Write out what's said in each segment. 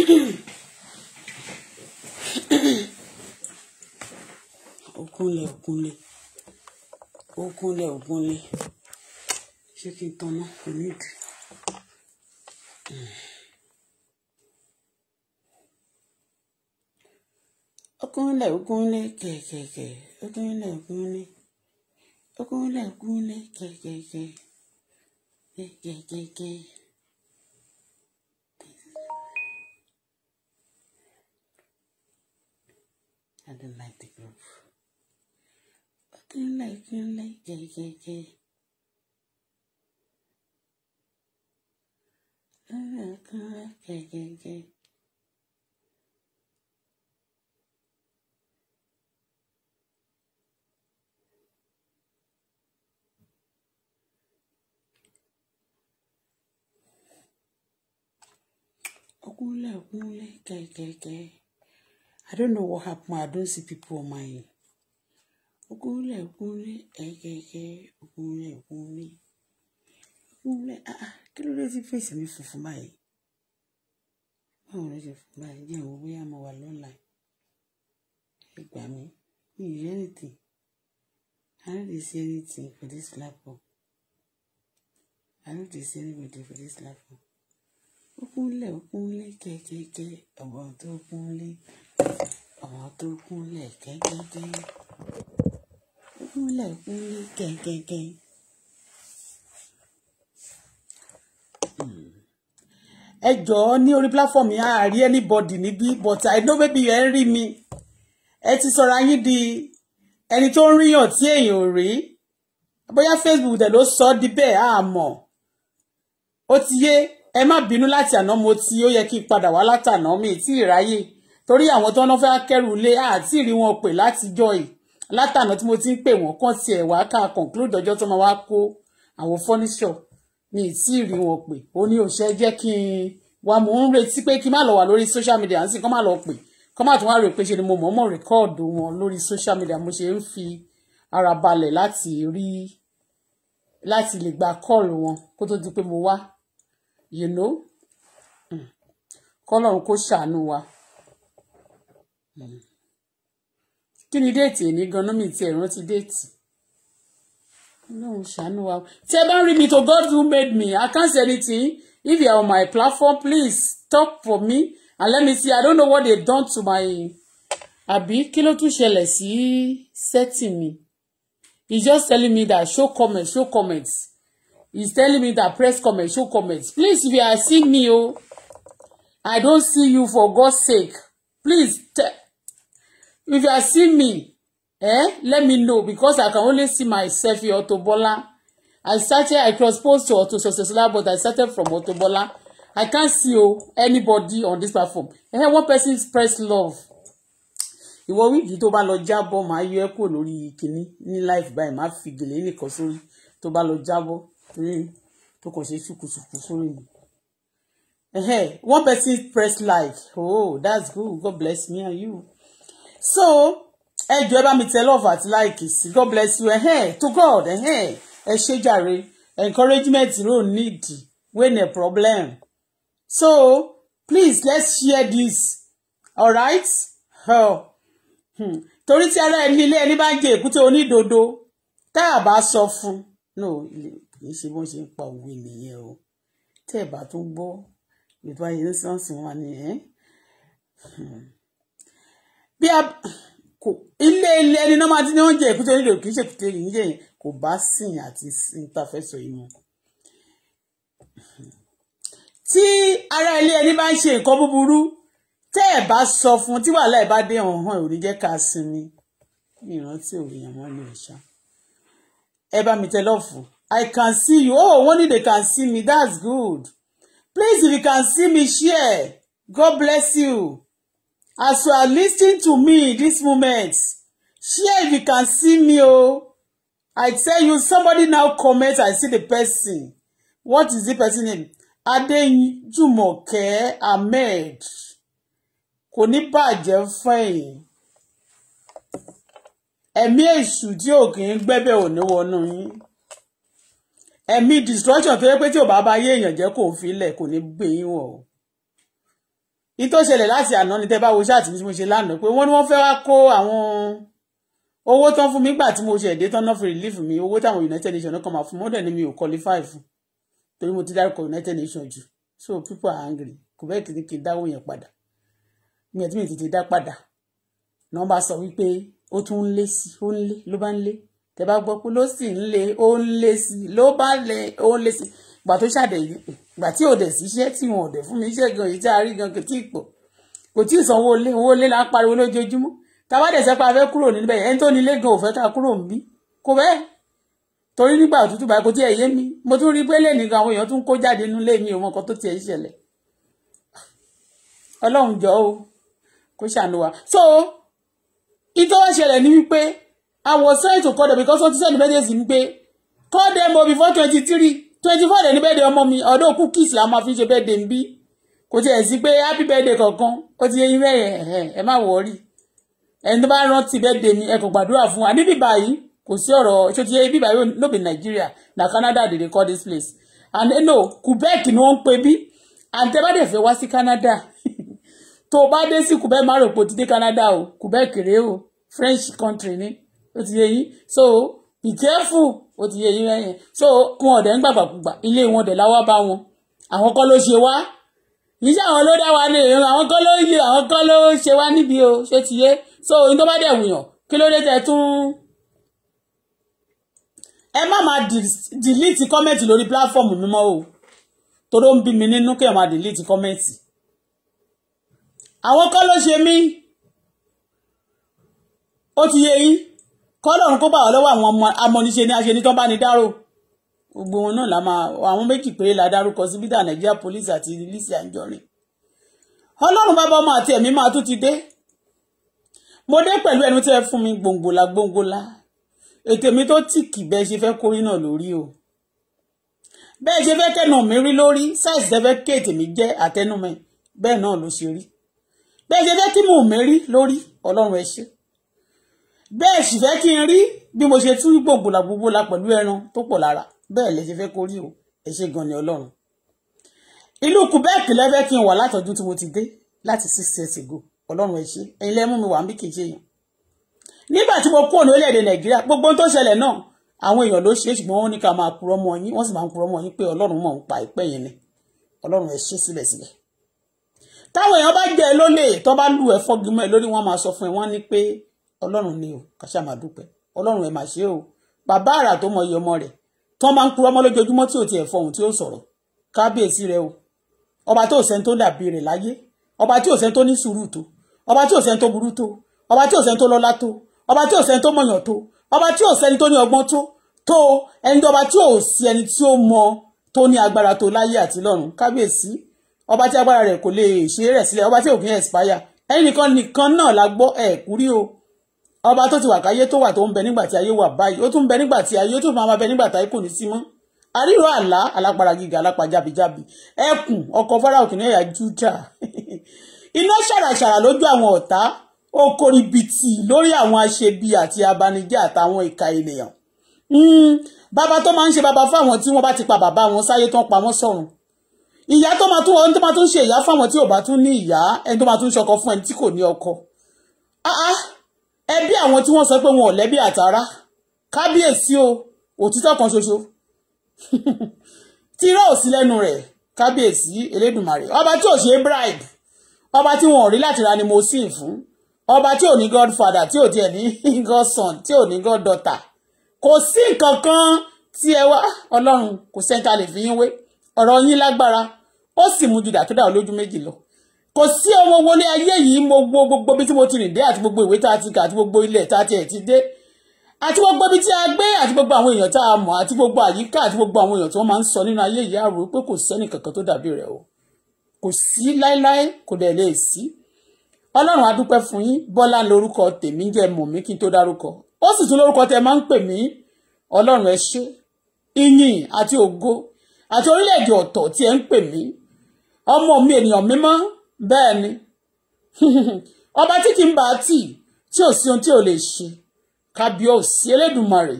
òkúnlẹ̀ òkúnlẹ̀ òkúnlẹ̀ òkúnlẹ̀ ṣé kí n tanná kò ní ìdí. Ogunle, Ogunle, kẹ̀kẹ̀kẹ̀ òkúnlẹ̀ òkúnlẹ̀ òkúnlẹ̀ òkúnlẹ̀ kẹ̀kẹ̀kẹ̀ kẹ̀kẹ̀kẹ̀. didn't like the group. I didn't like, didn't like JJJ. I didn't like JJJ. Okunle, okunle, kẹ̀kẹ̀kẹ̀. I don't know what happened. I don't see people on my. Ogunle, Ogunle, ẹ̀kẹ̀kẹ̀, eh, eh, eh, Ogunle, Ogunle, Ogunle, ah ah, kí ló dé tí fèsì mi funfun báyìí? Báwo ló ṣe funfun báyìí? Jẹ́ ìwọ bóyá mo wà lọ́la. Ẹ gbà mí, mi ì rí anything. I don't see anything for this platform. I don't see anybody for this platform. Ogunle, Ogunle, kẹ̀kẹ̀kẹ̀, ọ̀bọ̀n tó Ogunle àwọn tó kúnlẹ̀ kẹ́kẹ́kẹ́ kúnlẹ̀ kúnlẹ̀ kẹ́kẹ́kẹ́. Hmm. ẹ jọ̀ọ́ ní orí platform yẹn a rí anybody níbí but I know maybe ẹ ń rí mi ẹ ti sọ̀rọ̀ ayé di ẹni tó ń ríyàn tí èèyàn ò rí bóyá Facebook dẹ̀ ló sọ ọ́ di bẹ́ẹ̀ á mọ̀ ó ti yé ẹ má bínú láti àná mo ti ó yẹ kí n padà wá látàná mi tí ì ráyè torí àwọn tó ń fẹ́ kẹrù lé àti ìrí wọn pè látijọ́ yìí látànà tí mo ti ń pè wọ́n kàn tiẹ̀ wá ká conclude ọjọ́ tó máa wá kó àwọn fọ́níṣọ̀ ní ìtì ìrí wọn pè ó ní òṣè jẹ́ kí n wá mò ń retí pé kí n má lọ wà lórí social media àǹtí kán má lọ pè kán má tún wá rè pé ṣe ni mo mọ̀ọ́mọ̀ rẹ́kọ́ọ̀dù wọn lórí social media mo ṣe ń fi ara balẹ̀ láti rí láti lè gba kọ́ọ̀lù wọn kó tó di pé mo wá you know hmm. kọ́lọ́run kó ṣàánú wa. Mm. kí ni déètì èmi ganan mi ti ẹ̀rántí déètì ọlọ́run ṣàánú wa tí ẹ bá rí mi to God who made me I can't say anything if you are on my platform please talk for me and let me see I don't know what they done to my àbí kí ló tún ṣẹlẹ̀ sí setting mi he just telling me that show comment show comment he's telling me that press comment show comment please if you are seeing me oh, I don't see you for God's sake please tell if you are seeing me eh let me know because i can only see myself here Otobola, i started i cross-post to Auto Success but i started from Otobola. i can't see oh, anybody on this platform eh one person press love ìwọ wíìgì tó bá lọ jábọ̀ máa yọ ẹ́ kúrò lórí kínní ní life báyìí máa fi gèlè nìkan sórí tó bá lọ jábọ̀ torí tó kàn ṣe ṣùkùṣùkù sórí mi. one person press like oh that's good God bless me and you so ẹ jọ̀ọ́ ẹ bá mi tẹ love àti like sí god bless you ẹhẹn to god ẹhẹn ẹ ṣe jàre encouragement ló need when a problem so please let's share this alright oh. hmm. torí tí ara ẹni ilé ẹni bá ń jẹ èkúté onídodo tá a bá sọ fún no kì í ṣe bó ṣe ń pa òwe nìyẹn o tẹ́ ẹ̀ bá tún gbọ́ ìtọ́ ayé ní sọ́ọ̀sì wọn ni ẹ́. Hmm bí a kò ilé ilé ẹni náà máa ti ní oúnjẹ èkúté nílò kì í ṣe èkúté yìí yẹn kò bá sìn àti sìn tá a fẹ́ sọ yìí mu. tí ara ilé ẹni bá ń ṣe nǹkan búburú tẹ́ ẹ̀ bá sọ fún tí wàhálà ẹ̀ bá dé ọ̀hún ò ní jẹ́ ká sinmi mi ìrántí òrìyàn wọn lè ṣá ẹ bá mi tẹ lọ́ọ̀fù I can see you oh one day they can see me that's good please if you can see me share God bless you as you are listening to me this moment share if you can see me o oh. I tell you somebody now comment I see the person what is the person name Adéjùmọ̀kẹ́ Ahmed kò ní bàjẹ́ fún ẹ̀yin ẹ̀mí èṣù tí ò kì í gbẹ́bẹ̀ ò ní wọnú yín ẹ̀mí destruction tó yẹ pé tí ò bá bá yé èèyàn jẹ́ kò fi lẹ̀ kò ní gbé wọ̀ o ní tó ṣẹlẹ̀ láti àná ni tẹ́ bá wo ṣáàtì mi tí mo ṣe lánàá pé wọ́n ní wọ́n fẹ́ wá kó àwọn owó tán fún mi gbà tí mo ṣe ẹ̀dẹ́ tán náà fi relief mi owó táwọn United Nations kan máa fún mọ́dẹ̀ ni mi ò qualify fún torí mo ti dárúkọ United Nations jù so people are angry kò bẹ́ẹ̀ kì í kì í dáwó yẹn padà mi ẹ̀ tí mi tètè dá padà náà bá sọ wípé ó tún ń lé sí ó ń lé ló bá ń lé tẹ́ bá gbọ́ pé ló sì ń lé ó ń lé sí ló bá lé ó ń lé sí gbà tó ṣàdẹ̀ gbà tí ò dẹ̀ síṣẹ́ tí wọn ò dẹ̀ fún mi iṣẹ́ gan ìjà rí gan kò tí ì pọ̀ kò tí ì sanwó lé owó lé là ń pariwo lójoojúmọ́ táwa dẹ̀ sẹ́pà fẹ́ kúrò níbẹ̀ ẹni tó ní ilé gan ò fẹ́ ká kúrò níbí kò bẹ́ẹ̀ torí nígbà òtútù báyìí kò tí ẹ̀ yé mi mo tún rí pé lè nìkan àwọn èèyàn tún kó jáde nínú ilé mi ò mọ nǹkan tó tiẹ̀ ń ṣẹlẹ̀ ọlọ́run jọ o kò ṣàánú wa so ìtọ́ ṣẹlẹ̀ ní wípé I was trying to call them because ó ti send messages mi pé call them o before twenty three twenty four dẹ̀ ní birthday ọmọ mi ọ̀dọ́ cookies la máa fi ṣe birthday ń bí kò tiẹ̀ sí pé happy birthday kankan ó ti yẹ yín bẹ́ẹ̀ ẹ má wọ̀ọ́rì ẹni tó bá rántí birthday mi ẹ kò gbàdúrà fún wa níbí báyìí kò sí ọ̀rọ̀ tó ti yẹ bíbá yóò no be Nigeria na Canada dey call this place and no Quebec ni wọ́n ń pè bí and tẹ́ bá dẹ̀ fẹ́ wá sí Canada tó o bá dé sí Quebec má rò pé o ti dé Canada o Quebec rèé o French country ni ó ti yẹ yín so be careful ó ti yé yín lẹ́yìn so wọn ọ̀dẹ̀ ń gbàgbàkúgbà ilé wọn ọ̀dẹ̀ láwá bá wọn àwọn kọ́ ló ṣe wá yìí ṣe àwọn ló dá wa ní àwọn kọ́ ló yẹ àwọn kọ́ ló ṣe wá níbi o ṣé ti yé so ohun tó bá dẹ̀ wùyàn kí ló dé tẹ̀ tún ẹ má máa delete comment lórí platform mi mọ́ o toró ń bí mi nínú kí ẹ máa delete comment àwọn kọ́ ló ṣe mí ó ti yé yín kọ́lọ́run kó bà wá lọ́wọ́ àwọn amọ̀niṣe ní aṣeni tán bá ní dárò gbogbo wọn náà la máa àwọn méjì péré la dárúkọ sí bídà police àti Lizzy Anjorin ọlọ́run bàbá ọmọ àti ẹ̀mí máa tún ti dé mo dé pẹ̀lú ẹnu tí ẹ fún mi gbòǹgbòlà gbòǹgbòlà ètò mi tó tìkì bẹ́ẹ̀ ṣe fẹ́ kórí náà lórí o bẹ́ẹ̀ ṣe fẹ́ kẹ́nu mi rí lórí sáìsì tẹ́ fẹ́ kéètè mi jẹ́ àtẹnumẹ́ bẹ́ẹ̀ náà ló ṣe rí bẹ́ẹ̀ ṣe fẹ́ kí mò ń mi lórí ọlọ́run ẹ ṣé bẹ́ẹ̀ sì fẹ́ kí n rí bí mo ṣe tú gbòǹgbòlà gbòǹgbòlà pẹ̀lú ẹran tó pọ̀ lára bẹ́ẹ̀ lè ṣe fẹ́ kó rí o ẹ ṣe gan ni ọlọ́run ìlú Quebec lẹ́fẹ́ kí n wà látọ̀dún tí mo ti dé láti six years ago ọlọ́run ẹ ṣe ẹ̀yin lẹ́mú mi wà ń bí kì í ṣe yàn nígbà tí mo kú ọ̀nà orílẹ̀-èdè nàìjíríà gbogbo ohun tó ṣẹlẹ̀ náà àwọn èèyàn ló ṣe é ṣùgbọ́n wọ́n ní ká máa purọ́ mọ́ yín wọ́n sì máa ń purọ́ mọ́ yín pé ọlọ́run mọ̀ ń pa ìpẹ́ yẹn ni ọlọ́run ẹ ṣe síbẹ̀síbẹ̀ táwọn èèyàn bá jẹ́ lólè tó bá lù ẹ́ fọ́gímọ́ ẹ lórí wọ́n máa sọ fún ẹ wọ́n ní pé ọlọ́run ni o kàṣà máa dúpẹ́ ọlọ́run ẹ̀ máa ṣe o bàbá àrà tó mọ iye ọmọ rẹ̀ tí wọ́n máa ń kúrọ́ mọ́ lójoojúmọ́ tí ò tiẹ̀ fọhùn tí ó sọ̀rọ̀ kábíyèsí rẹ o ọba tí ò sẹ́ni tó dàbí rẹ̀ láyé ọba tí ò sẹ́ni tó ní sùúrù tó ọba tí ò sẹ́ni tó burú tó ọba tí ò sẹ́ni tó lọ́lá tó ọba tí ò sẹ́ni tó mọ̀yàn tó ọba tí ò sẹ́ni tó ní ọgbọ́n tó tó ẹni tó ọba tí ò sí ẹni tí ó mọ tó ní agbára tó láyé àti lọ́run kábíyèsí ọba tí agbára rẹ̀ kò lè ṣe rẹ̀ sílẹ̀ ọba tí òkè expire ẹnìkan nìkan náà la gbọ́ ẹ̀kú rí o ọba tó ti wà káyé tó wà tó ń bẹ nígbà tí ayé wà báyìí ó tún bẹ nígbà tí ayé ó tún máa bẹ nígbà tí ayé kò ní sí mọ́ àríro àlá alápara gíga alápá jábíjábí ẹkùn ọkọ fáráò kìnìún ẹ̀yà júdà iná ṣàràṣàrà lójú àwọn ọ̀tá okoribiti lórí àwọn aṣebi àti abanijẹ́ àtàwọn ìka ènìyàn hmm, bàbá tó máa ń ṣe bàbá fáwọn tí wọ́n bá ti pa bàbá wọn sáyé tán pa wọ́n ìyá tó máa tún ọdún tó máa tún ṣe ìyá fáwọn tí ò bá tún ní ìyá ẹni tó máa tún ṣọkọ fún ẹni tí kò ní ọkọ ah, ah ẹbí àwọn tí wọ́n sọ pé wọn ò lẹ́bí àtàrà kábíyèsí o òtítọ́ kan ṣoṣo tírọ̀ ò sí lẹ́nu rẹ̀ kábíyèsí elédùnmarè ọba tí ò ṣe bribe ọba tí wọn ò rí láti ra ni mo sì fún ọba tí ò ní godfather tí ò tiẹ̀ ní godson tí ò ní goddaughter kò sí nǹkan kan tí ẹ wá ọlọ́run kò sẹ́ńtà lè fi yín wé ọ̀rọ̀ yín lágbára ó sì mú jùdà tó dà ọ lójú méjì lọ kò sí ọmọ wọlé ayé yìí mo wo gbogbo bí tí mo ti rìn dé àti gbogbo ìwé tá a ti kà àti gbogbo ilẹ̀ tá a ti ẹ̀ ti dé àti gbogbo ibi tí a gbé àti gbogbo àwọn èèyàn tá a mọ̀ àti gbogbo àyíká àti gbogbo àwọn èèyàn tí wọ́n máa ń sọ nínú ayé yìí àrò pé kò sẹ́ni kankan tó dàbí rẹ̀ o kò sí láéláé kò dẹ̀ lè sí ọlọ́run a fún yín bọ́lá lórúkọ tèmi jẹ́ mọ̀ mí kí n tó dárúkọ ó sì tún lórúkọ tẹ máa ń pè mí ọlọ́run ẹ ṣé ìyìn àti ògo àti orílẹ̀-èdè ọ̀tọ̀ tí ẹ ń pè mí ọmọ mi ènìyàn mímọ́ bẹ́ẹ̀ ni ọba tí kì í bá tì tí ò sí ohun tí ò lè ṣe kábíọ́sì elédùnmarè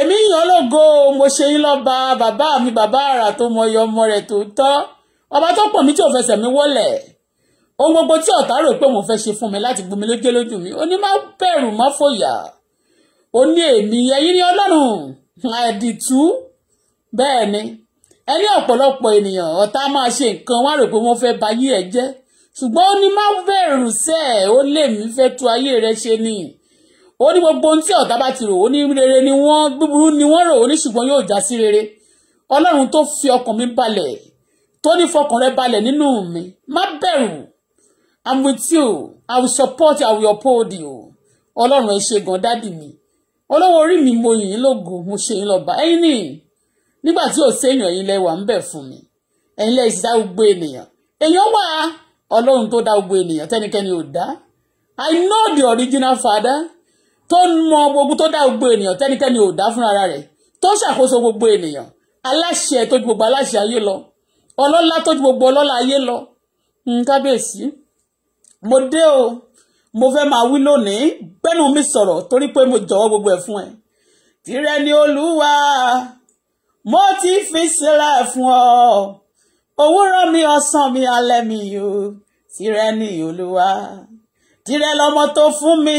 èmi yàn lógo mo ṣe yín lọ́ba bàbá mi bàbá àrà tó mọ iye ọmọ rẹ̀ tó tọ́ ọba tó pọ̀ mí tí ò fẹsẹ̀ mi wọlẹ̀ ohun gbogbo tí ọ̀tá rò pé òun fẹ́ ṣe fún mi láti gbomi lójú lójú mi ó ní má bẹ̀rù má fòyà ó ní èmi ẹ̀yin ni ọlọ́run àdìtú bẹ́ẹ̀ ni ẹ ní ọ̀pọ̀lọpọ̀ ènìyàn ọ̀tá máa ṣe nǹkan wá rò pé wọ́n fẹ́ ba ayé ẹ jẹ́ ṣùgbọ́n ó ní má bẹ̀rù sẹ́ ẹ̀ ó lè mí fẹ́ tu ayé rẹ ṣe ni ó ní gbogbo ohun tí ọ̀tá bá ti rò ó ní rere ni wọ́n búburú ni wọ́n rò ó ní ṣùgbọ́n yóò já sí rere ọlọ́run tó fi ọkàn mi balẹ̀ tó ní fọkàn rẹ balẹ̀ nínú mi má bẹ̀rù i'm with you i will support you i will uphold you ọlọ́run ẹ ṣe gan dádì mi olówó orí mi mo yìn ín lógo mo ṣe yín lọ́ba ẹ̀yin nìyí nígbà tí ò séèyàn yín lẹ́wà ń bẹ̀ fún mi ẹ̀yin lẹ́yìn sí dá gbogbo ènìyàn èèyàn wà ọlọ́run tó dá gbogbo ènìyàn tẹ́nikẹ́ni ò dá I know the original father tó mọ gbogbo tó dá gbogbo ènìyàn tẹ́nikẹ́ni ò dá fúnra rẹ̀ tó ṣàkóso gbogbo ènìyàn aláṣẹ tó ju gbogbo aláṣẹ ayé lọ ọlọ́lá tó ju gbogbo ọlọ́lá ayé lọ hmm, kábíyèsí mo dé o mo fẹ́ máa wí lónìí gbẹ́nu mi sọ̀rọ̀ torí pé mo jọ̀wọ́ gbogbo ẹ̀ fún ẹ tìrẹ ni olúwa mo ti fi sílẹ̀ fún ọ òwúrọ̀ mi ọ̀sán mi alẹ́ mi yòó tìrẹ ni olúwa tìrẹ lọmọ tó fún mi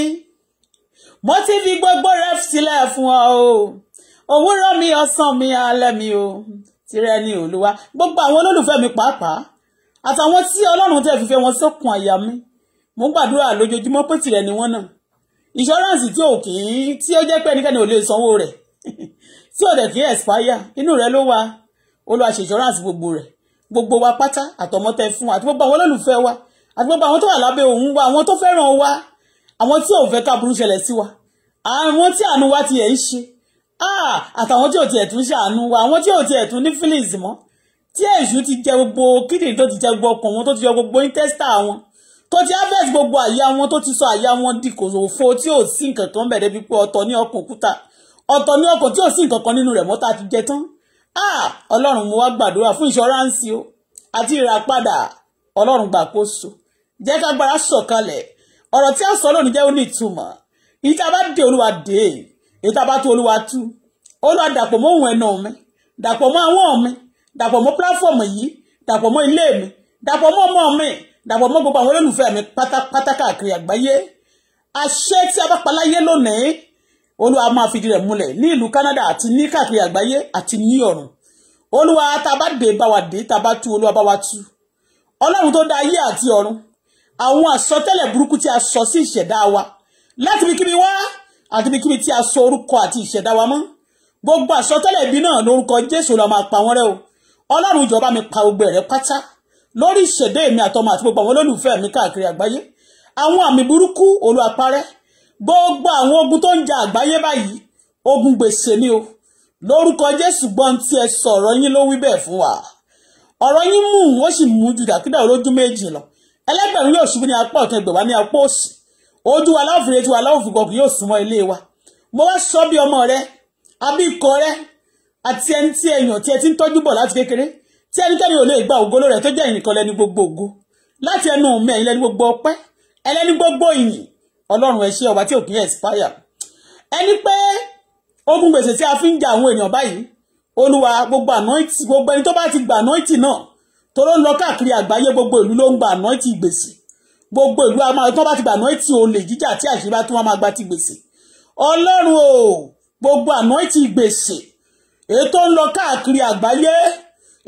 mo ti fi gbogbo rẹ sílẹ̀ fún ọ o òwúrọ̀ mi ọ̀sán mi alẹ́ mi o tìrẹ ni olúwa gbogbo àwọn olólùfẹ́ mi pàápàá àtàwọn tí ọlọ́run tẹ́ fífẹ́ wọn sọ́kùn àyà mi mo ń gbàdúrà lójoojúmọ́ pé tìrẹ ni wọ́n náà insurance tí ò kì í tí ó jẹ́ pé ẹnikẹ́ni ò lè sanwó rẹ̀ tí ò dẹ̀ kí inú rẹ ló wà Olúwa ṣe gbogbo rẹ̀ gbogbo wa pátá àtọmọ tẹ fún wa àti gbogbo àwọn olólùfẹ́ wa àti gbogbo àwọn tó wà lábẹ́ òun wa àwọn tó fẹ́ràn wa àwọn tí ò fẹ́ ká burú ṣẹlẹ̀ sí wa àwọn tí àánú wa tiẹ̀ ń ṣe ah, àtàwọn tí ò tiẹ̀ tún ṣàánú wa àwọn tí ò tiẹ̀ tún ní feelings mọ́ tí èṣù ti jẹ gbogbo kídìrín tó ti jẹ gbogbo ọkàn wọn tó ti jẹ gbogbo intesta wọn tó ti harvest gbogbo àyà wọn tó ti sọ àyà wọn di kòsòfò tí ò sí nǹkan kan bẹ̀rẹ̀ bí pé ní ọkùn ọ̀tọ̀ ní ọkọ̀ tí ò sí nǹkan kan nínú rẹ̀ mọ́ta ti jẹ tán ọlọ́run mo wá gbàdúrà fún ìṣọ́ránsì o àti ìràpadà ọlọ́run gbàkóso jẹ́ ká gbára sọ̀kalẹ̀ ọ̀rọ̀ tí a sọ lónìí jẹ́ ó ní ìtumọ̀ èyí tá a bá dé olúwa dé èyí tá a bá tú olúwa tú olúwa dàpọ̀ mọ́ ohun ẹ̀nà mi dàpọ̀ mọ́ àwọn mi dàpọ̀ mọ́ pílàfọ̀mù yìí dàpọ̀ mọ́ ilé mi dàpọ̀ mọ́ ọmọ mi dàpọ̀ mọ́ gbogbo àwọn olólùfẹ́ mi pátápátá àgbáyé àṣẹ tí a bá paláyé lónìí olúwa máa fìdí rẹ̀ múlẹ̀ ní ìlú Canada àti ní káàkiri àgbáyé àti ní ọ̀run olúwa tá a tabatu dé bá wa dé tá a bá tú olúwa bá wa tú ọlọ́run tó dá ayé àti ọ̀run àwọn àsọtẹ́lẹ̀ burúkú tí a sọ sí ìṣẹ̀dá wa láti bí kíbi wá àti bí kíbi tí a sọ orúkọ àti ìṣẹ̀dá wa mọ́ gbogbo àsọtẹ́lẹ̀ ibi náà lórúkọ Jésù la máa pa wọ́n rẹ́ o ọlọ́run ìjọba mi pa gbogbo ẹ̀rẹ́ pátá lórí ìṣẹ̀dá èmi àtọmọ àti gbogbo àwọn olólùfẹ́ mi káàkiri àgbáyé àwọn àmì burúkú olúwa parẹ́ gbogbo àwọn ogun tó ń jà àgbáyé báyìí ogun gbèsè ni o lórúkọ jésù gbọ́n tí ẹ sọ̀rọ̀ yín ló wí bẹ́ẹ̀ fún wa ọ̀rọ̀ yín mú ó sì mú ju dàkídà olójú méjì lọ ẹlẹ́gbẹ̀rún yóò ṣubú ní apá ọ̀tún ẹgbẹ̀wá ní apá òsì ojú wa láwùfù retí wa láwùfù gọ̀gùn yóò súnmọ́ ilé wa mo wá sọ bí ọmọ rẹ abíkọ rẹ àti ẹni tí èèyàn tí ẹ ti ń tọ́jú bọ̀ láti kékeré tí ẹnikẹ́ni ò lè gba ògolo rẹ̀ tó jẹ́ ìyìn lẹ́ni gbogbo ògo láti ẹnu mẹ́yìn lẹ́ni gbogbo ọpẹ́ ẹlẹ́ni gbogbo ìyìn ọlọ́run ẹ ṣé ọba tí ò expire ẹni pé ogun gbèsè tí a fi ń jà àwọn èèyàn báyìí olúwa gbogbo ànáìtì gbogbo ẹni tó bá ti gbà ànáìtì náà tó ló ń lọ káàkiri àgbáyé gbogbo ìlú ló ń gba ànáìtì gbèsè gbogbo ìlú àmọ́ tó bá ti gbà ànáìtì olè jíjà tí àṣírí bá tún máa gba ti gbèsè ọlọ́run o gbogbo ànáìtì gbèsè èyí tó ń lọ káàkiri àgbáyé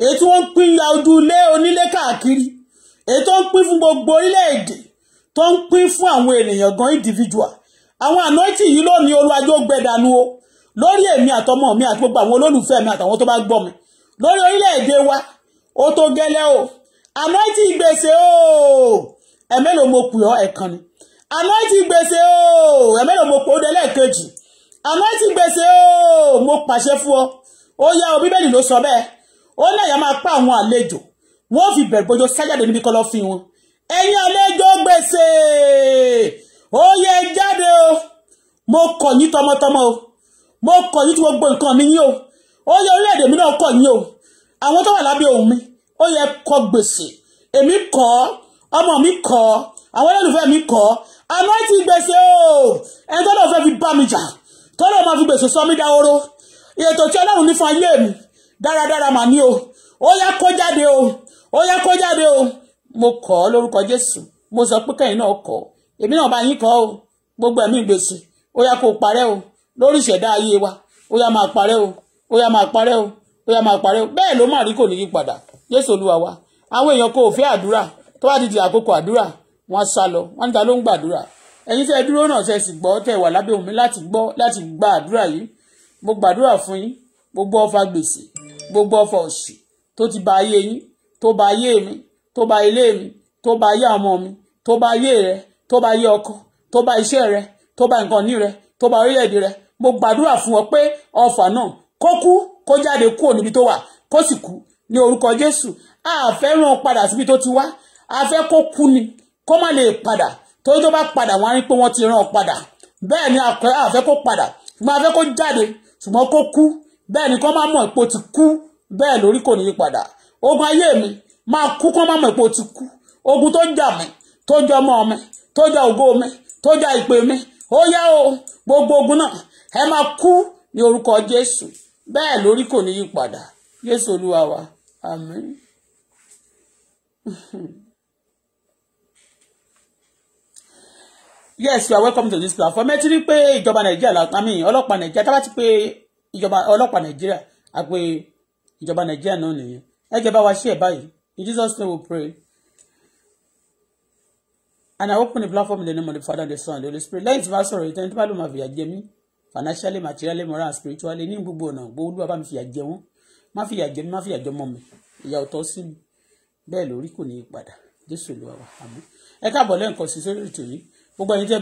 èyí tí wọ́n ń pín ya ojú ilé onílé káàkiri èyí tó ń pín fún gbogbo orílẹ̀-èdè tó ń pín fún àwọn ènìyàn gan individual àwọn anointing yìí lónìí olùwàjò gbẹdànù o lórí èmi àtọmọ mi àti gbogbo àwọn olólùfẹ́ mi àtàwọn tó bá gbọ́ mi lórí orílẹ̀-èdè wa ó tó gẹ́lẹ́ o anointing gbèsè o ẹ̀mẹ́lò mo pè ọ́ ẹ̀kan ni anointing gbèsè o ẹ̀mẹ́lò mo pè ó dẹ́lẹ́ẹ̀kejì anointing gbèsè o mo pàṣẹ fún ọ ó yá o bíbélì ló sọ bẹ́ẹ̀ ó náà yà máa pa àwọn àlejò wọ́n fi bẹ̀rẹ̀ gbọ́jọ́ sájáde níbi kọ́lọ́fín wọn ẹ̀yin àlejò gbèsè ó yẹ jáde o mo kọ̀ yín tọmọtọmọ o mo kọ̀ yín tí gbogbo nǹkan mi yín o ó yẹ orílẹ̀-èdè mi náà kọ̀ yín o àwọn tó wà lábẹ́ òun mi ó yẹ kọ gbèsè èmi kọ̀ ọmọ mi kọ̀ àwọn olólùfẹ́ mi kọ̀ àmọ́ ti gbèsè o ẹni tó lọ fẹ́ fi bá mi jà tó lọ máa fi gbèsè sọ mí dáhóró ètò tí ọlọ́run ní fún ayé mi dáradára mà ní o ó yá kó jáde o ó yá kó jáde o mo kọ̀ ọ́ lórúkọ jésù mo sọ pé kẹ́yìn náà kọ̀ èmi náà bá yín kọ́ o gbogbo ẹ̀mí ìgbésí ó yá kó parẹ́ o lórí ìṣẹ̀dá ayé wa ó yá máa parẹ́ o ó yá máa parẹ́ o ó yá máa parẹ́ o bẹ́ẹ̀ ló máa rí kò ní yí padà jésù olúwa wa àwọn èèyàn kò fẹ́ àdúrà tó bá ti di àkókò àdúrà wọ́n sá lọ wọ́n níta ló ń gbàdúrà ẹ̀yin tẹ́ dúró náà tẹ́ sì gbọ́ tẹ́ wà lábẹ́ omi láti gbọ́ láti gba àdúrà yìí mo gbàdúrà fún yín gbogbo ọfà gbèsè gbogbo ọfà òṣì tó ti ba ayé yín tó ba ayé mi tó ba ilé mi tó ba ayé ọmọ mi tó ba ayé rẹ tó ba ayé ọkọ tó ba iṣẹ́ rẹ tó ba nǹkan ní rẹ tó ba orílẹ̀-èdè rẹ mo gbàdúrà fún ọ pé ọfà náà kó kú kó jáde kúrò níbi tó wà kó sì kú ní orúkọ Jésù a fẹ́ rán padà síbi tó ti wá a fẹ́ kó kú ni kó má lè padà torí tó bá padà wọ́n á rí pé wọ́n ti rán padà bẹ́ẹ̀ ni a fẹ́ kó padà ṣùgbọ́n a fẹ́ kó jáde ṣùgbọ́n kó kú bẹ́ẹ̀ ni kó má mọ̀ pé ó ti kú bẹ́ẹ̀ lórí kò ní í padà ogun ayé mi máa kú kán má mọ̀ pé o ti kú ogun tó jà mí tó jọ ọmọ mi tó jà ògo ó yá o gbogbo ogun náà ẹ máa kú ní jesu Jésù bẹ́ẹ̀ lórí kò ní yí padà Jésù wa àmín. yes you are welcome to this platform ẹ ti rí pé ìjọba nàìjíríà la àmì ọlọ́pàá nàìjíríà tá bá ti pé ìjọba ọlọ́pàá nàìjíríà àpè ìjọba nàìjíríà náà nìyẹn ẹ jẹ́ bá wa ṣí ẹ̀ báyìí In Jesus' name we pray. And I open the platform in the name of the Father, and the Son, and the Holy Spirit. Lẹ́yìn tí wàá sọ̀rọ̀ ìtẹ́ni my bá ló máa financially, materially, moral and spiritually ní gbogbo ọ̀nà gbogbo olúwa bá mi fìyà jẹ wọ́n má fìyà jẹ mí má fìyà jẹ ọmọ mi ìyà ọ̀tọ̀ sí mi bẹ́ẹ̀ lórí kò ní í padà Jésù Olúwa wa àmín. Ẹ káàbọ̀ lẹ́ǹkan sí sórí ètò yìí gbogbo ẹni tí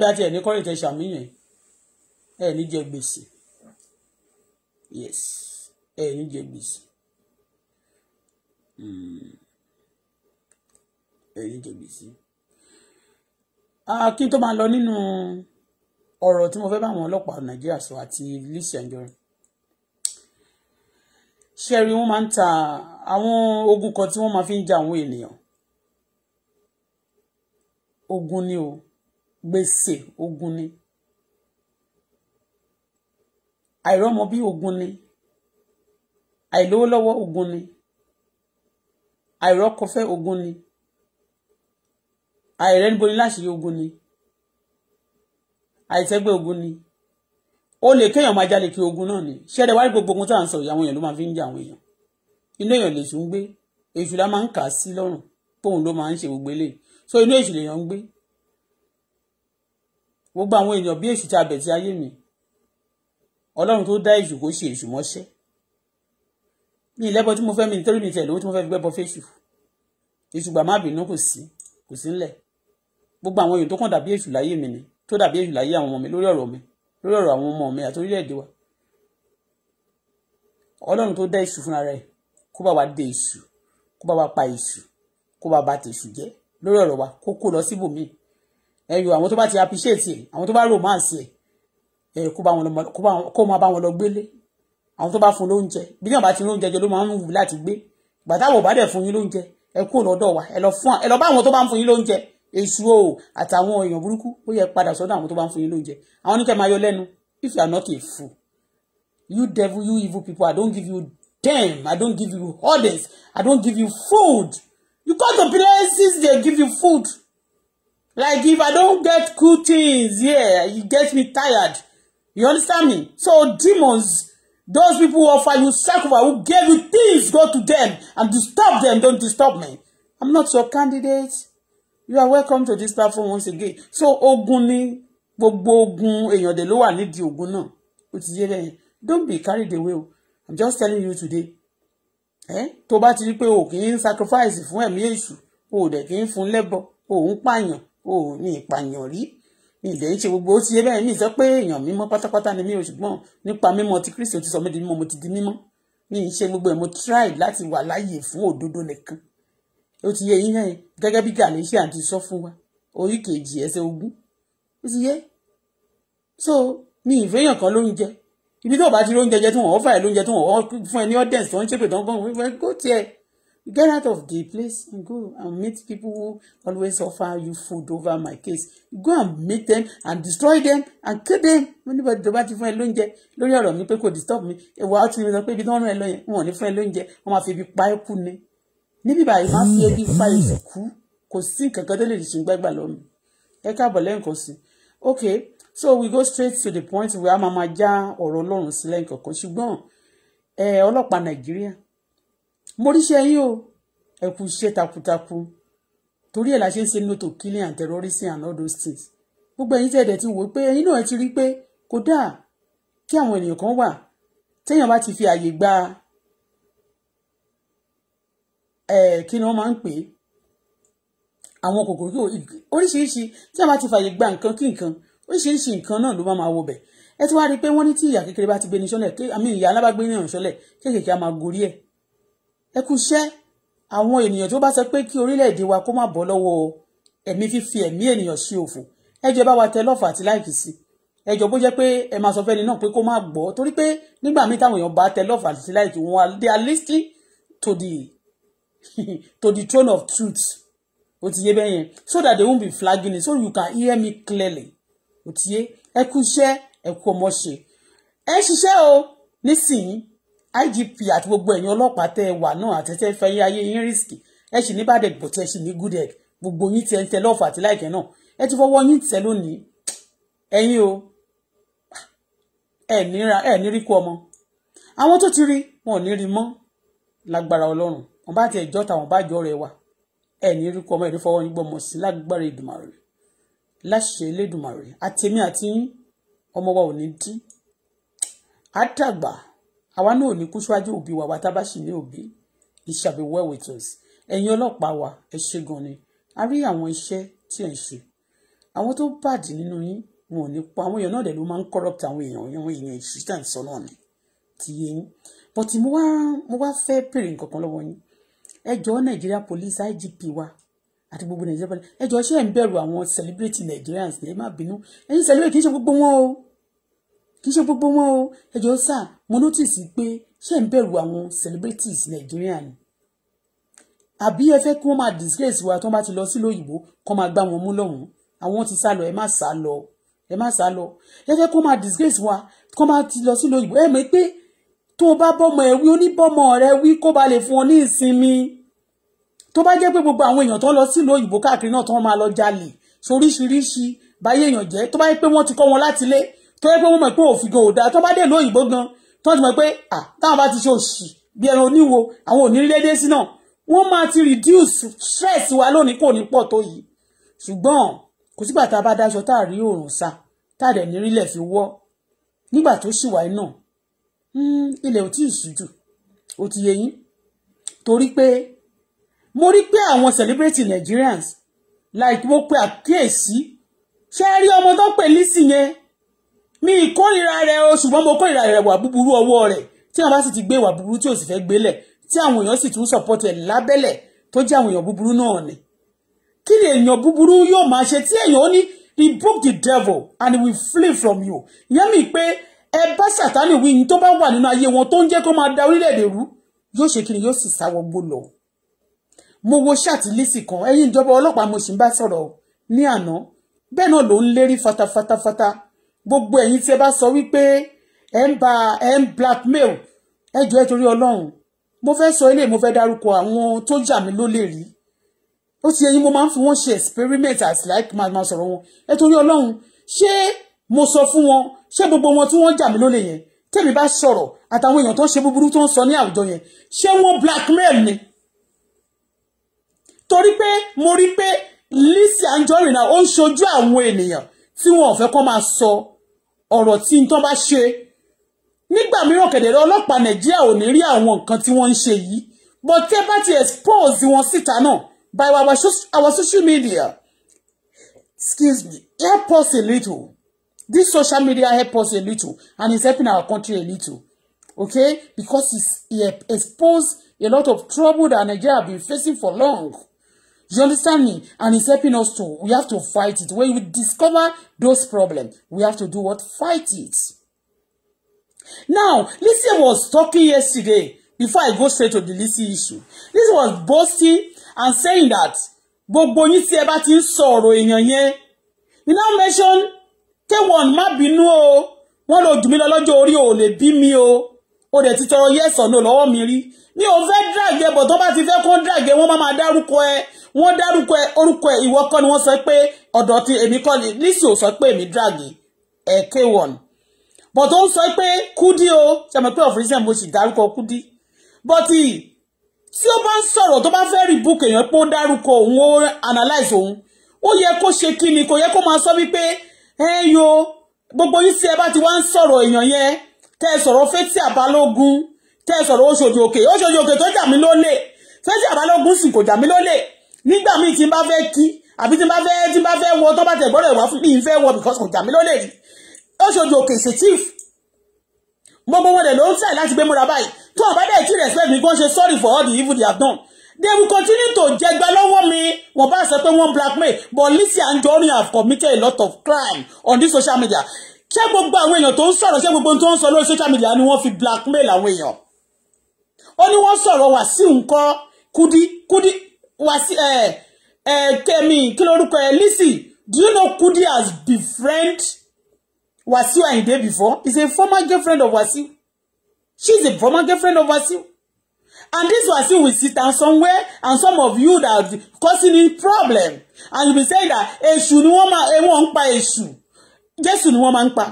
yes ẹ ní jẹ gbèsè. Mm ẹ̀yin jẹ gbèsè. kí n tó máa lọ nínú ọ̀rọ̀ tí mo fẹ́ bá àwọn ọlọ́pàá nàìjíríà sọ àti Lizzy Anjorin ṣẹ́rí wọ́n máa ń ta àwọn ogun kan tí wọ́n máa fi ń ja àwọn ènìyàn ogun ni o gbèsè ogun ni àìrọ́mọ bí ogun ni àìlówó lọ́wọ́ ogun ni àìrọ́kọfẹ́ ogun ni àìrẹ́ níbo ni láṣìírí ogun ni àìsẹ́gbẹ́ ogun ni ó lè kéèyàn máa jalè kí ogun náà ni ṣẹ́ẹ́dẹ̀ wáyé gbogbo ogun tá à ń sọ yìí àwọn èèyàn ló máa fi ń jà àwọn èèyàn inú èèyàn lè sùn gbé èṣù la máa ń kà á sí lọ́rùn tóun ló máa ń ṣe gbogbo eléyìí so inú èṣù lèèyàn ń gbé gbogbo àwọn èèyàn bí èṣù tí a bẹ̀ tí ayé mi ọlọ́run tó dá èṣù kó ṣe èṣù mọ́ṣẹ́ ní ìlẹ́bọ tí mo fẹ́ mi nítorí mi tẹ̀ lówó tí mo fẹ́ fi gbẹ́bọ fẹ́ṣù èṣù gbà má bínú kò sí kò sí ńlẹ̀ gbogbo àwọn èèyàn tó kàn dàbí èṣù láyé mi ni tó dàbí èṣù láyé àwọn ọmọ mi lórí ọ̀rọ̀ mi lórí ọ̀rọ̀ àwọn ọmọ mi àti orílẹ̀-èdè wa ọlọ́run tó dá èṣù fúnra rẹ̀ kó bá wa dé èṣù kó bá wa pa èṣù kó bá ba tèṣù jẹ́ lórí ọ̀rọ̀ wa kó kó lọ síbòmí ẹ àwọn tó bá ti appreciate ẹ àwọn tó bá romance ẹ kó bá wọn lọ kó máa bá wọn lọ gbélé àwọn tó bá fún lóúnjẹ bí náà bá ti lóúnjẹ jẹ ló máa ń wù láti gbé gbàtàwọ̀ bá dẹ̀ fún yín lóúnjẹ ẹ kúrò lọ́dọ̀ wa ẹ lọ bá àwọn tó bá ń fún yín lóúnjẹ èṣù o àtàwọn èèyàn burúkú ó yẹ padà sọ́dọ̀ àwọn tó bá ń fún yín lóúnjẹ àwọn oníkẹ́ máa yọ lẹ́nu if you are not a fool you devil you evil people i don't give you damn i don't give you orders i don't give you food you go to places they give you food like if i don't get cool things yeah you get me tired you understand me so demons those people who offer you sacrifice who gave you things go to them and disturb them don't disturb me i'm not your candidate you are welcome to this platform once again so ogun ni gbogbo ogun èèyàn dẹ̀ ló wà nídìí ogun náà ó ti yé bẹ́ẹ̀ don't be carried away o i'm just telling you today Eh, tó bá ti rí pé o kì í sacrifice fún ẹ̀mí èṣù o dẹ̀ kì í fún lẹ́bọ o ń pààyàn o ní ìpààyàn rí ní ìdẹ̀ ń ṣe gbogbo ó ti yé bẹ́ẹ̀ ní ìsọ pé èèyàn mímọ́ pátápátá ni mí o ṣùgbọ́n nípa mímọ́ ti kristi ti sọ mí di mímọ́ mo ti di mímọ́ ní ìṣe gbogbo ẹ̀ mo try láti wà láàyè fún òdodo nìkan ó ti yé yín yẹn gẹ́gẹ́ bí Galatian ti sọ fún wa orí kejì ẹsẹ̀ ogún ó ti yé so mi ìfẹ́yàn kan lóúnjẹ ibi tó bá ti lóúnjẹ jẹ tó wọn ọ̀fà ẹ̀ lóúnjẹ tó wọn fún ẹ ní audience tó ń ṣépè tó ń wípé go there get out of the place and go and meet people who always offer you food over my case go and meet them and destroy them and kill them anybody tó bá ti fún ẹ lóúnjẹ lórí ọ̀rọ̀ mi pé kò disturb mi ẹ̀wọ̀ á tún mi sọ pé ibi tó ń rán ẹ lọ yẹn wọn ò ní fún ẹ lóúnjẹ wọn máa fi ibi pa ẹ́ kú ni níbí báyìí má fi ebi fa èsì kú kò sí nǹkan kan tó lè ṣe gbẹ́gbà lọ́nu ẹ káàbọ̀ lẹ́ǹkan sí ok so we go straight to the point where a máa ma já ọ̀rọ̀ ọlọ́run sílẹ̀ nǹkankan ṣùgbọ́n ẹ ọlọ́pàá nàìjíríà mo ríṣẹ́ yín o ẹ kú iṣẹ́ takuntakun torí ẹ̀ la ṣe ń ṣe no to killing and terrorism and all those things gbogbo ẹ̀yin tẹ̀dẹ̀ ti wò pé ẹ̀yin náà ẹ ti rí pé kódà kí àwọn ènìyàn kan wà téèyàn bá ti fi àyè gba kí ni wọ́n máa ń pè é àwọn kòkòrò oríṣiríṣi tí a bá ti fàyè gba nǹkan kí nǹkan oríṣiríṣi nǹkan náà ló bá máa wo bẹ̀ ẹ ti wá rí i pé wọ́n ní tí ìyá kékeré bá ti gbéni sọ́lẹ̀ kí àmì ìyá alábàgbé náà sọ́lẹ̀ kéékèèké a máa gorí ẹ̀ ẹ kú iṣẹ́ àwọn ènìyàn tó bá sọ pé kí orílẹ̀-èdè wa kó má bọ́ lọ́wọ́ ẹ̀mí fífi ẹ̀mí ènìyàn sí òfò ẹ jẹ́ bá wa tẹ lọ́fà àti láìkì sí ẹ jọ bó jẹ́ pé ẹ máa sọ fẹ́ni náà pé kó má gbọ́ torí pé nígbà míì táwọn èèyàn bá tẹ lọ́fà àti láìkì wọn they are listening to the to the throne of truth ó ti yé bẹ́ẹ̀ yẹn so that they won't be flagging it so you can hear me clearly ó ti yé ẹ kú iṣẹ́ ẹ kú ọmọ ṣe ẹ ṣiṣẹ́ o nísìnyí IGP àti gbogbo ẹ̀yin ọlọ́pàá tẹ́ ẹ wà náà àtẹ́tẹ́ fẹ́ yé ayé yín rìsíkì ẹ sì ní bàdẹ̀ bọ̀tẹ́ ẹ sì ní good egg gbogbo yín tẹ́ ń tẹ lọ́ọ̀fù àti láìkẹ́ náà ẹ ti fọwọ́ yín tẹ lónìí ẹ̀yin o ẹ ní rí kú ọmọ àwọn tó ti rí wọn ò ní rí mọ́ lágbára ọlọ́run wọn bá tiẹ̀ jọ́ta wọn bá jọ rẹ̀ wà ẹ̀ ní irúkọ ọmọ ìrí fọwọ́ nígbọ́ mọ̀ sí lágbára Èdùmàrè láṣẹ Elédùmarè àtẹ̀mí àti ọmọ wa ò ní dín á dàgbà àwa náà ò ní kú síwájú òbí wa wa tá a bá sì ní òbí ìṣàbẹ̀wò ẹ̀wẹ̀ tòsí ẹ̀yin ọlọ́pàá wa ẹ ṣe gan ni a rí àwọn iṣẹ́ tí ẹ̀ ń ṣe àwọn tó bàjẹ́ nínú yín wọn ò ní pa àwọn èèyàn náà dẹ̀ ló máa ń corrupt àwọn èèyàn àwọn èèyàn ìṣítà ìsọ náà ni ti yé yín but mo wá mo wá fẹ́ bèrè nǹkan kan lọ́wọ́ yín ẹ jọ̀ọ́ Nigeria police IGP wa àti gbogbo Nigeria police ẹ jọ̀ọ́ ṣé ẹ ń bẹ̀rù àwọn celebrity Nigerians ẹ má bínú ẹ̀yin celebrate kì í ṣe gbogbo wọn o kì í ṣe gbogbo wọn o ẹ sà mo notice pé ṣé ẹ ń bẹ̀rù àwọn celebrities Nigeria ni àbí ẹ fẹ́ kí wọ́n máa disgrace wa tí wọ́n bá ti lọ sí lóyìnbó kó máa gbá wọn mú lọ́hùn-ún àwọn ti sá lọ ẹ má sá lọ ẹ má sá lọ ẹ fẹ́ kó máa disgrace wa kó máa ti lọ sí lóyìnbó ẹ mọ̀ pé tó o bá bọ́mọ ẹ̀ wí oníbọ́mọ rẹ wí kó ba lè fún ọ ní ìsinmi tó bá jẹ́ pé gbogbo àwọn èèyàn tó ń lọ sílùú òyìnbó káàkiri náà tó wọ́n máa lọ jalè soríṣiríṣi báyé èèyàn jẹ́ tó bá jẹ́ pé wọ́n ti kọ́ wọn láti lé tó yẹ pé wọ́n mọ̀ pé òfin gan ò dáa tó bá dé lóyìnbó gan tó ti mọ̀ pé à táwọn bá ti ṣe òṣì bí ẹran oníwo àwọn ò ní lédè sí náà wọ́n máa ti reduce stress wa lónìí kò ní pọ̀ tó yìí ṣùgbọ́n kò sígbà tá a bá dáṣọ tá a rí òòrùn sá tá a dẹ̀ nírílẹ̀ fi wọ́ nígbà tó ṣì wáyé náà Hmm, ilẹ̀ ò tí ì ṣú jù ó ti yẹ yín torí pé mo rí pé àwọn celebrity Nigerians like mo pe àkíyèsí ṣé ẹ rí ọmọ tó pè lísì yẹn mi ìkórìíra rẹ o ṣùgbọ́n mo kórìíra rẹ wà búburú ọwọ́ rẹ̀ tí wọn bá sì ti gbé ìwà búburú tí ò sì fẹ́ gbélẹ̀ tí àwọn èèyàn sì tún support ẹ̀ lábẹ́lẹ̀ tó jẹ́ àwọn èèyàn búburú náà ni kí ni èèyàn búburú yóò máa ṣe tí èèyàn ó ní rebuke the devil and he will flee from you ìyẹn mi pé ẹ bá sàtánì wí ní tó bá wà nínú ayé wọn tó ń jẹ́ kó máa da orílẹ̀-èdè rú yóò ṣe kí ni yóò sì sáwọ́ gbó lọ. mo wo ṣáàtì lisi kan ẹ̀yin ìjọba ọlọ́pàá mo sì ń bá sọ̀rọ̀ ní àná bẹ́ẹ̀ náà ló ń lérí fatafatafata gbogbo ẹ̀yin tí ẹ bá sọ wípé ẹ ń ba ẹ ń blackmail ẹ jọ̀ọ́ ẹ torí ọlọ́run mo fẹ́ sọ eléyìí mo fẹ́ dárúkọ àwọn tó jà mí lólè rí ó ti ẹ̀yin mo máa ń fi wọ́n ṣe experiment as like máa sọ̀rọ̀ wọn ẹ torí ọlọ́run ṣé mo sọ fún wọn ṣé gbogbo wọn tí wọ́n jà mí lólè yẹn tẹ́mi bá sọ̀rọ̀ àtàwọn èèyàn tó ń ṣe búburú tó ń sọ ní àwùjọ yẹn ṣé wọ́n blackmail ni torí pé mo rí pé Lizzy Anjorin náà ó ń ṣojú àwọn ènìyàn tí wọn ò fẹ́ kó máa sọ ọ̀rọ̀ tí n tán bá ṣe nígbà mìíràn kẹ̀dẹ̀rẹ́ ọlọ́pàá Nàìjíríà ò ní rí àwọn nǹkan tí wọ́n ń ṣe yìí but tẹ́ bá ti expose wọn síta náà by our social media excuse me help us a little. This social media help us a little, and it's helping our country a little. Okay? Because it's, it exposed a lot of trouble that Nigeria have been facing for long. You understand me? And it's helping us to, we have to fight it. When we discover those problems, we have to do what? Fight it. Now, Lizzy was talking yesterday, before I go straight to the Lizzy issue. Lizzy was boasting and saying that, gbogbo yín tí ẹ bá ti ń sọ ọ̀rọ̀ èèyàn yẹn. You now mention K1 má bínú o wọ́n lò jù mí lọ lọ́jọ́ orí o lè bí mi o o dẹ̀ ti tọrọ yẹ́sọ̀ náà lọ́wọ́ mi rí mi ò fẹ́ dàgé bọ̀ tó bá ti fẹ́ kó dàgé wọ́n má máa dárúkọ ẹ wọ́n dárúkọ ẹ orúkọ ẹ ìwọ kọ́ ni wọ́n sọ pé ọ̀dọ̀ ti èmi kọ́ ni Lizzy ò sọ pé èmi dàgé ẹ K1 bọ̀ tó ń sọ pé Kudi o ṣàmì pé ọ̀fìn sẹ́yìn mo sì dárúkọ Kudi bọ́tì tí ó bá ń sọ̀rọ̀ tó bá fẹ́ rí book èèyàn pé ó dárúkọ òun ó analyse òun ó yẹ kó ṣe kí ni kò yẹ kó máa sọ wípé ẹyọ gbogbo yìí tí ẹ bá ti wá ń sọ̀rọ̀ èèyàn yẹn tẹ́ ẹ sọ̀rọ̀ Fathia Balógun tẹ́ ẹ sọ̀rọ̀ Oṣòdì Òkè Oṣòdì Òkè tó jà mí lólè Fathia Balógun sì kò jà mí lólè nígbà míì tí n bá fẹ́ kí àbí tí n bá fẹ́ tí n bá fẹ́ wọ tó bá tẹ̀ gbọ́dọ̀ ìwà fún mi fẹ́ wọ because kò jà mí lólè rí Oṣòdì Òkè ṣe chief gbogbo wọn dẹ̀ ló ń tẹ̀ láti gbé múra báyìí tó àbádẹ́ ìtì respect mi kó ṣe sorry for all the evil they have done they will continue to jẹgbẹ lọ́wọ́ mi wọ́n bá sọ pé wọ́n blackmail but Lizzy Anjorin have committed a lot of crime on this social media ṣé gbogbo àwọn èèyàn tó ń sọ̀rọ̀ ṣé gbogbo tó ń sọ lórí social media ni wọ́n fi blackmail àwọn èèyàn ó ní wọ́n sọ̀rọ̀ Wàsíù ńkọ́ Kudi Kudi Wàsíù ẹ̀ ẹ̀ kẹ́mi kí lórúkọ ẹ̀ Lizzy do you know Kudi has befriend Wasiu Ayinde before? Is a former girlfriend of Wasiu. is a former girlfriend of Wasiu. And this vaccine will sit down somewhere, and some of you that are causing it problem. And you be saying that, Èṣù ni wọ́n máa, eh, wọ́n ń pa Èṣù. Jésù ni wọ́n máa ń pa.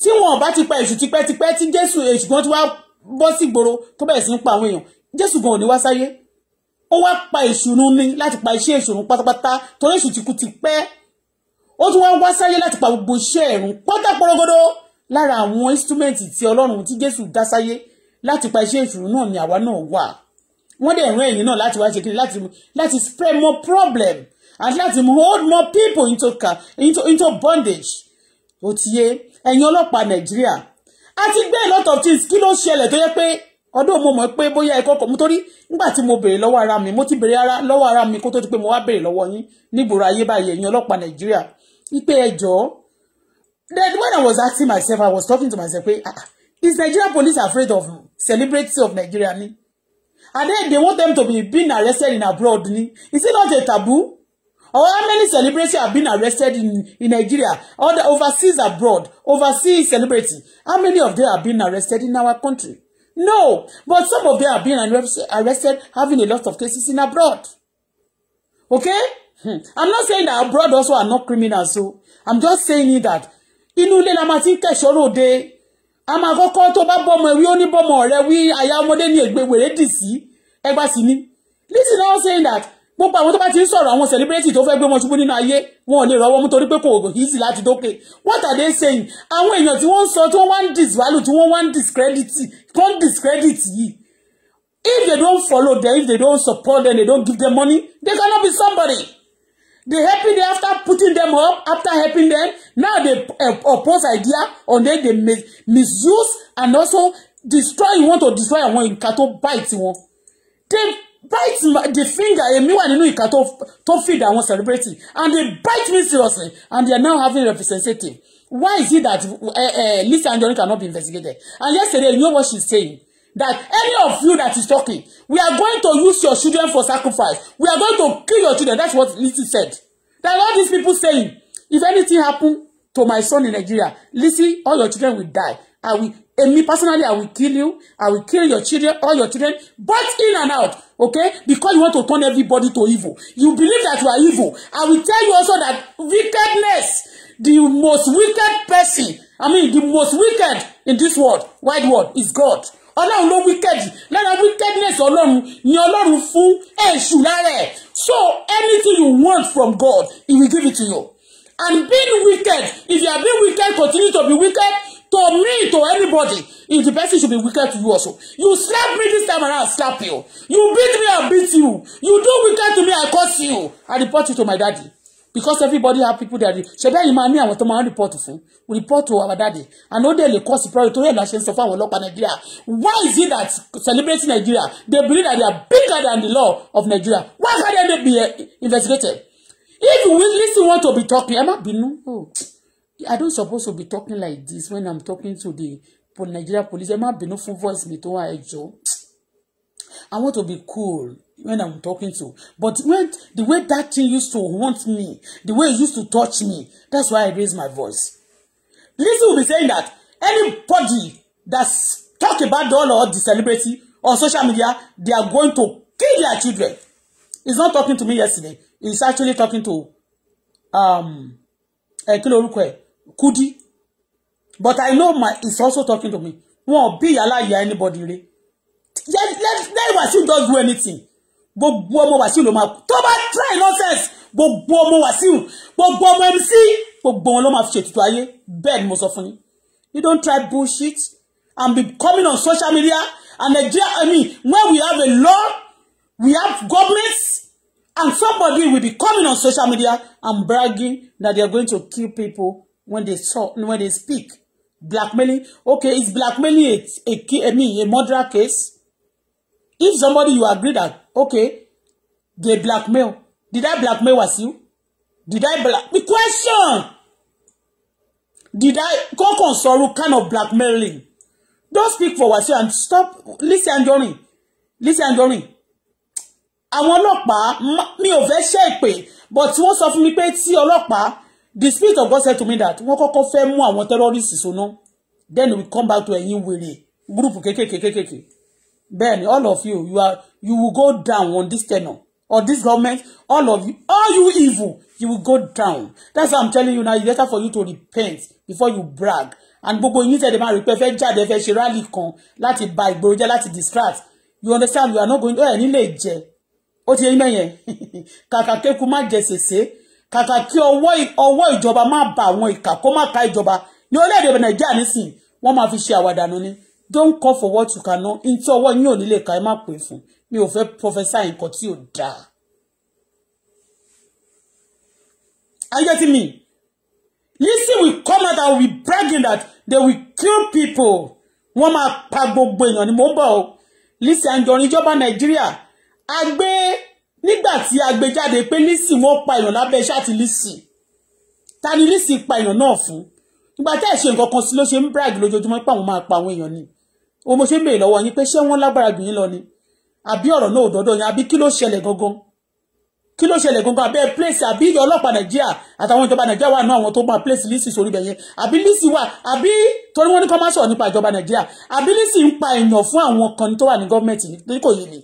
Tí wọ́n bá ti pa Èṣù tipẹ́tipẹ́, tí Jésù Èṣù gan ti wá bọ́ sí ìgboro tó bẹ̀rẹ̀ sí ń pa àwọn èèyàn. Jésù gan ò ní wá sáyé. Ó pa Èṣù nu ni láti pa iṣẹ́ Èṣù nu pátápátá torí Èṣù ti kú ti pẹ́. Ó tún wá wá sáyé láti pa gbogbo iṣẹ́ ẹ̀rùn pátápọ̀rọ̀gọ́dọ̀ lára àwọn instrument ti Ọlọ́run tí Jésù dá sáyé láti pa iṣẹ́ ìṣòro náà ni àwa náà wà wọ́n dẹ̀ rán ẹ̀yìn náà láti wá ṣe kí láti láti spread more problem and láti hold more people into into into bondage ó ti yé ẹ̀yin ọlọ́pàá nàìjíríà a ti gbé a lot of things kí ló ṣẹlẹ̀ tó yẹ pé ọdún mo mọ̀ pé bóyá ẹ̀kọ́ kọ̀ mo torí nígbà tí mo béèrè lọ́wọ́ ara mi mo ti béèrè ara lọ́wọ́ ara mi kó tó ti pé mo wá béèrè lọ́wọ́ yín nígboro ayé báyìí ẹ̀yin ọlọ́pàá nàìjíríà wípé ẹ jọ̀ọ́ then when I was asking myself I was talking to myself pé ah, ah Is Nigerian police afraid of celebrities of Nigeria ni? And then they want them to be being arrested in abroad ni? Is it not a taboo? Or how many celebrities have been arrested in, in Nigeria or the overseas abroad, overseas celebrity? How many of them have been arrested in our country? No, but some of them have been arrested having a lot of cases in abroad. Okay? Hmm. I'm not saying that abroad also are not criminals, so I'm just saying that inule ilé la máa ti ń a máa kọ́kọ́ tó bá bọ́mọ wí ó ní bọ́mọ rẹ wí àyà ọmọdé ní ègbè wèrè dì sí ẹgbà sí ni listen now saying that gbogbo àwọn tó bá ti ń sọ̀rọ̀ àwọn celebrity tó fẹ́ gbé wọn ṣubú nínú ayé wọn ò lè rọwọ́ mú torí pé kò easy láti dókè what are they saying àwọn èèyàn tí wọ́n ń sọ tí wọ́n wá ń disvalue tí wọ́n wá ń discredit tó ń discredit yìí if they don't follow them if they don't support them they don't give them money they cannot be somebody. They helping them after putting them up, after helping them. Now they uh, oppose idea, or then they mis misuse and also destroy. one want to destroy one. ìka tó bite one. They bite the finger. Èmi wà nínú ìka tó tó feed àwọn celebrity, and they bite me seriously, and they are now having representative. Why is it that uh, eh, uh, eh, Lisa Anjorin cannot be investigated? And yesterday, you know what she's saying that any of you that is talking we are going to use your children for sacrifice we are going to kill your children that's what Lizzy said that all these people saying if anything happen to my son in Nigeria Lizzy all your children will die I will and me personally I will kill you I will kill your children all your children both in and out okay because you want to turn everybody to evil you believe that you are evil I will tell you also that wickedness the most wicked person I mean the most wicked in this world wide world is God ọlọ́run ló wicked lára wickedness ọlọ́run ni ọlọ́run fún èṣù lára ẹ̀ so anything you want from God he will give it to you and being wicked if you are being wicked continue to be wicked to me to anybody if the person should be wicked to you also you slap me this time around I slap you you beat me I beat you you do wicked to me I curse you I report you to my daddy because everybody have people that ṣẹbẹ́ yìí máa ní àwọn tó máa ń report fún report to our daddy and ó dẹ̀ lè cause problem torí ẹ̀ la ṣe ń sọ fún àwọn ọlọ́pàá Nigeria why is it that celebrating Nigeria they believe that they are bigger than the law of Nigeria why can't they be eh, investigated if you listen want to be talking ẹ má bínú oh I don't suppose to be talking like this when I'm talking to the Nigeria police ẹ má bínú fún voice mi tó wà ẹjọ́ I want to be cool when I'm talking to. But when the way that thing used to haunt me, the way it used to touch me, that's why I raise my voice. Lizzy will be saying that anybody that's talk about the all or the celebrity on social media, they are going to kill their children. He's not talking to me yesterday. He's actually talking to um eh, Kudi. But I know my he's also talking to me. Won't be allowed anybody. Let, let, let Wasiu just do anything gbogbo ọmọ Wàsíù ló máa kú tó bá try nonsense gbogbo ọmọ Wàsíù gbogbo ọmọ MC gbogbo wọn ló máa fi ṣètùtù ayé bẹ́ẹ̀ ni mo sọ fún yín you don't try bullshit and be coming on social media and Nigeria I mean when we have a law we have government and somebody will be coming on social media and bragging that they are going to kill people when they talk when they speak blackmailing okay it's blackmailing a a, a, a, a murder case If somebody you agree that, okay, they blackmail. Did I blackmail Wasiu? Did I black? The question! Did I go on sorrow kind of blackmailing? Don't speak for Wasiu and stop. Listen, Anjorin. Listen, Anjorin. Àwọn ọlọ́pàá mi ò fẹ́ ṣe ìpè but wọ́n sọ fún mi pé tí ọlọ́pàá the spirit of God said to me that wọ́n kọ́kọ́ fẹ́ mú àwọn terrorists sọ́nà then we come back to ẹ̀yìn wèrè gúrùpù kékèké kékèké bẹ́ẹ̀ ni all of you you are you will go down on this tenure or this government all of you all you evil you will go down that's why i'm telling you now it's better for you to repent before you brag and gbogbo yín tẹ̀lé máa rí pé fẹ́ jáde fẹ́ ṣe rally kan láti ba ìgboro jẹ́ láti distract you understand you are not going ẹ̀ nílé jẹ ó ti yẹn mẹ́yẹn kàkà kéku má jẹ sèse kàkà kí ọwọ́ ìjọba má ba àwọn ìkà kó má ka ìjọba ní orílẹ̀-èdè nàìjíríà nísìn wọ́n máa fi ṣe àwàdànù ni don't call for what you cannot n tí ọwọ́ yín ò nílé ka ẹ má pè fún mi ò fẹ́ professor nǹkan tí ò dáa. are you getting me? Lizzy will come out and will be bragging that they will kill people. Wọ́n máa pa gbogbo èèyàn ni mò ń bọ̀ o. Lizzy Anjorin ìjọba Nàìjíríà. A gbé nígbà tí a gbé jáde pé Lizzy wọ́n pa èèyàn lábẹ́ iṣẹ́ àti Lizzy. Ta ni Lizzy pa èèyàn náà fún? Ìgbà tẹ́ ẹ̀ ṣe nǹkan kan sí ló ṣe ń brag lójoojúmọ́ pé àwọn máa pa àwọn èèyàn ni o mo ṣe ń béèrè lọ́wọ́ yín pé ṣé wọ́n lágbára jù yín lọ ni àbí ọ̀rọ̀ náà ò dọ́dọ̀ yín àbí kí ló ṣẹlẹ̀ gangan kí ló ṣẹlẹ̀ gangan abẹ́ place àbí ìjọ ọlọ́pàá nàìjíríà àtàwọn ìjọba nàìjíríà wà nù àwọn tó máa place lisi sórí bẹ̀yẹn àbí lisi wà àbí torí wọ́n ní kọ́ máa sọ̀rọ̀ nípa ìjọba nàìjíríà àbí lisi ń pa èèyàn fún àwọn kan tó wà ní gọ́ọ̀mẹ̀ntì ní kò yé mi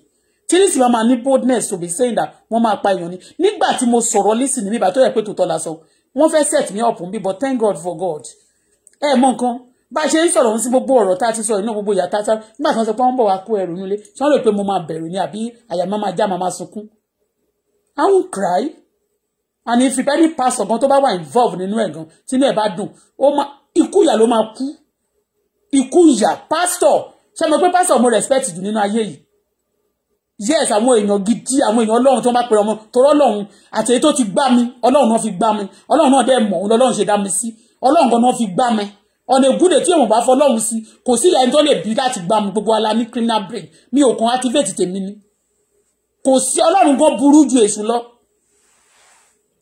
tí boldness to be saying that wọ́n máa pa èèyàn ni mo sọ̀rọ̀ lisi ní bíbá tó yẹ pé tòótọ́ la sọ wọ́n fẹ́ me up thank God for God ẹ mọ bá a ṣe ń sọ̀rọ̀ sí gbogbo ọ̀rọ̀ tá a ti sọ iná gbogbo ìyá tá a sọ nígbà tí wọ́n sọ pé wọ́n bọ̀ wá kó ẹrù nílé tí wọ́n rò pé mo máa bẹ̀rù ni àbí àyà máa máa já máa máa sunkún I won't cry and if any pastor gan tó bá wà involved nínú ẹ̀ gan tínú ẹ̀ bá dùn ó máa ikú ìyà ló máa kú ikú ìyà pastor ṣé mo pé pastor mo respect jù nínú ayé yìí yes àwọn èèyàn gidi àwọn èèyàn ọlọ́run tó ń bá pèrè ọmọ torọ́ ọlọ́run àti èyí tó ti gbá mi ọlọ́run náà fi gbá mi ọlọ́run náà dẹ́ mọ̀ òun lọ́lọ́run ṣe dá mi sí ọlọ́run gan náà fi gbá mi ọ̀nà ìgúnde tí èèyàn bá fọlọ́run sí kò sí ẹni tó lè bí láti gbà mú gbogbo ala ní criminal brain mi ò kàn activate tèmi ni kò sí ọlọ́run gan burú ju èṣù lọ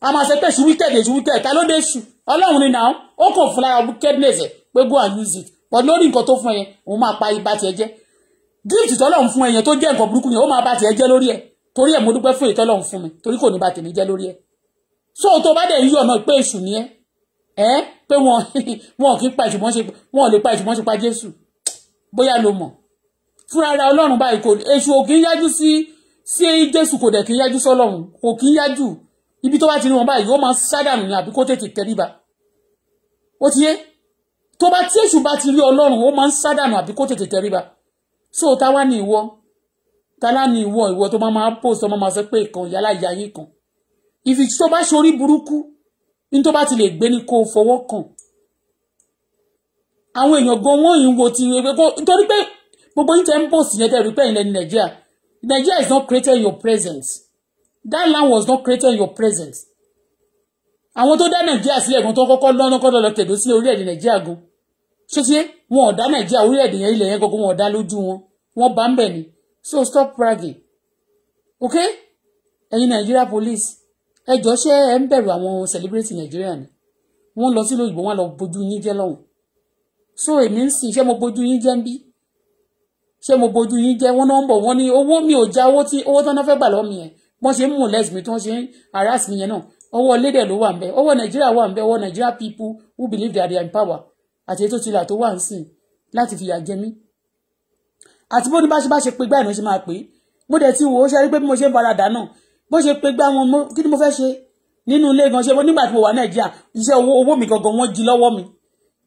a máa ṣe pé èṣù wicked èṣù wicked ta ló dé èṣù ọlọ́run ni náà ó kò fún lára wickedness ẹ̀ pé go and use it but lórí nǹkan tó fún ẹ òun máa pa ibà tiẹ̀ jẹ́ gift tọ́lọ́run fún ẹ̀yẹn tó jẹ́ nǹkan burúkú yẹn ó máa bá tiẹ̀ jẹ́ lórí ẹ̀ torí ẹ̀ mo dúpẹ́ fún ìtọ́lọ́run fún mi torí kò ní bá tèmi jẹ́ lórí ẹ̀ so tó bá dẹ̀ yí ọ̀nà pé èṣù ni ẹ ẹ́ pé wọn wọn kì í pa ìṣùgbọ́n ṣe wọn ò lè pa ìṣùgbọ́n ṣe pa Jésù bóyá ló mọ̀ fúnra ara Ọlọ́run báyìí kò èṣù ò kì í yájú sí sí Jésù kò dẹ̀ kì í yájú sọ́lọ́run kò kì í yájú ibi tó bá ti rí wọn báyìí ó máa sádànù ni àbí kó tètè tẹríba ó ti yé tó bá tí èṣù bá ti rí Ọlọ́run ó máa ń sádànù àbí kó tètè tẹríba so ta wá ní ìwọ ta lá ní ìwọ ìwọ tó máa máa post ọmọ máa sọ pé ìkan ìyálà ìyá yín kan ìfìtí tó bá ṣe burúkú ní tó bá ti lè gbé ni kó o fọwọ́ kàn àwọn èèyàn gan wọ́n yìí ń wo ti nítorí pé gbogbo yín tẹ́ ń bọ̀ sí yẹn tẹ́ rí pẹ́yìn lẹ́nu nàìjíríà nàìjíríà is not created in your presence that land was not created in your presence àwọn tó dá nàìjíríà sílẹ̀ gan tó kọ́kọ́ lọ́nà kọ́dọ̀ lọ tẹ̀dó sílẹ̀ orílẹ̀-èdè nàìjíríà gan ṣé ti wọn ò dá nàìjíríà orílẹ̀-èdè yẹn ilẹ̀ yẹn gbogbo wọn ò dá lójú wọn wọn bá ń bẹ̀ ni so stop bragging okay ẹ̀yin nàìjíríà police ẹ jọ ṣé ẹ ń bẹ̀rù àwọn celebrity Nigeria ni wọ́n lọ sí lóyìnbó wọ́n lọ bójú yín jẹ́ lọ́hùn so èmi ń sìn ṣé mo bójú yín jẹ́ ń bí ṣé mo bójú yín jẹ́ wọ́n náà ń bọ̀ wọ́n ní owó mi ò já owó tí owó tán náà fẹ́ gbà lọ́mì yẹn wọ́n ṣe ń mú lẹ́sìn mi tí wọ́n ṣe ń harass mi yẹn náà ọwọ́ lédè ló wà ń bẹ ọwọ́ Nigeria wà ń bẹ ọwọ́ Nigeria people who believe they are in power àti ètò tìlà tó wà ń sìn láti fìyà jẹ mí àti bó ní bá ṣe bá ṣe pé gbáyìí ló ṣe máa pé mo dẹ̀ ti wò ó ṣe rí pé bí mo ṣe ń faradà náà bó ṣe pé gbá wọn kí ni mo fẹ́ ṣe nínú ilé gan ṣe nígbà tí mo wà nàìjíríà iṣẹ́ owó owó mi gangan wọ́n jí lọ́wọ́ mi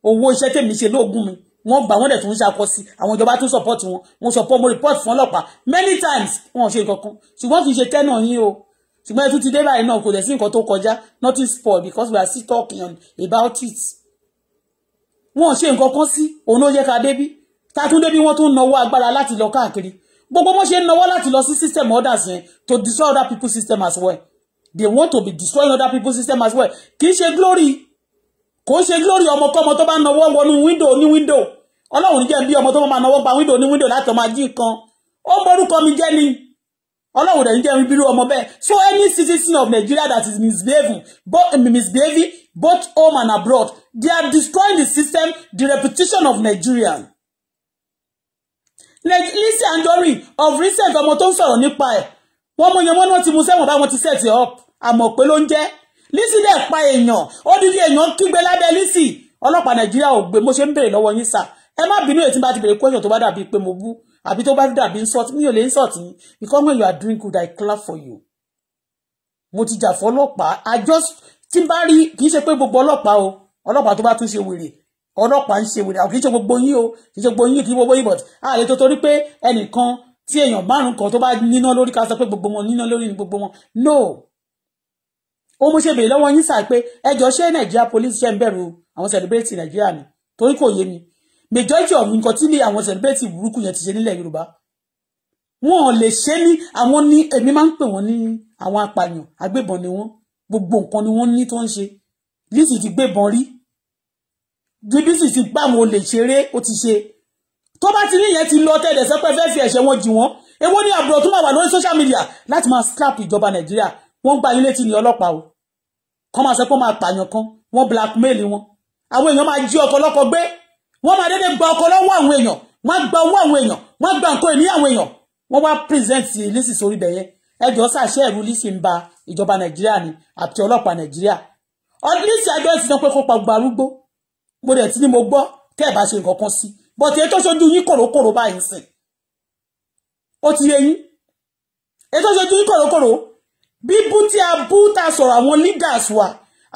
owó iṣẹ́ tèmi ṣe lóògùn mi wọ́n gbà wọ́n dẹ̀ tún ṣakọ sí àwọn ìjọba tún support wọn wọ́n support mo report fún ọlọ́pàá many times wọn ò ṣe nǹkan kan ṣùgbọ́n kì í ṣe tẹ́nà yín o ṣùgbọ́n ẹtú ti dé báyìí náà kò dẹ̀ sí nǹkan tó kọjá nothing spoil because we are still talking about it wọn ò ṣe nǹkan kan sí òun ló yẹ ká débí tatúndébí wọ́n tún náwó agbára láti lọ káàkiri gbogbo wọn ṣe ń náwó láti lọ sí system others yẹn to destroy other people's system as well they want to be destroying other people's system as well kì í ṣe glory kò ṣe glory ọmọkọ́mọ tó bá náwó wọnú window ní window ọlọ́run jẹ́ bí ọmọ tó máa náwó gba window ní window láti ọmọ ají nǹkan ó borúkọ mi jẹ́ ni ọlọ́run dẹ̀ ń jẹ́ bírú ọmọ bẹ́ẹ̀ so any citizen of Nigeria that is misbehaving both eh, misbehaving both home and abroad they are destroying the system the reputation of Nigeria Lizzy Anjorin of recent ọmọ tó ń sọ̀rọ̀ nípa ẹ̀ wọ́n mú yan mọ́nà tí mo sẹ́wọ̀n bá wọn ti set up àmọ̀ pé ló ń jẹ́ Lizzy dẹ̀ pa èèyàn odidi èèyàn kígbe lábẹ́ Lizzy ọlọ́pàá Nàìjíríà ò gbé mo ṣe ń béèrè lọ́wọ́ yín sà ẹ má bínú èyí tí bá ti béèrè question tó bá dàbí pé mo bú àbí tó bá dàbí insult mi ò lè insult yín because when you are doing good I clap for you mo ti jà fún ọlọ́pàá I just tí bá rí kì í ṣe pé gbogbo ọlọ́pàá o ọlọ́pàá tó bá tún ṣe wèrè ọlọ́pàá ń ṣe wèrè àwọn kì í ṣe gbogbo yín o kì í ṣe gbogbo yín kì í gbogbo yín but àlè tó torí pé ẹnìkan tí èèyàn márùn kan tó bá níná lórí ká sọ pé gbogbo wọn níná lórí ni gbogbo wọn no ó mú ṣe bèrè lọ́wọ́ yín sáà pé ẹjọ́ ṣé nàìjíríà police ṣe ń bẹ̀rù àwọn celebrate nàìjíríà ni torí kò yé mi majority of nǹkan tí ní àwọn celebrate burúkú yẹn ti ṣe nílẹ̀ yorùbá wọn ò lè ṣe ní àwọn ní èmi máa ń pè wọn ní àwọn apààyàn agbébọn ni wọn gbogbo nǹkan ni wọn ní tó ń ṣe lísì ti gbébọn rí Dibisi ti gbà mo lè ṣeré ó ti ṣe tó bá ti níyẹn ti lọ tẹ́lẹ̀ sẹ́pẹ́ fẹ́ fi ẹ̀ṣẹ̀ wọn jì wọ́n èwo ni àbúrò tó máa wà lórí social media láti máa slap ìjọba nàìjíríà wọ́n gba ilé tí ní ọlọ́pàá o kọ́ máa sọ pé máa pààyàn kan wọ́n blackmail wọn àwọn èèyàn máa jí ọkọ̀ lọ́kọ̀ gbé wọ́n máa dédé gba ọkọ̀ lọ́wọ́ àwọn èèyàn wọ́n gba owó àwọn èèyàn wọ́n gba nǹkan ìní àwọn èèyàn wọ́n wá present Lizzy sórí bẹ̀yẹ ẹjọ́ sàṣẹ ẹ̀rú Lizzy ń ba ìjọba nàìjíríà ni àti ọlọ́pàá nàìjíríà Lizzy àjọ ìsìn náà pé kó pa gbogbo arúgbó mo dẹ̀ ti ní mo gbọ́ tẹ́ ẹ̀ bá ṣe nǹkan kan sí bọ̀tí ètò ṣojú yín kòrókòrò báyìí sìn ó ti yé yín ètò ṣojú yín kòrókòrò bíbú tí a bú ta sọ̀rọ̀ àwọn leaders wa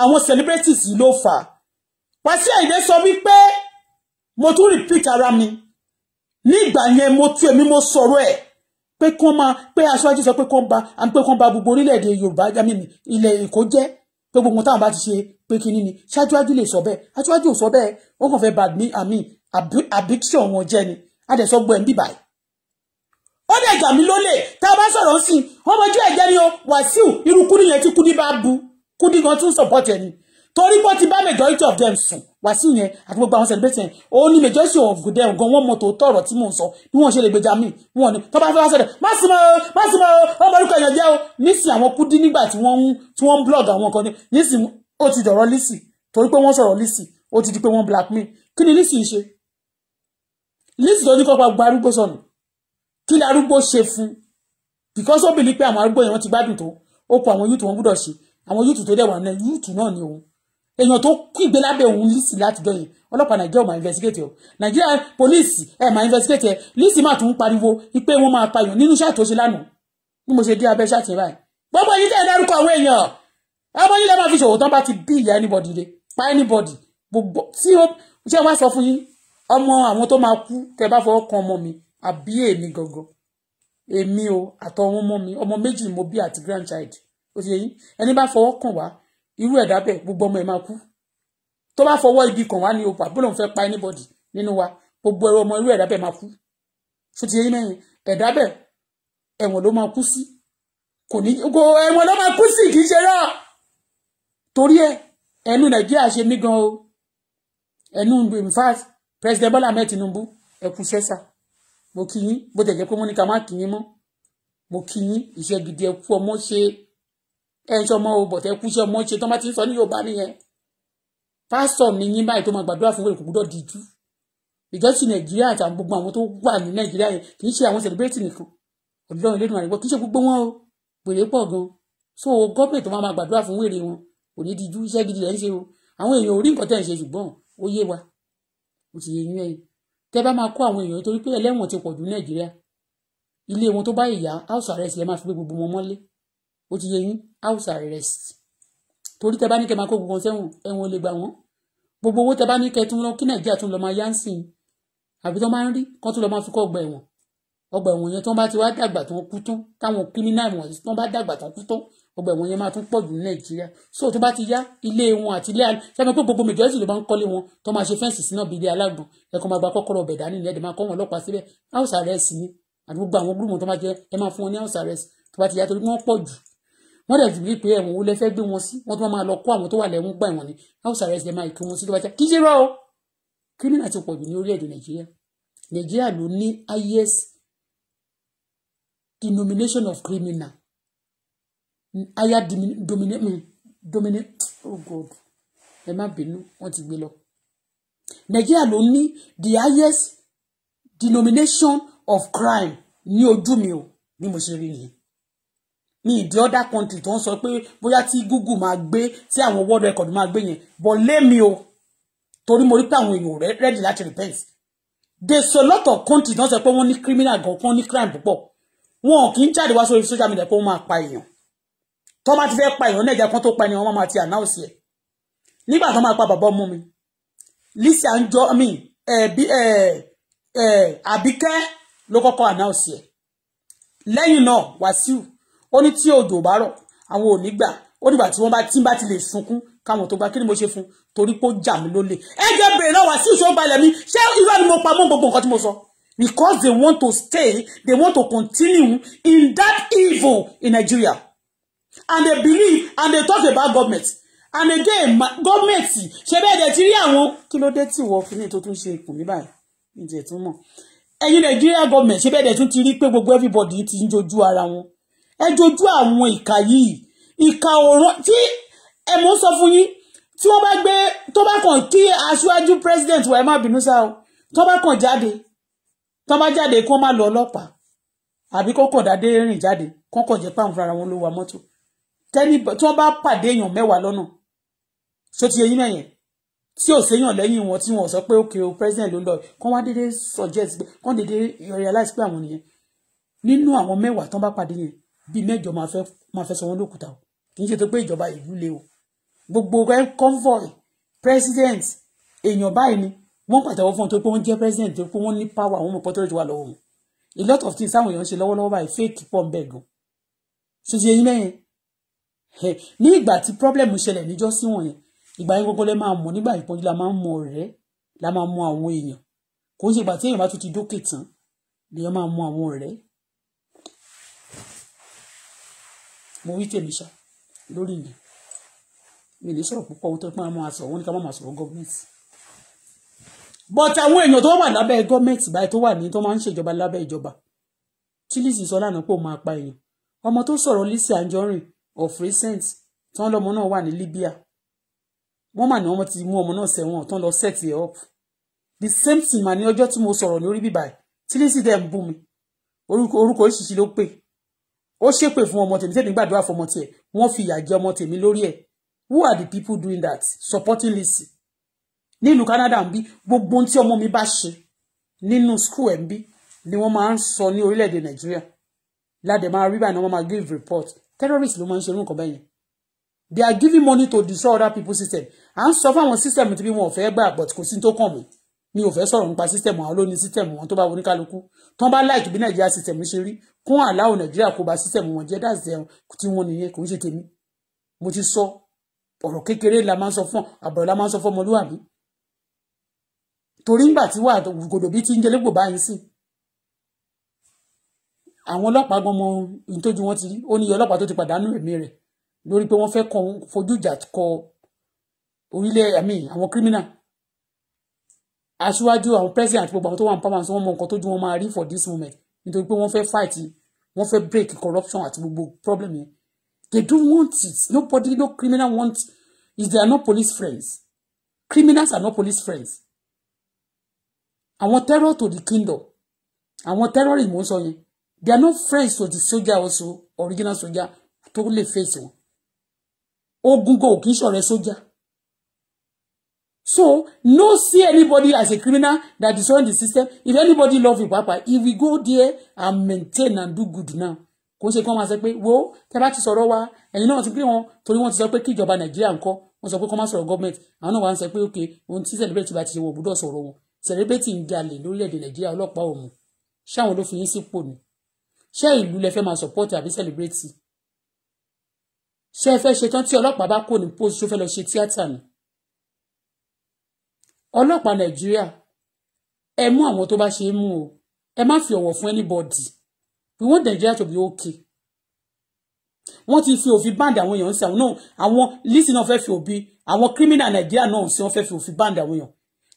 àwọn celebrities ló fà á Wasiu Ayinde sọ wípé mo tún repeat ara mi nígbà yẹn mo tú èmi mo sọ̀rọ̀ ẹ̀ pé kán máa pé aṣáájú sọ pé kán ba àmì pé kán ba gbogbo orílẹ̀-èdè Yorùbá jámínì ilẹ̀ Èkó jẹ́ pé gbogbo táwọn bá ti ṣe pé kinní ni ṣáájúájú lè sọ bẹ́ẹ̀ aṣáájú ò sọ bẹ́ẹ̀ wọ́n kàn fẹ́ bad me àmì àbítíọ̀ wọn jẹ́ ni adẹ̀sọ́gbọ́ ẹ̀ ń bíbà yìí. ó dẹ̀ jà mí lólè tá a bá sọ̀rọ̀ sí i wọ́n mọjú ẹ̀jẹ̀ ni o Wàsíù irú kúdí yẹn tí kúdí bá bu kúdí gan tún sọ̀pọ̀tì ẹ̀ ni torí pé ó ti bá majority of them sùn wàsíù yẹn àti gbogbo àwọn celebrate yẹn ó ní majority of them gan wọ́n mọ̀ tó tọ̀rọ̀ tí mò ń sọ bí wọ́n ṣe lè gbèjà míì wọ́n ní tọ́ bá fẹ́ wá sọ̀rọ̀ má sì mọ́ má orúkọ èèyàn jẹ́ o nísìn àwọn kúdí nígbà tí wọ́n ń tí wọ́n ń blog àwọn kan ní nísìn ó ti dọ̀rọ̀ Lizzy torí pé wọ́n sọ̀rọ̀ Lizzy ó ti di pé wọ́n blackmail kí ni Lizzy ṣe Lizzy tó ní kọ́ pa gba arúgbó sọnù because ó bìlí pé àwọn arúgbó yẹn wọ́n ti gbádùn tó ó kọ àwọn yúùtù wọn èèyàn tó kígbe lábẹ́ òun Lizzy látijọ́ yẹn ọlọ́pàá nàìjíríà máa investigate ọ nàìjíríà pólíìsì ẹ̀ máa investigate ẹ Lizzy máa tún pariwo pé wọ́n máa payàn nínú iṣẹ́ àtúnṣe lánàá bí mo ṣe dé abẹ́ ṣáàtì báyìí gbogbo yìí tẹ̀ dárúkọ àwọn èèyàn ọmọ yìí lẹ́ máa fi ṣòwò tán bá ti bí ìyá anybody le pa anybody gbogbo tí ó ṣe wá sọ fún yín ọmọ àwọn tó máa kú tẹ bá fọwọ́ kan ọmọ mi àbí èmi gangan èmi o àtọwọn ọmọ mi ọmọ méjì mo bí àti grandchild ó ti yẹ yín ẹni bá fọwọ́ kàn wá irú ẹ̀dá bẹ́ẹ̀ gbogbo ọmọ ẹ̀ máa kú tó bá fọwọ́ ibi kan wá ní o pàbó lòun fẹ́ pa anybody nínú wa gbogbo ẹ̀rọ ọmọ irú ẹ̀dá bẹ́ẹ̀ máa kú ṣó ti yẹn mẹ́rin ẹ̀dá bẹ́ẹ̀ ẹ̀wọ̀n ló máa kú sí kò ní kò ẹ̀wọ̀n ló máa kú sí kì í ṣe rà torí ẹ ẹnu nàìjíríà ṣe mí gan o ẹnu in fact president Bọ́lá Ahmed Tinubu ẹkú sẹ́sà mo kí yín bó tẹ̀ jẹ́ pé mo ní ká má kí yín mọ́ mo kí yín iṣẹ́ gidi ẹkú ọmọ ṣe ẹ ṣe o bọ̀tẹ́ kú ṣe ṣe tán bá ń sọ ní Yorùbá nìyẹn pásítọ̀ ni yín báyìí tó máa gbàdúrà fún wẹ̀rẹ̀ kò gbúdọ̀ díjú ìjọsìn Nàìjíríà àti àwọn gbogbo àwọn tó wà ní Nàìjíríà yẹn kì í ṣe àwọn celebrity nìkan ọ̀dọ́ ilé ìdùnnú àríwọ̀ kì í ṣe gbogbo wọn o wèrè pọ̀ gan so gọ́ọ̀mẹ̀ tó máa gbàdúrà fún wèrè wọn kò ní díjú iṣẹ́ gidi lẹ́ ń ṣe o àwọn èèyàn ò rí nǹkan tẹ̀ ń ṣe ṣùgbọ́n ó yé wa ó ti yé yín ẹ̀yìn tẹ́ bá máa kó àwọn èèyàn torí pé ẹlẹ́wọ̀n ti pọ̀ jù Nàìjíríà ilé wọn tó bá ìyá house arrest lẹ́ máa fi gbogbo wọn mọ́lé ó ti yẹ yín house arrest torí tẹ bá ní kẹ máa kó gbogbo sẹ́wọ̀n ẹ̀wọ̀n lè gbà wọ́n gbogbo owó tẹ bá ní kẹ tún lọ kí nàìjíríà tún lọ máa yá ń sìn àbí tó máa ń rí kán tún lọ máa fi kọ́ ọgbà ẹ̀wọ̀n ọgbà ẹ̀wọ̀n yẹn tó bá ti wá dàgbà tó kú tán táwọn criminal wọ̀nyí tó bá dàgbà tó ń kú tán ọgbà ẹ̀wọ̀n yẹn máa tún pọ̀ jù ní nàìjíríà so tó bá ti yá ilé wọn àti ilé alẹ́ ṣàmì pé gbogbo majority ló máa ń kọ́lé wọn tó máa ṣe fẹ́ǹsì sínú bíi ilé alágbọ̀n ẹ̀kọ́ máa gba kọ́kọ́rọ́ ọbẹ̀ dání ilẹ̀ máa kọ́ wọn ọlọ́pàá síbẹ̀ house arrest ni àti àwọn gúrùmù tó máa jẹ ẹ máa fún wọn ní house arrest tó bá ti yá torí wọ́n pọ̀ jù wọ́n dẹ̀ ti bí pé ẹ̀wọ̀n wo lẹ fẹ́ gbé wọn sí wọ́n tún máa lọ kó àwọn tó wà lẹ́wọ̀n gbà wọ́n ni house arrest lè máa kí wọn sí tó bá jẹ́ kí ṣe rọ́ o criminal ti pọ̀ jù ní orílẹ̀-èdè nàìjíríà nàìjíríà ló ní highest denomination of criminal higher dominate dominate hmm, oh god ẹ má bínú wọ́n ti gbé lọ nàìjíríà ló ní the highest denomination of crime ní ojú mi o bí mo ṣe rí nìyẹn ní the other country tó ń sọ pé bóyá tí Google máa gbé tí àwọn world record máa gbé yẹn bọ̀ lémi o torí mo rí pé àwọn èèyàn ready láti repent there's a lot of country tó ń sọ pé wọ́n ní criminal gan kan ní crime púpọ̀ wọn kì í jáde wá sórí social media pé wọ́n máa pa èèyàn tó máa ti fẹ́ pa èèyàn nẹ́jà kan tó pa ènìyàn wọ́n máa ti announce ẹ̀ nígbà tó máa pa bàbá ọmọ mi Lizzy Anjorin ẹ̀bí ẹ̀ ẹ̀ Àbíkẹ́ ló kọ́kọ́ announce ẹ̀ lẹ́yìn náà Wàsíù ó ní tí òjò bá rọ̀ àwọn ò ní gbà ó nígbà tí wọ́n bá tí bá ti lè sunkún káwọn tó gba kí ni mo ṣe fún torí pé ó jà mí lólè ẹ bèrè náà wá sí ìṣó balẹ̀ mi ṣé irọ́ ni mo pa mọ́ gbogbo nǹkan tí mo sọ because they want to stay they want to continue in that evil in Nigeria and they believe and they talk about government and again government ṣe bẹ́ẹ̀ dẹ̀ ti rí àwọn kí ló dé tí wọ́n fi ní tó tún ṣe ipò mi báyìí ní ìjẹ̀tún mọ̀ ẹ̀yin Nigeria government ṣe bẹ́ẹ̀ dẹ̀ tún ti rí pé gbogbo everybody ti ń jojú ara wọn ẹ jojú àwọn ìka yìí ìka òran tí ẹ sọ fún yín tí wọ́n bá gbé tó bá kàn kí aṣáájú president wa ẹ má bínú sá o tó bá kàn jáde tó bá jáde kó má lọ ọlọ́pàá àbí kó kàn dáadé rìn jáde kó kàn jẹ́ páwọn fúnra wọn ló wa mọ́tò tẹ́ni tí wọ́n bá pàdé èèyàn mẹ́wàá lọ́nà ṣó ti eyín mẹ́yẹn tí ò séyàn lẹ́yìn wọn tí wọn sọ pé òkè o president ló ń lọ kán wá déédéé suggest pé kán déédéé realize pé àwọn nìyẹn nínú àwọn mẹ́wàá tán bá pàdé yẹn bíi mẹ́jọ máa fẹ́ máa fẹ́ sọ wọn lókùúta o kì í ṣe tó pé ìjọba ìlú le o gbogbo ẹ convoy president èèyàn báyìí ni wọ́n pàtẹ́wọ́ fún un tó pé wọ́n jẹ́ president tó pé wọ́n ní power àwọn ọmọ pọtọrọ ti wà wọn a lot of things táwọn èèyàn ṣe lọ́wọ́lọ́wọ́ báyìí fake pọ̀ ń bẹ̀ gan ṣoṣo eyín mẹ́yìn ní ìgbà tí problem ṣẹlẹ̀ níjọ́ sí wọ̀nyẹn ìgbà yẹn gbogbo lẹ máa mọ̀ nígbà ìpọ́njú la máa ń mọ ọ̀rẹ́ la máa mọ àwọn èèyàn kò ń ṣe ìgbà tí èèyàn bá tún ti dókè tán lèèyàn máa mọ àwọn ọ̀rẹ́ mo wí tèmi ṣá lórí yẹn mi ní sọ̀rọ̀ púpọ̀ ohun tó pọ́n máa sọ̀rọ̀ wọn ní ká má máa sọ̀rọ̀ gọ́ọ̀mẹ̀ntì but àwọn èèyàn tó wà lábẹ́ gọ́ọ̀mẹ̀ntì báyìí tó wà ní tó máa ń ṣèjọba lábẹ́ ìjọba tí Lizzy sọ lánàá pé máa pa èèyàn ọmọ tó sọ̀rọ̀ Lizzy Anjorin of recent tí wọ́n lọ́mọ náà wà ní Libya wọ́n mà ní wọ́n ti mú ọmọ náà sẹ́wọ̀n tán lọ set it up the same thing mà ní ọjọ́ tí mo sọ̀rọ̀ lórí bíbáyìí tí Lizzy dẹ̀ ń bú mi orúkọ oríṣiríṣi ló pè é ó ṣépè fún ọmọ tèmi tèmi gbàdúrà fún ọmọ tiẹ̀ wọ́n fi ìyà jẹ ọmọ tèmi lórí ẹ̀ who are the people doing that supporting Lizzy nílùú Canada ń bí gbogbo ohun tí ọmọ mi bá ṣe nínú school ẹ̀ ń bí ni wọ́n máa ń sọ ní orílẹ̀-èdè Nàìjíríà ládẹ̀ máa rí báyìí ni wọ́n máa give report terrorist ló máa ń ṣe irú nǹkan bẹ́ẹ̀ yẹn they are giving money to destroy other people system à ń sọ fún àwọn system tí bí wọn ò fẹ́ gbà but kò sí tó kàn mí mi ò fẹ́ sọ̀rọ̀ nípa sísítẹ̀mù àwọn olóni sísítẹ̀mù wọn tó bá oníkálukú tó bá láìkí bí nàìjíríà sísítẹ̀mù ṣe rí kún àláwọ̀ nàìjíríà kó ba sísítẹ̀mù wọn jẹ́ dàsẹ̀ tí wọ́n nìyẹn kò ń ṣe tèmi mo ti sọ ọ̀rọ̀ kékeré la máa ń sọ fún àbọ̀rọ̀ la máa ń sọ fún ọmọlúwàbí torí ńgbà tí wà gòdò bí ti ń jẹlẹ́gbò báyìí sí àwọn ọlọ́pàá gan mọ ohun tójú wọn ti rí ó ní ọlọ́pàá tó ti aṣíwájú àwọn president àti gbogbo àwọn tó wà ní power house wọn mọ nǹkan tó wọn máa rí for this moment nítorí pé wọ́n fẹ́ fight wọ́n fẹ́ break corruption àti gbogbo problem yẹn they don't want it nobody no criminal want is they are not police friends criminals are no police friends àwọn terror to the kingdom àwọn terrorism wọ́n sọ yẹn they are no friends to the soldier also original soldier tó lè face wọn ogun go kì í soldier So, no see anybody as a criminal that is on the system. If anybody love you, Papa, if we go there and maintain and do good now. Kò ṣe kí wọ́n máa sọ pé wo tẹ́ bá ti sọ̀rọ̀ wa ẹ̀yin náà ti pé wọn torí wọ́n ti sọ pé kí ìjọba Nàìjíríà ńkọ́ wọ́n sọ pé kọ́ máa sọ̀rọ̀ gọ́ọ̀mẹ̀ntì àwọn náà wà ń sọ pé okay ohun tí celebrate bá ti ṣe wọ́n gbọ́dọ̀ sọ̀rọ̀ wọn celebrate ń jalè lórílẹ̀‐èdè Nàìjíríà ọlọ́pàá òun ṣáwọn ló fi yín sípò ni ṣé ìlú lẹ fẹ́ máa support àbí celebrate ṣé ẹ fẹ́ ṣetán tí ọlọ́pàá bá kò ní post tó fẹ́ ọlọ́pàá nàìjíríà ẹ mú àwọn tó bá ṣe é mú o ẹ má fi ọ̀wọ̀ fún anybody we want Nigeria to be okay wọ́n ti fi òfin báǹdì àwọn èèyàn sí àwọn náà àwọn lísì náà fẹ́ẹ́ fi òbí àwọn criminal nàìjíríà náà sí wọ́n fẹ́ẹ́ fi òfin báǹdì àwọn èèyàn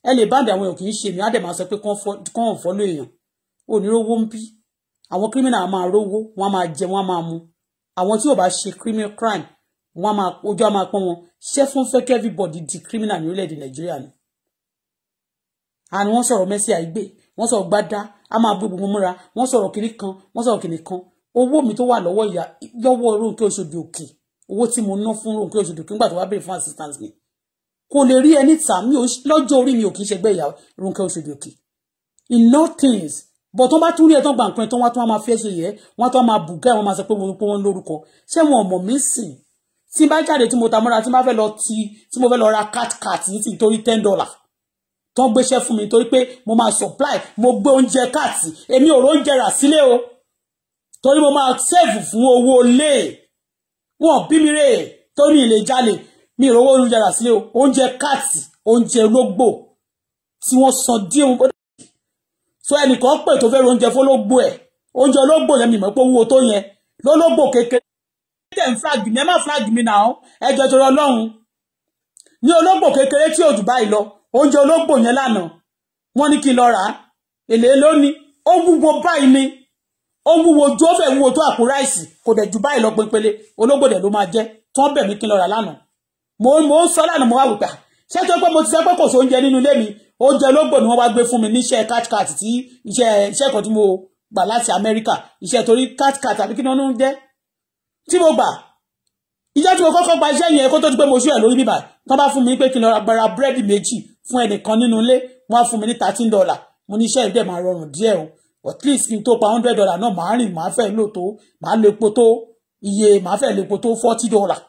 ẹ lè báǹdì àwọn èèyàn kì í ṣe mi á dẹ̀ máa sọ pé kán ò fọ́lọ́ èèyàn onírówó ń bí àwọn criminal máa rówó wọ́n máa jẹ wọ́n máa mu àwọn tí ò bá ṣe criminal crime wọ́n máa ojú á máa pọ́n wọn ṣẹ́fún fẹ́ kí everybody di criminal ní orílẹ̀-èdè nàìjíríà ni àni wọ́n sọ̀rọ̀ mẹ́sì àìgbè wọ́n sọ̀rọ̀ gbádá a máa bú gbogbo múra wọ́n sọ̀rọ̀ kìnní kan wọ́n sọ̀rọ̀ kìnní kan owó mi tó wà lọ́wọ́ ìyá lọ́wọ́ Rónkẹ́ Òṣòdì Òkè owó tí mo ná fún Rónkẹ́ Òṣòdì Òkè nígbà tó wá béèrè fún assistance mi kò lè rí ẹni tà mí lọ́jọ́ orí mi ò kì í ṣẹgbẹ́ ìyá Rónkẹ́ Òṣòdì Òkè in no things bọ̀ tó bá tún rí ẹ̀tàn gbàǹkan tó wá tó wá máa fẹ́ ṣe yẹ wọ́n tó máa bùgá ẹ̀ wọ́n máa sọ pé wọ́n wọ́n lórúkọ ṣé wọn ò mọ̀ mí sìn tí n bá jáde tí mo ta mọ́ra tí n bá fẹ́ lọ ti tí mo fẹ́ lọ ra cat cat ní ti torí ten dollar tó ń gbéṣẹ́ fún mi torí pé mo máa supply mo gbé oúnjẹ káàtì èmi ò róúnjẹ rà sílé o torí mo máa save fún owó lé wọn bí mi rè torí mi jalè mi ìrówó oúnjẹ rà sílé o oúnjẹ káàtì oúnjẹ ológbò tí wọ́n san díẹ̀ wọn bọ́dọ̀ so ẹnìkan pè tó fẹ́ oúnjẹ fọlọ́gbò ẹ̀ oúnjẹ ológbò lẹ́mi mọ̀ pé owó tó yẹn lọ́lọ́gbò kékeré tẹ̀ ń flag mi ẹ má flag mi nà án ẹjọ́ torí ọlọ́run ní ológbò kékeré tí òjò báyìí lọ oúnjẹ ológbò yẹn lánàá wọ́n ní kí n lọ rà á èlé lónìí ó wúwo báyìí ni ó wúwo ju ó fẹ́ wúwo tó àpò ráìsì kò dẹ̀ ju báyìí lọ pínpele ológbò dẹ̀ ló máa jẹ́ tí wọ́n bẹ̀ mí kí n lọ rà lánàá mo mo ń sọ lánàá mo wá wùgbà ah, ṣé tó pé mo ti sẹ́ pé kò sóúnjẹ nínú ilé mi oúnjẹ ológbò ni wọ́n wá gbé fún mi níṣẹ́ catcat tí iṣẹ́ iṣẹ́ kan tí mo gbà láti Amẹ́ríkà iṣẹ́ torí catcat àbí kí ni wọ́n ń jẹ́ tí mo gbà ìjọ tí mo kọ́kọ́ gba iṣẹ́ yẹn kó tó ti pé mo ṣú ẹ̀ lórí bíbà tán bá fún mi pé kí n lọ ra búrẹ́dì méjì fún ẹnìkan nínú ilé wọ́n á fún mi ní thirteen dollar mo ní iṣẹ́ ìdẹ̀ máa rọrùn díẹ̀ o at least kí n tó pa hundred dollar náà màá rìn màá fẹ́ lò tó màá lo epo tó iye màá fẹ́ lo epo tó forty dollar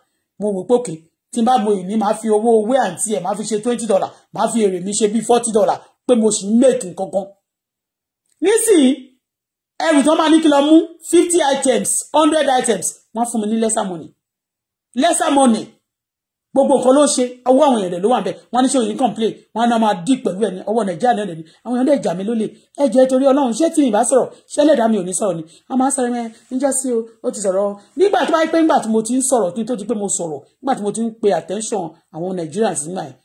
mo wò pé òkè tí n bá mo ìní màá fi owó owó àǹtí ẹ̀ màá fi ṣe twenty dollar màá fi èrè mi ṣe bí forty dollar pé mo sì ń mèkì kankan nísìnyí ẹrù tó máa ní kí lọ mú fifty items hundred items wọ́n fún mi ní lesser money lesser money gbogbo nǹkan ló ń ṣe ọwọ́ àwọn èèyàn rẹ̀ ló wà bẹ́ẹ̀ wọ́n ní ṣe òyìn complain wọ́n á náà máa dì pẹ̀lú ẹni ọwọ́ nàìjíríà náà lẹ́ni àwọn èèyàn lè jà mí lólè ẹ torí ọlọ́run ṣé tí mi bá sọ̀rọ̀ ṣé ẹlẹ́dàá mi ò ní sọ̀rọ̀ ni a máa sọ̀rọ̀ yẹn níjọ́ sí o ó ti sọ̀rọ̀ nígbà tó bá pé ńgbà tí mo ti ń sọ̀rọ̀ kí n tó ti pé mo sọ̀rọ̀ nígbà tí mo ti ń pe attention àwọn Nigerians nígbà yẹn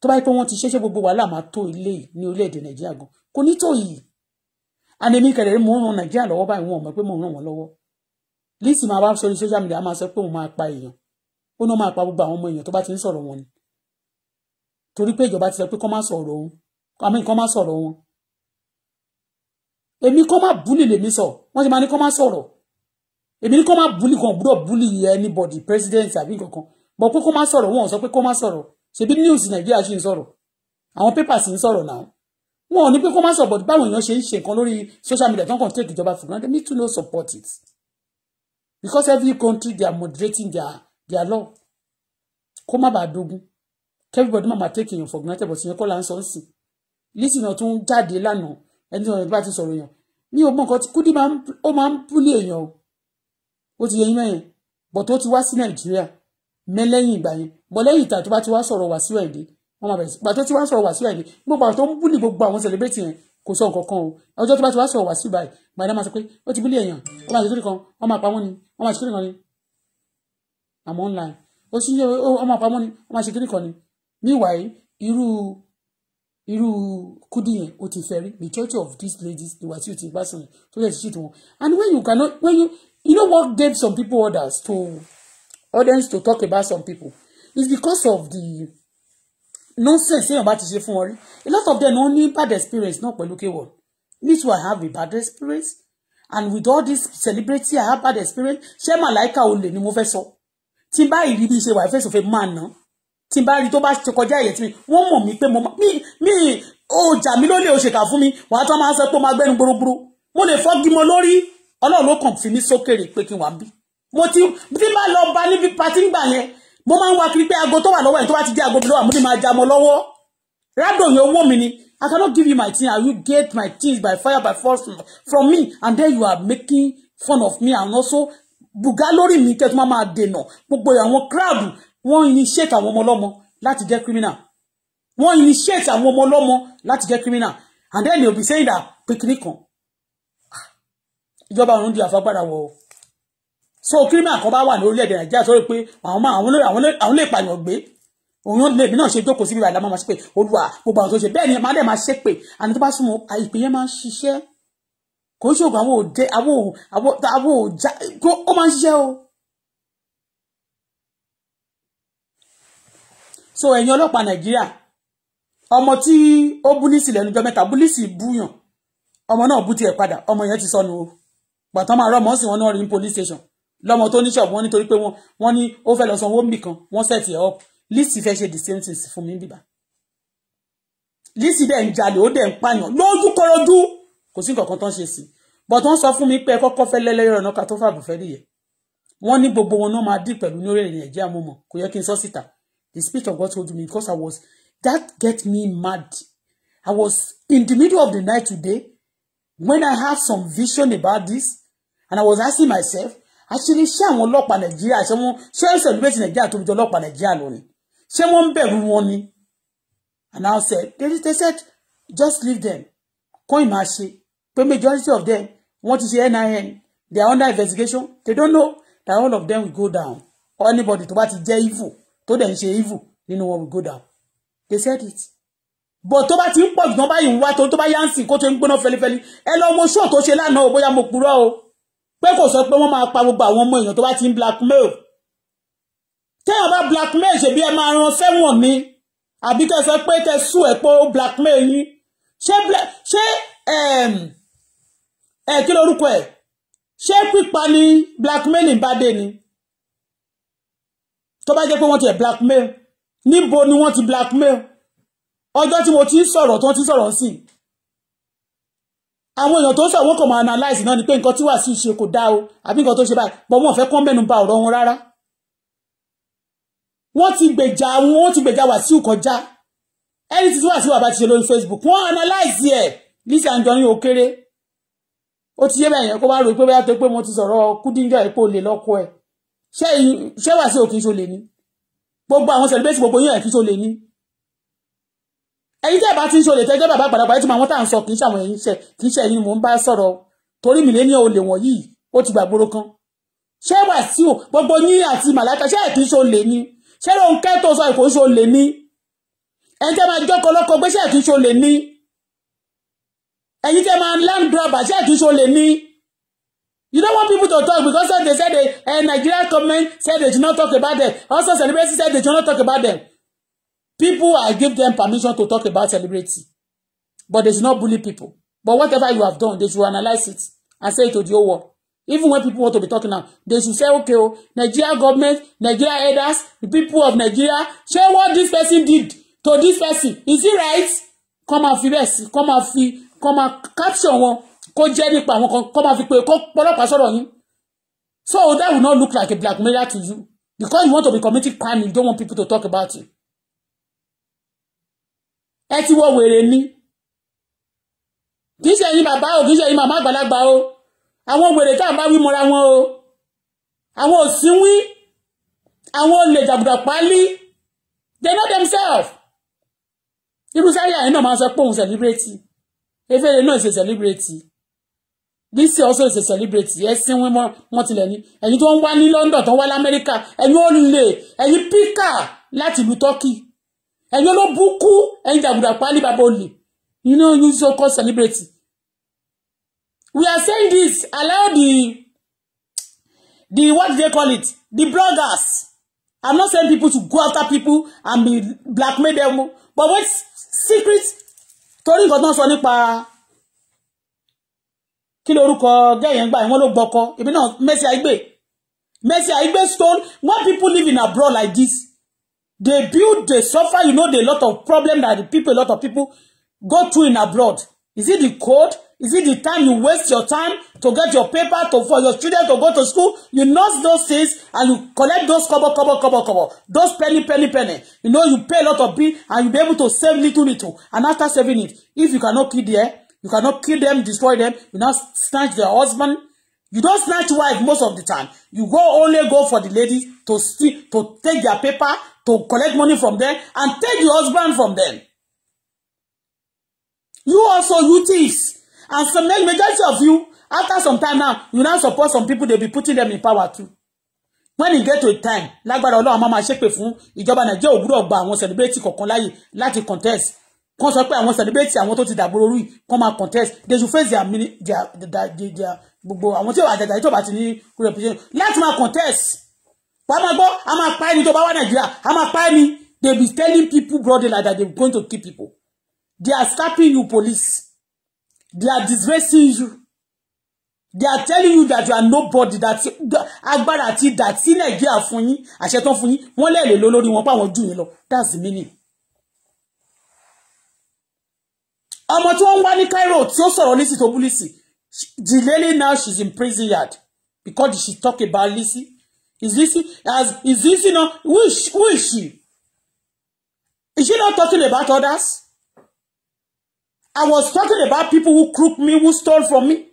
tó bá pé wọ́n ti ṣeéṣe gbogbo wàhálà máa tó ilé ní orílẹ̀-èdè Nàìjíríà gan kò ní tó yìí ànèmí kẹlẹ̀ mo ń ran Nàìjíríà lọ́wọ́ báyìí wọn ò mọ̀ pé mo ń ràn wọ́n lọ́wọ́ lísì máa bá sọ ní social media máa sọ pé mo máa pa èèyàn ó náà máa pa gbogbo àwọn ọmọ èèyàn tó bá ti ń sọ̀rọ̀ wọn ni torí pé ìjọba ti sọ pé kọ́ má sọ̀rọ̀ òun àmì kọ́ má sọ̀rọ̀ wọn èmi kọ́ má búlì lèmi sọ wọ́n ti máa ní kọ́ má sọ̀rọ̀ èmi ní kọ́ má búlì kan gbúdọ̀ búlì anybody president àbí kankan bọ̀ pé kọ́ má sọ̀rọ̀ wọn sọ pé kọ́ má sọ̀rọ̀ ṣebí news nàìjíríà ṣì ń sọ̀rọ̀ àwọn papers ń sọ̀rọ̀ náà wọn ò ní pé kọ́ má sọ̀rọ̀ báwọn èèyàn ṣe ń ṣe nǹkan lórí social media tó ń kàn take ìjọba for granted me too no support it because every country they are moderating their their law kó má bàa dogun everybody má máa take èèyàn for granted but ìyẹn kọ́ là ń sọ ń sìn lísìnà tó ń jáde lánàá ẹni tí wọn bá ti sọ̀rọ̀ èèyàn ní o mọ nǹkan tí Kudi ó máa ń púlé èèyàn o ó ti yẹ yín mẹ́yìn but ó ti wá sí Nàìjíríà mẹ́lẹ́yìn ìgbà yẹn bọ́ lẹ́yìn ìta tó bá ti wá sọ̀rọ̀ wá sí ẹ̀dẹ́ wọn máa bẹ̀rẹ̀ sí pàtó tí wá sọ̀rọ̀ wá sí ẹ̀dẹ́ gbogbo àwọn tó ń búlì gbogbo àwọn celebrate yẹn kò sọ nǹkan kan o ọjọ́ tó bá ti wá sọ̀rọ̀ wá sí báyìí gbàdá máa sọ pé ó ti búlì èèyàn ó máa ṣe kíni kan wọ́n máa pa wọ́n ni wọ́n máa ṣe kíni kan ni i'm online ó sì ń yẹ ọmọ àpamọ́ ni ọmọ àṣekínní kan ni meanwhile irú irú kudi yẹn ó ti fẹ́ rí majority of these ladies they were still ti bá sọ̀rọ̀ tó lè ṣiṣẹ́ tiwọn and when you cannot when you you know what gave some people orders to orders to talk about some people is because of the nonsense èèyàn bá ti ṣe fún wọn rí a lot of them wọn ní bad experience náà pẹ̀lú kéwọ̀n me too i have a bad experience and with all this celebrity i have bad experience ṣé màláìka olè ni mo fẹ́ sọ. So tí n bá rí bí ṣe wà fẹsùn fẹ máa ná tí n bá rí tó bá ṣe kọjá ẹyẹ tí mi wọ́n mọ̀ mí pé mo mi mi ọjà mi ló lè o ṣèkà fún mi wàá tó máa ń sọ pé ó máa gbẹnu gburugburu mo lè fọ́gi mọ lórí Ọlọ́run ló kàn fi mí sókèrè pé kí n wà bí mo ti bí bá lọ bá níbi patí ń gbà yẹn mo máa ń wá kiri pé aago tó wà lọ́wọ́ ẹ̀ tó bá ti dé aago mi lọ́wọ́ àmúni máa já mọ lọ́wọ́ rádò owó mi ni I cannot give you my thing and you get my things by fire by force from me and then you are making fun of me and also bùgá lórí mi tẹ́ tó máa máa dènà gbogbo àwọn crowd wọ́n initiate àwọn ọmọ ọlọ́mọ láti jẹ́ criminal wọ́n initiate àwọn ọmọ ọlọ́mọ láti jẹ́ criminal and then they will be saying that pékinní kan ìjọba ọ̀run di àfagbára wọ̀ ọ́ so criminal kan bá wà ní orílẹ̀-èdè nàìjíríà sọ pé àwọn máa àwọn lè àwọn lè pààyàn gbé òun lèmi náà ṣe jókòó síbi ìbàdàn máa ma ṣe pé olùwà gbogbo àwọn tó ṣe bẹ́ẹ̀ ni màá dẹ̀ máa ṣe pé àni tó bá súnmọ́ ìpè yẹn máa ń ṣiṣẹ́ kò ṣògùn àwọn òde àwọn àwọn àwọn òjà kó ó máa ń ṣiṣẹ́ o. so ẹ̀yin ọlọ́pàá nàìjíríà ọmọ tí ó bú ní sílẹ̀ ẹnujọ́ mẹ́ta búlísì búyàn ọmọ náà bú tiẹ̀ padà ọmọ yẹn ti sọnù o gbàtàn máa rọ́mọ́ sí wọn náà rí ní police station lọ́mọ tó ní ṣọ̀bù wọn nítorí pé wọ́n ní ó fẹ́ lọ san owó mìkan wọ́n set it up Lizzy fẹ́ ṣe the same thing fún mi bíbá Lizzy dẹ̀ ń jalè ó dẹ̀ ń pààyàn lójúkọrọdún kò sí nǹkan kan tó ṣe sí but wọ́n sọ fún mi pé kọ́kọ́ fẹ́ lẹ́lẹ́rọ̀ náà ká tó fàbùfẹ́ nìyẹn wọ́n ní gbogbo wọn náà máa dì pẹ̀lú ní orílẹ̀ nàìjíríà mọ̀ kò yẹ kí n sọ síta the spirit of God told me because I was that get me mad I was in the middle of the night today when I had some vision about this and I was asking myself actually ṣé àwọn ọlọ́pàá nàìjíríà ṣé wọ́n ṣé ẹ̀sẹ̀ ìlú méjì nàìjíríà tó fi jọ ọlọ́pàá nàìjíríà lọ ni ṣé wọ́n ń bẹ̀rù wọn ni and I said they said just leave them kọ́ ìmáa ṣe pé majority of them want to see NIN they are under investigation they don't know that all of them will go down or anybody to what is jẹ́ evil tó dẹ̀ ń ṣe evil nínú wọn will go down they said it But to what ti ń pọ̀ jù náà to ń wá tó to bá yá ń sìn kó tó ń gbóná fẹlifẹli ẹ lọ mo ṣó tó ṣe lánàá o bóyá mo purọ́ o pé to what pé wọ́n máa pa gbogbo àwọn ọmọ èèyàn tó bá ti ń blackmail téèyàn bá blackmail ṣèbí ẹ máa ran sẹ́wọ̀n ni àbí kẹ́ sọ pé kẹ́ sùn ẹ̀ pé ó blackmail yín ṣé ṣé ẹ kí lorúkọ ẹ ṣé pípa ni blackmailing bá dé ni tó bá jẹ́ pé wọ́n ti ẹ̀ blackmail níbo ni wọ́n ti blackmail ọjọ́ tí mo ti sọ̀rọ̀ tó ti sọ̀rọ̀ sí àwọn èèyàn tó ń sọ̀rọ̀ kò máa analyze náà ni pé nǹkan tí wà sí ṣe kò dáa o àbí nǹkan tó ṣe báyìí bọ́ wọn fẹ́ kọ́ mẹ́nu ba ọ̀rọ̀ wọn rárá wọ́n ti gbèjà wọn wọ́n ti gbèjà wà sí ìkọjá ẹni tí wà sí wà bá ti ṣe lórí Facebook wọ́n analyze ẹ̀ Lizzy Anjorin òkèrè ó ti yé bẹ́ẹ̀ yẹn kó bá rò pé bóyá tó pé mo ti sọ̀rọ̀ kúdíńjọ́ ẹ̀ pé lè lọ́kọ ẹ̀ ṣé wà sí òkè ṣolè ni gbogbo àwọn celebrate gbogbo yín ẹ̀ kí ṣolè ni ẹ̀yin tẹ́ ẹ̀ bá ti ń ṣolè tẹ́jọ́ bàbá àgbàlagbà ẹ̀ tí àwọn tá à ń sọ kì í ṣàwọn ẹ̀yin ṣe kì í ṣe ẹ̀yin mò ń bá sọ̀rọ̀ torí millennial olè wọ̀nyí ó ti gbàgbóró kan ṣé wà sí And you tẹ́ máa land grab àti àtúnṣe olè me. You don't want people to talk because they said the uh, eh, Nigerian government said they should not talk about them. Also, Celebrity said they should not talk about them. People, I give them permission to talk about celebrity. But they should not bully people. But whatever you have done, they should analyze it and say it to the whole world. Even when people want to be talking now, they should say, okay, oh, Nigeria government, Nigeria elders, the people of Nigeria, share what this person did to this person. Is he right? Come and fi bẹ́ẹ̀ come and fi kọ́ máa capture wọn kó jẹ́ nípa àwọn kan kọ́ máa fi pé kọ́ pọ́lọ́pàá sọ̀rọ̀ yín so that will not look like a blackmailer to you because you want to be committing crime you don't want people to talk about you. ẹ ti wọ wèrè ni kì í ṣe ẹ̀yin bàbá o kì í ṣe ẹ̀yin màmá àgbàlagbà o àwọn wèrè tá à ń bá wí mọ́ra wọn o àwọn òsínwí àwọn olè jàgùdà pálí they know themselves irú sáyà yẹn náà máa sọ pé òun celebrate Efele náà is a celebrity Lizzy also is a celebrity ẹ̀sìn wọn wọn tilẹ̀ ní ẹ̀yin tó ń wá ní London tó ń wá lamẹ́ríkà ẹ̀yin ò lè ẹ̀yin píkà láti ìlú Turkey ẹ̀yin ló búkú ẹ̀yin jàgùdà pálí bàbá olè you know you so called celebrity we are saying this allow the the what they call it the bloggers i'm not saying people to go after people and be blackmail them but wait secret torí nǹkan tó ń sọ nípa kí lorúkọ gẹ́yẹn gbà wọ́n ló gbọ́kọ́ ibi náà Mercy Aigbe Mercy Aigbe stone when people live in abroad like this they build they suffer you know the lot of problem that the people lot of people go through in abroad is it the cold Is it the time you waste your time to get your paper to for your children to go to school? You nurse those things and you collect those kobo kobo kobo kobo, those penny penny penny. You know you pay a lot of bill and you be able to save little little. And after saving it, if you cannot kill there, you cannot kill them, destroy them. You now snatch their husband. You don't snatch wife most of the time. You go only go for the ladies to steal, to take their paper, to collect money from them, and take the husband from them. You also you thieves. And some majority of you, after some time now, you now support some people, they'll be putting them in power too. When you get to a time, lágbára Ọlọ́run máa máa ṣépè fún ìjọba Nàìjíríà ò gbúdọ̀ gba àwọn celebrity kọ̀ọ̀kan láyè láti contest. Kàn sọ pé àwọn celebrity àwọn tó ti dàgbòrò rí kàn máa contest. They should face their mini their their their gbogbo àwọn tí àjàjà yìí tó bá ti ní reputation láti máa contest. Wàá máa gbọ́, a máa pa ẹni tó bá wá Nàìjíríà, a máa pa ẹni. They be telling people broadly like that they going to kill people. They are stopping you police. They are disgracing you. They are telling you that you are nobody that agbára àti ìdá tí Nàìjíríà fún yín àṣẹ tán fún yín wọ́n lẹ́ẹ̀lẹ́ lọ lórí wọn pa àwọn jù yín that's the meaning. ọmọ tí wọ́n ń wá ní Cairo tí ó sọ̀rọ̀ Lizzy tó bú Lizzy now she's in prison yard because she talk about lisi. is lisi as is lisi no? who is, who is she? Is she not talking about others? I was talking about people who crook me, who stole from me.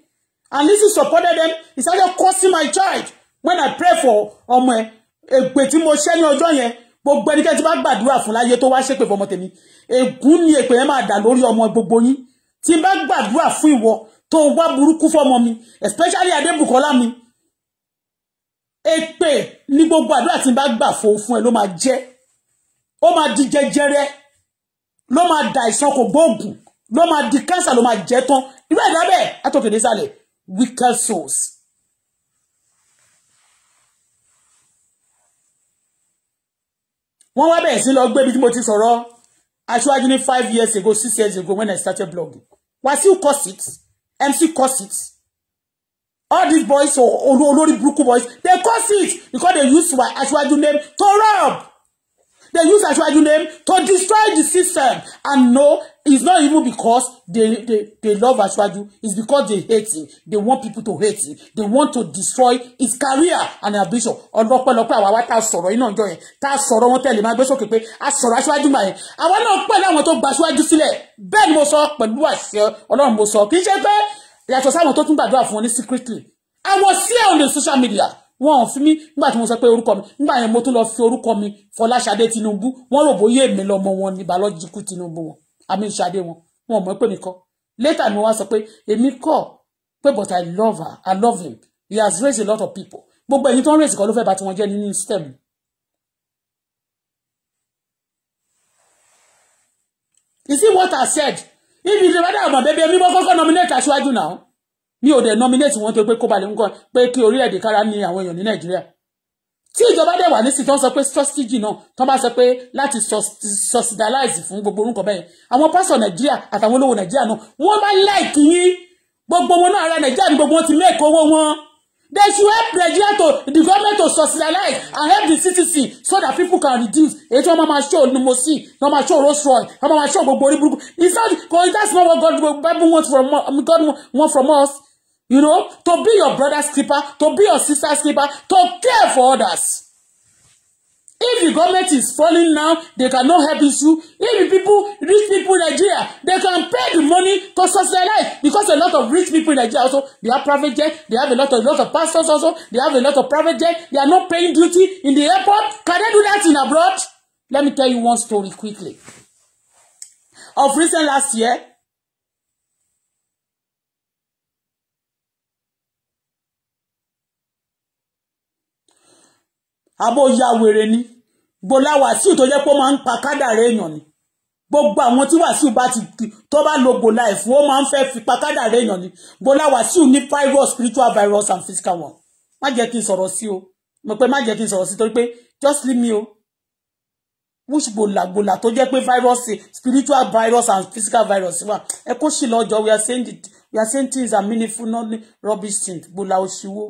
And this is supported them. He started cursing my child. When I pray for ọmọ ẹ̀, ègbè tí mo ṣẹ́ gbogbo ẹnikẹ́ni tí bá gbàdúrà fún láyé tó wá ṣépè fọmọ tèmi. Ègún ni èpè yẹn máa dà lórí ọmọ gbogbo yín. Tí n bá gbàdúrà fún ìwọ tó wá burúkú fọmọ mi, especially Adébùkọ́lá mi. Èpè ni gbogbo àdúrà tí n bá gbà fún ẹ ló máa jẹ́. Ó máa di jẹjẹrẹ. Ló máa da ìṣàn gbóògùn ló máa di cancer ló máa jẹ tán irú ẹ̀dá bẹ́ẹ̀ látòkè dé sàlẹ̀ wicked souls. wọ́n wá bẹ̀rẹ̀ sí lọ gbé ibi tí mo ti sọ̀rọ̀ aṣáájú ní five years ago six years ago when I started blogging Wasiu cause it MC cause it all these boys olórí burúkú boys they cause it because they use aṣáájú name to rob. They use Ashwaju name to destroy the system. And no, it's not even because they, they, they love Ashwaju. It's because they hate him. They want people to hate him. They want to destroy his career and ambition. Ọlọ́pẹ́lọpẹ́ àwa wá tá a sọ̀rọ̀ iná ọjọ́ yẹn. Tá a sọ̀rọ̀ wọn tẹ̀lé máa gbé sókè pé a sọ̀rọ̀ Ashwaju gbà yẹn. Àwa náà pẹ̀lú àwọn tó gba Ashwaju sílẹ̀. Bẹ́ẹ̀ ni mo sọ pẹ̀lú àṣẹ Ọlọ́run mo sọ. Kì í ṣe pé yàtọ̀ sáwọn tó tún gbàdúrà fún wọn ní secretly. I was here on the social media wọn ò fi mí nígbà tí mo sọ pé orúkọ mi nígbà yẹn mo tún lọ fi orúkọ mi Fọláṣadé Tinubu wọn rò bóyá èmi lọmọ wọn ní balọ́jìkú Tinubu wọn àmì ìṣàdé wọn wọn ò mọ̀ pé mi kọ́ later ni mo wá sọ pé èmi kọ́ pé but I love her I love him he has raised a lot of people gbogbo ẹ̀yin tó ń rèsì kan ló fẹ́ bá tiwọn jẹ́ nínú stem you see what I said if you dey rather ọmọ bẹbẹ mi mo kọ́kọ́ nominate aṣíwájú náà mi ò dẹ̀ nominate wọn tó pé kó balẹ̀ nǹkan pé kí orílẹ̀-èdè kára ní àwọn èèyàn ní nàìjíríà tí ìjọba dẹ̀ wà ní sí tó ń sọ pé subsidy náà tó bá sọ pé láti subsidize fún gbogbo orúkọ bẹ́ẹ̀ àwọn pásọ̀ nàìjíríà àtàwọn olówó nàìjíríà náà wọ́n bá like yín gbogbo wọn náà ara nàìjíríà ní gbogbo wọn ti make owó wọn they should help nigeria to the government to socialize and help the citizen so that people can reduce èyí tí wọ́n máa show ni mo see wọ́n máa show rose roy wọ́n máa show gbogbo orí burúkú it's not because that's not what God bible wants from God want from us you know to be your brother's keeper to be your sister's keeper to care for others if the government is falling now they cannot help you if the people rich people in Nigeria they can pay the money to sustain life because a lot of rich people in Nigeria also they have private jet they have a lot of a lot of pastors also they have a lot of private jet they are not paying duty in the airport can they do that in abroad let me tell you one story quickly of recent last year àbó ya wèrè ni bọ́lá wàsíù tó jẹ́ pé ó máa ń pa kádàrá èèyàn ni gbogbo àwọn tí wàsíù bá ti tó bá lo bọ́lá ẹ̀ ó máa ń fẹ́ fi pa kádàrá èèyàn ni bọ́lá wàsíù ní virus spiritual virus and physical one má jẹ́ kí n sọ̀rọ̀ sí o mo pé má jẹ́ kí n sọ̀rọ̀ sí torí pé just leave me o which gbòlàgbòlà tó jẹ́ pé virus spiritual virus and physical virus wà ẹ kó sì lọ́jọ́ we are saying we are saying things are meaningful not rubbish things gbòlà òṣìwò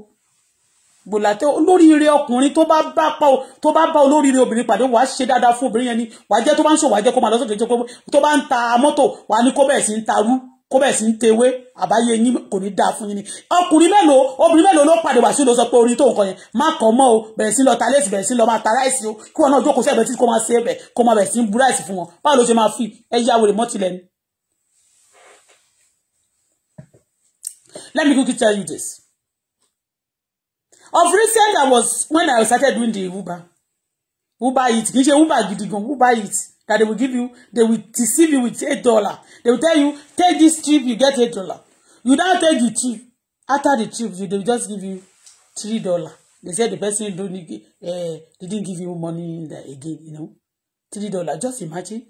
gbòlà tó olóríire ọkùnrin tó bá bá pa o tó bá bá olóríire obìnrin pàdé wàá ṣe dáadáa fún obìnrin yẹn ni wàá jẹ́ tó bá ń sọ wàá jẹ́ kó máa lọ sókè tó tó bá ń ta mọ́tò wàá ní kó bẹ̀rẹ̀ sí ń tarú kó bẹ̀rẹ̀ sí ń tewé àbáyé yín kò ní dáa fún yín ni ọkùnrin mélòó obìnrin mélòó ló pàdé wàásù ló sọ pé orin tó nǹkan yẹn má kàn mọ́ o bẹ̀rẹ̀ sí lọ ta lẹ́sì bẹ̀rẹ̀ sí lọ máa ta ráìsì o kí wọn náà jókòó sẹ́ẹ̀bẹ̀ tí kò máa ṣe é bẹ̀ kó máa bẹ̀rẹ̀ sí ń bu ráìsì fún wọn báwo ló ṣe máa Let me quickly tell you this of recent i was when i started doing the uber uber it. kì í ṣe uber gidi gan uber it. that they will give you they will deceive you with eight dollar they will tell you take this trip you get eight dollar you don take the trip after the trip they will just give you three dollar they say the person don't uh, didn't give you money again you know three dollar just imagine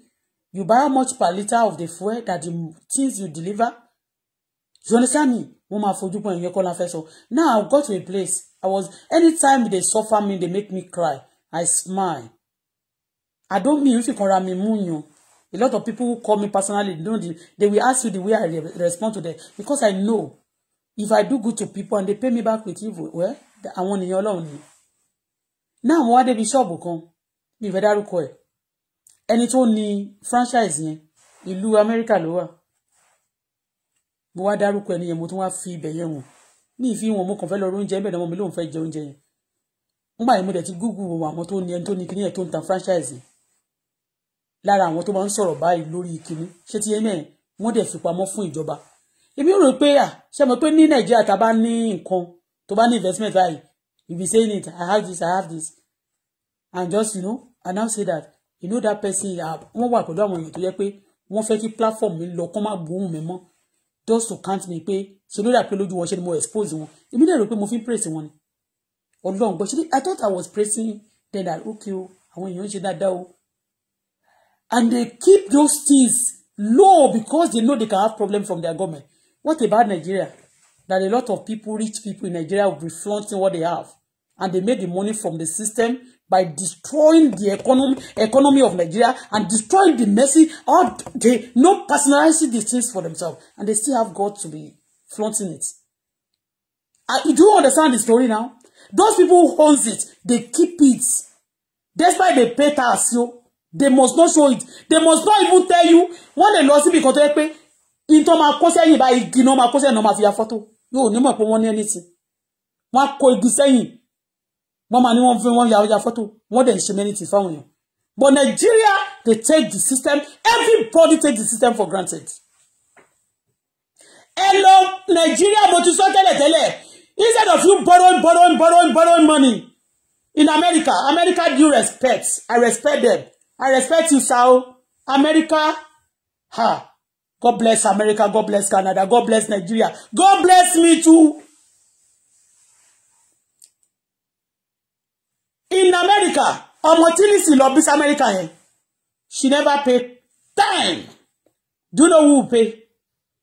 you buy how much per litre of the fuel that the things you deliver you understand me wọn máa fojú pọ ìyẹn kọ́ la fẹ́ sọ now i go to a place I was anytime they suffer me, they make me cry. I smile. I don't mean if you call me Munyo. A lot of people who call me personally, know the they will ask you the way I re respond to them because I know if I do good to people and they pay me back with evil, well, àwọn ènìyàn Ọlọ́run alone. Now, mo they débi ṣọ́ọ̀bù kan mi ìfẹ́ dárúkọ ẹ̀. Ẹni Any Tony franchise in ìlú Amẹ́ríkà ló wà. Mo wá dárúkọ ẹni yẹn mo tún wá fi ibẹ̀ mi ì fi wọn mo kàn fẹ́ lọ rí oúnjẹ bẹ́ẹ̀ ni ọmọ mi lòun fẹ́ jẹ oúnjẹ yẹn nígbà yẹn mo dẹ̀ ti google wo àwọn tó ní ẹni tó ní kíní yẹn tó ń ta franchise lára àwọn tó máa ń sọ̀rọ̀ báyìí lórí kíní ṣé ti yẹn mẹ́rin wọ́n dẹ̀ fi pamọ́ fún ìjọba èmi rò pé à ṣe mọ̀ pé ní nàìjíríà ta bá ní nǹkan tó bá ní investment báyìí you be saying it i have this i have this and just you know i now say that you know that person wọ́n wà pẹ̀lú àwọn èèyàn tó yẹ pé wọ́n fẹ́ kí platform mi lọ kó má gbóhùn mi mọ́ just to count me pé ṣe ló dà pé lójú wọn ṣe ni mo expose wọn èmi náà rò pé mo fi ń praise wọn ni ọlọ́run gbọ́ ṣe i thought i was praising Then that okay o àwọn èèyàn ń ṣe dáadáa o and they keep those things low because they know they can have problem from their government what about nigeria that a lot of people rich people in nigeria will be flaunting what they have and they make the money from the system by destroying the economy economy of Nigeria and destroying the mercy or they no personalizing these things for themselves and they still have God to be flaunting it. Uh, do you understand the story now? Those people who owns it, they keep it. Despite they pay tax, yo, they must not show it. They must not even tell you wọ́n they lọ síbi kan tó yẹ Into my tó máa kó sẹ́yìn báyìí igi náà máa kó sẹ́yìn náà máa fi ya fọ́tò. anything. My á kó igi wọ́n máa ní wọ́n fi wọ́n ya ọjà fọ́tò wọ́n dẹ̀ ń ṣe mẹ́rìntì fáwọn èèyàn but Nigeria they take the system everybody take the system for granted ẹ lọ Nigeria mo ti sọ tẹ́lẹ̀tẹ́lẹ̀ instead of you borrowing borrowing borrowing borrowing money in America America do respect I respect them I respect you sao America ha God bless America God bless Canada God bless Nigeria God bless me too. in America ọmọ tínísì lọ bí sí America yẹn she never pay time do you know who pay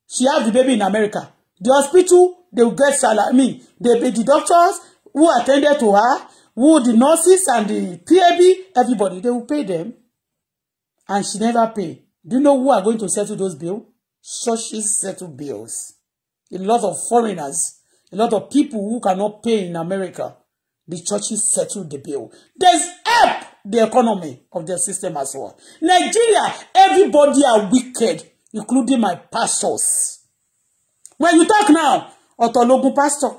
she have the baby in America the hospital they will get salary I mean they pay the doctors who attended to her who the nurses and the PAB everybody they will pay them and she never pay do you know who are going to settle those bills churches settle bills a lot of foreigners a lot of people who cannot pay in America The churches settle the bill. There's help the economy of the system as well. Nigeria, everybody are wicked, including my pastors. When you talk now, Otologun pastor,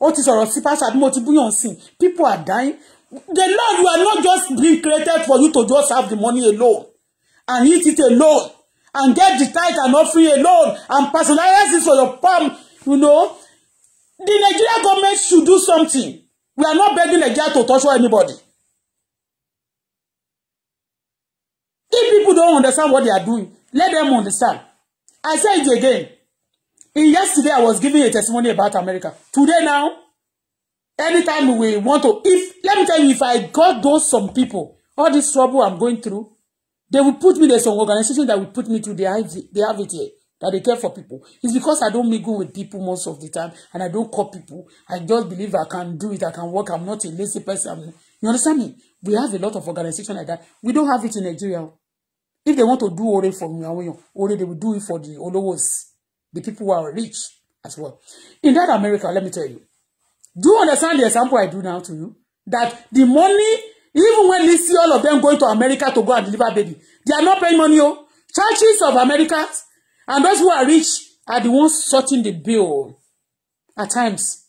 Otis or sọ̀rọ̀ pastor, mo ti sin, people are dying. The Lord, you are not just being created for you to just have the money alone and eat it alone and get the tithe and offering alone and personalize it for your palm, you know. The Nigerian government should do something. We are not begging a girl to torture anybody. If people don't understand what they are doing, let them understand. I say it again. In yesterday, I was giving a testimony about America. Today now, anytime we want to, if let me tell you, if I got those some people, all this trouble I'm going through, they will put me, there. some organization that will put me through, the have, they have it here that they care for people. is because I don't mingle with people most of the time and I don't call people. I just believe I can do it, I can work, I'm not a lazy person. You understand me? We have a lot of organization like that. We don't have it in Nigeria. If they want to do Ore for me, Ore, they will do it for the Olowos, the people who are rich as well. In that America, let me tell you, do you understand the example I do now to you? That the money, even when they see all of them going to America to go and deliver baby, they are not paying money. Oh. Churches of America, And those who are rich are the ones sorting the bill at times.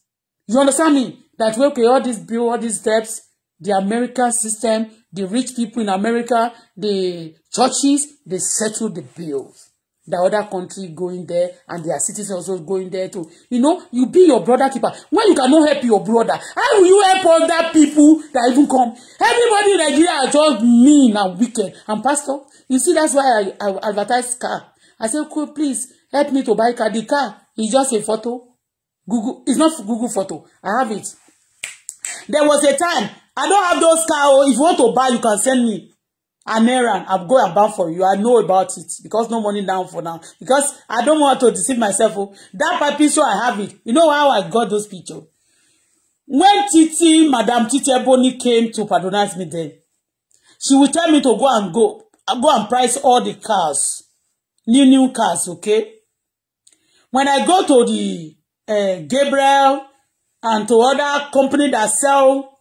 You understand me? That, okay, all these bill, all these debts, the American system, the rich people in America, the churches, they settle the bills. The other country going there and their citizens also going there too. You know, you be your brother keeper. When you cannot help your brother, how will you help other people that even come? Everybody in Nigeria are just mean and wicked. And pastor, you see, that's why I, I advertise car. I say, cool, please help me to buy car. The car is just a photo. Google, it's not Google photo. I have it. There was a time, I don't have those car. Oh, if you want to buy, you can send me an errand. I'll go and buy for you. I know about it because no money down for now. Because I don't want to deceive myself. Oh, that picture, I have it. You know how I got those pictures? When Titi, Madam Titi Ebony came to patronize me then, she would tell me to go and go, go and price all the cars new new cars, okay? When I go to the uh, Gabriel and to other company that sell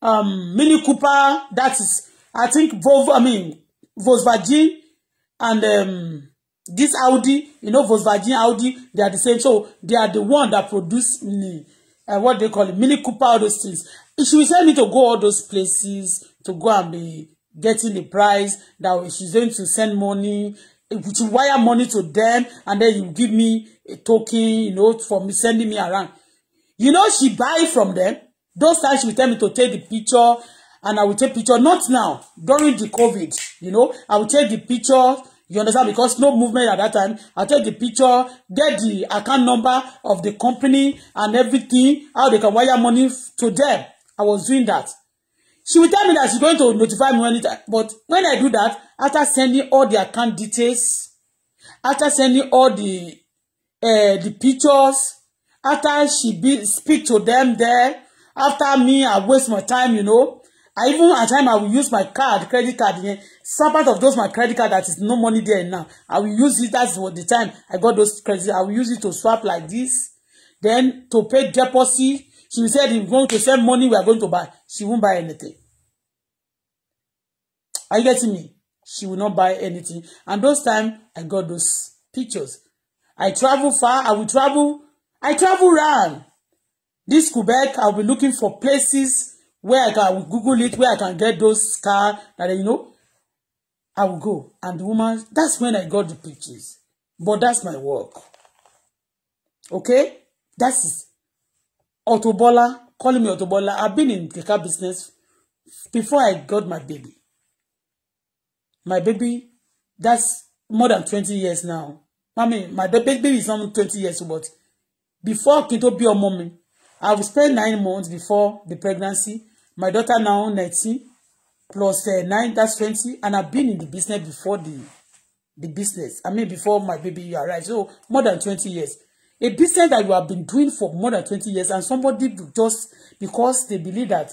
um, Mini Cooper, that is, I think, Volvo, I mean, Volkswagen and um, this Audi, you know, Volkswagen, Audi, they are the same. So they are the one that produce mini, uh, what they call it, Mini Cooper, all those things. She will send me to go all those places to go and be getting the price that she's going to send money to wire money to them and then you give me a token, you know, for me sending me around. You know, she buy from them. Those times she will tell me to take the picture and I will take picture. Not now, during the COVID, you know, I will take the picture. You understand? Because no movement at that time. I take the picture, get the account number of the company and everything, how they can wire money to them. I was doing that she will tell me that she's going to notify me when it but when I do that after sending all the account details after sending all the uh, the pictures after she be speak to them there after me I waste my time you know I even at time I will use my card credit card yeah, some part of those my credit card that is no money there now I will use it that's what the time I got those credit I will use it to swap like this then to pay deposit She said, if you want to send money, we are going to buy. She won't buy anything. Are you getting me? She will not buy anything. And those time, I got those pictures. I travel far. I will travel. I travel around This Quebec, I'll be looking for places where I can Google it, where I can get those car that, you know, I will go. And the woman, that's when I got the pictures. But that's my work. Okay? That's Auto calling me Auto I've been in the car business before I got my baby. My baby, that's more than 20 years now. I mean, my baby is not 20 years, but before kí n tó bí ọmọ mi i will spend nine months before the pregnancy my daughter now nineteen plus uh, nine that's twenty and I've been in the business before the the business i mean before my baby arrived. so more than twenty years A business that you have been doing for more than 20 years and somebody just because they believe that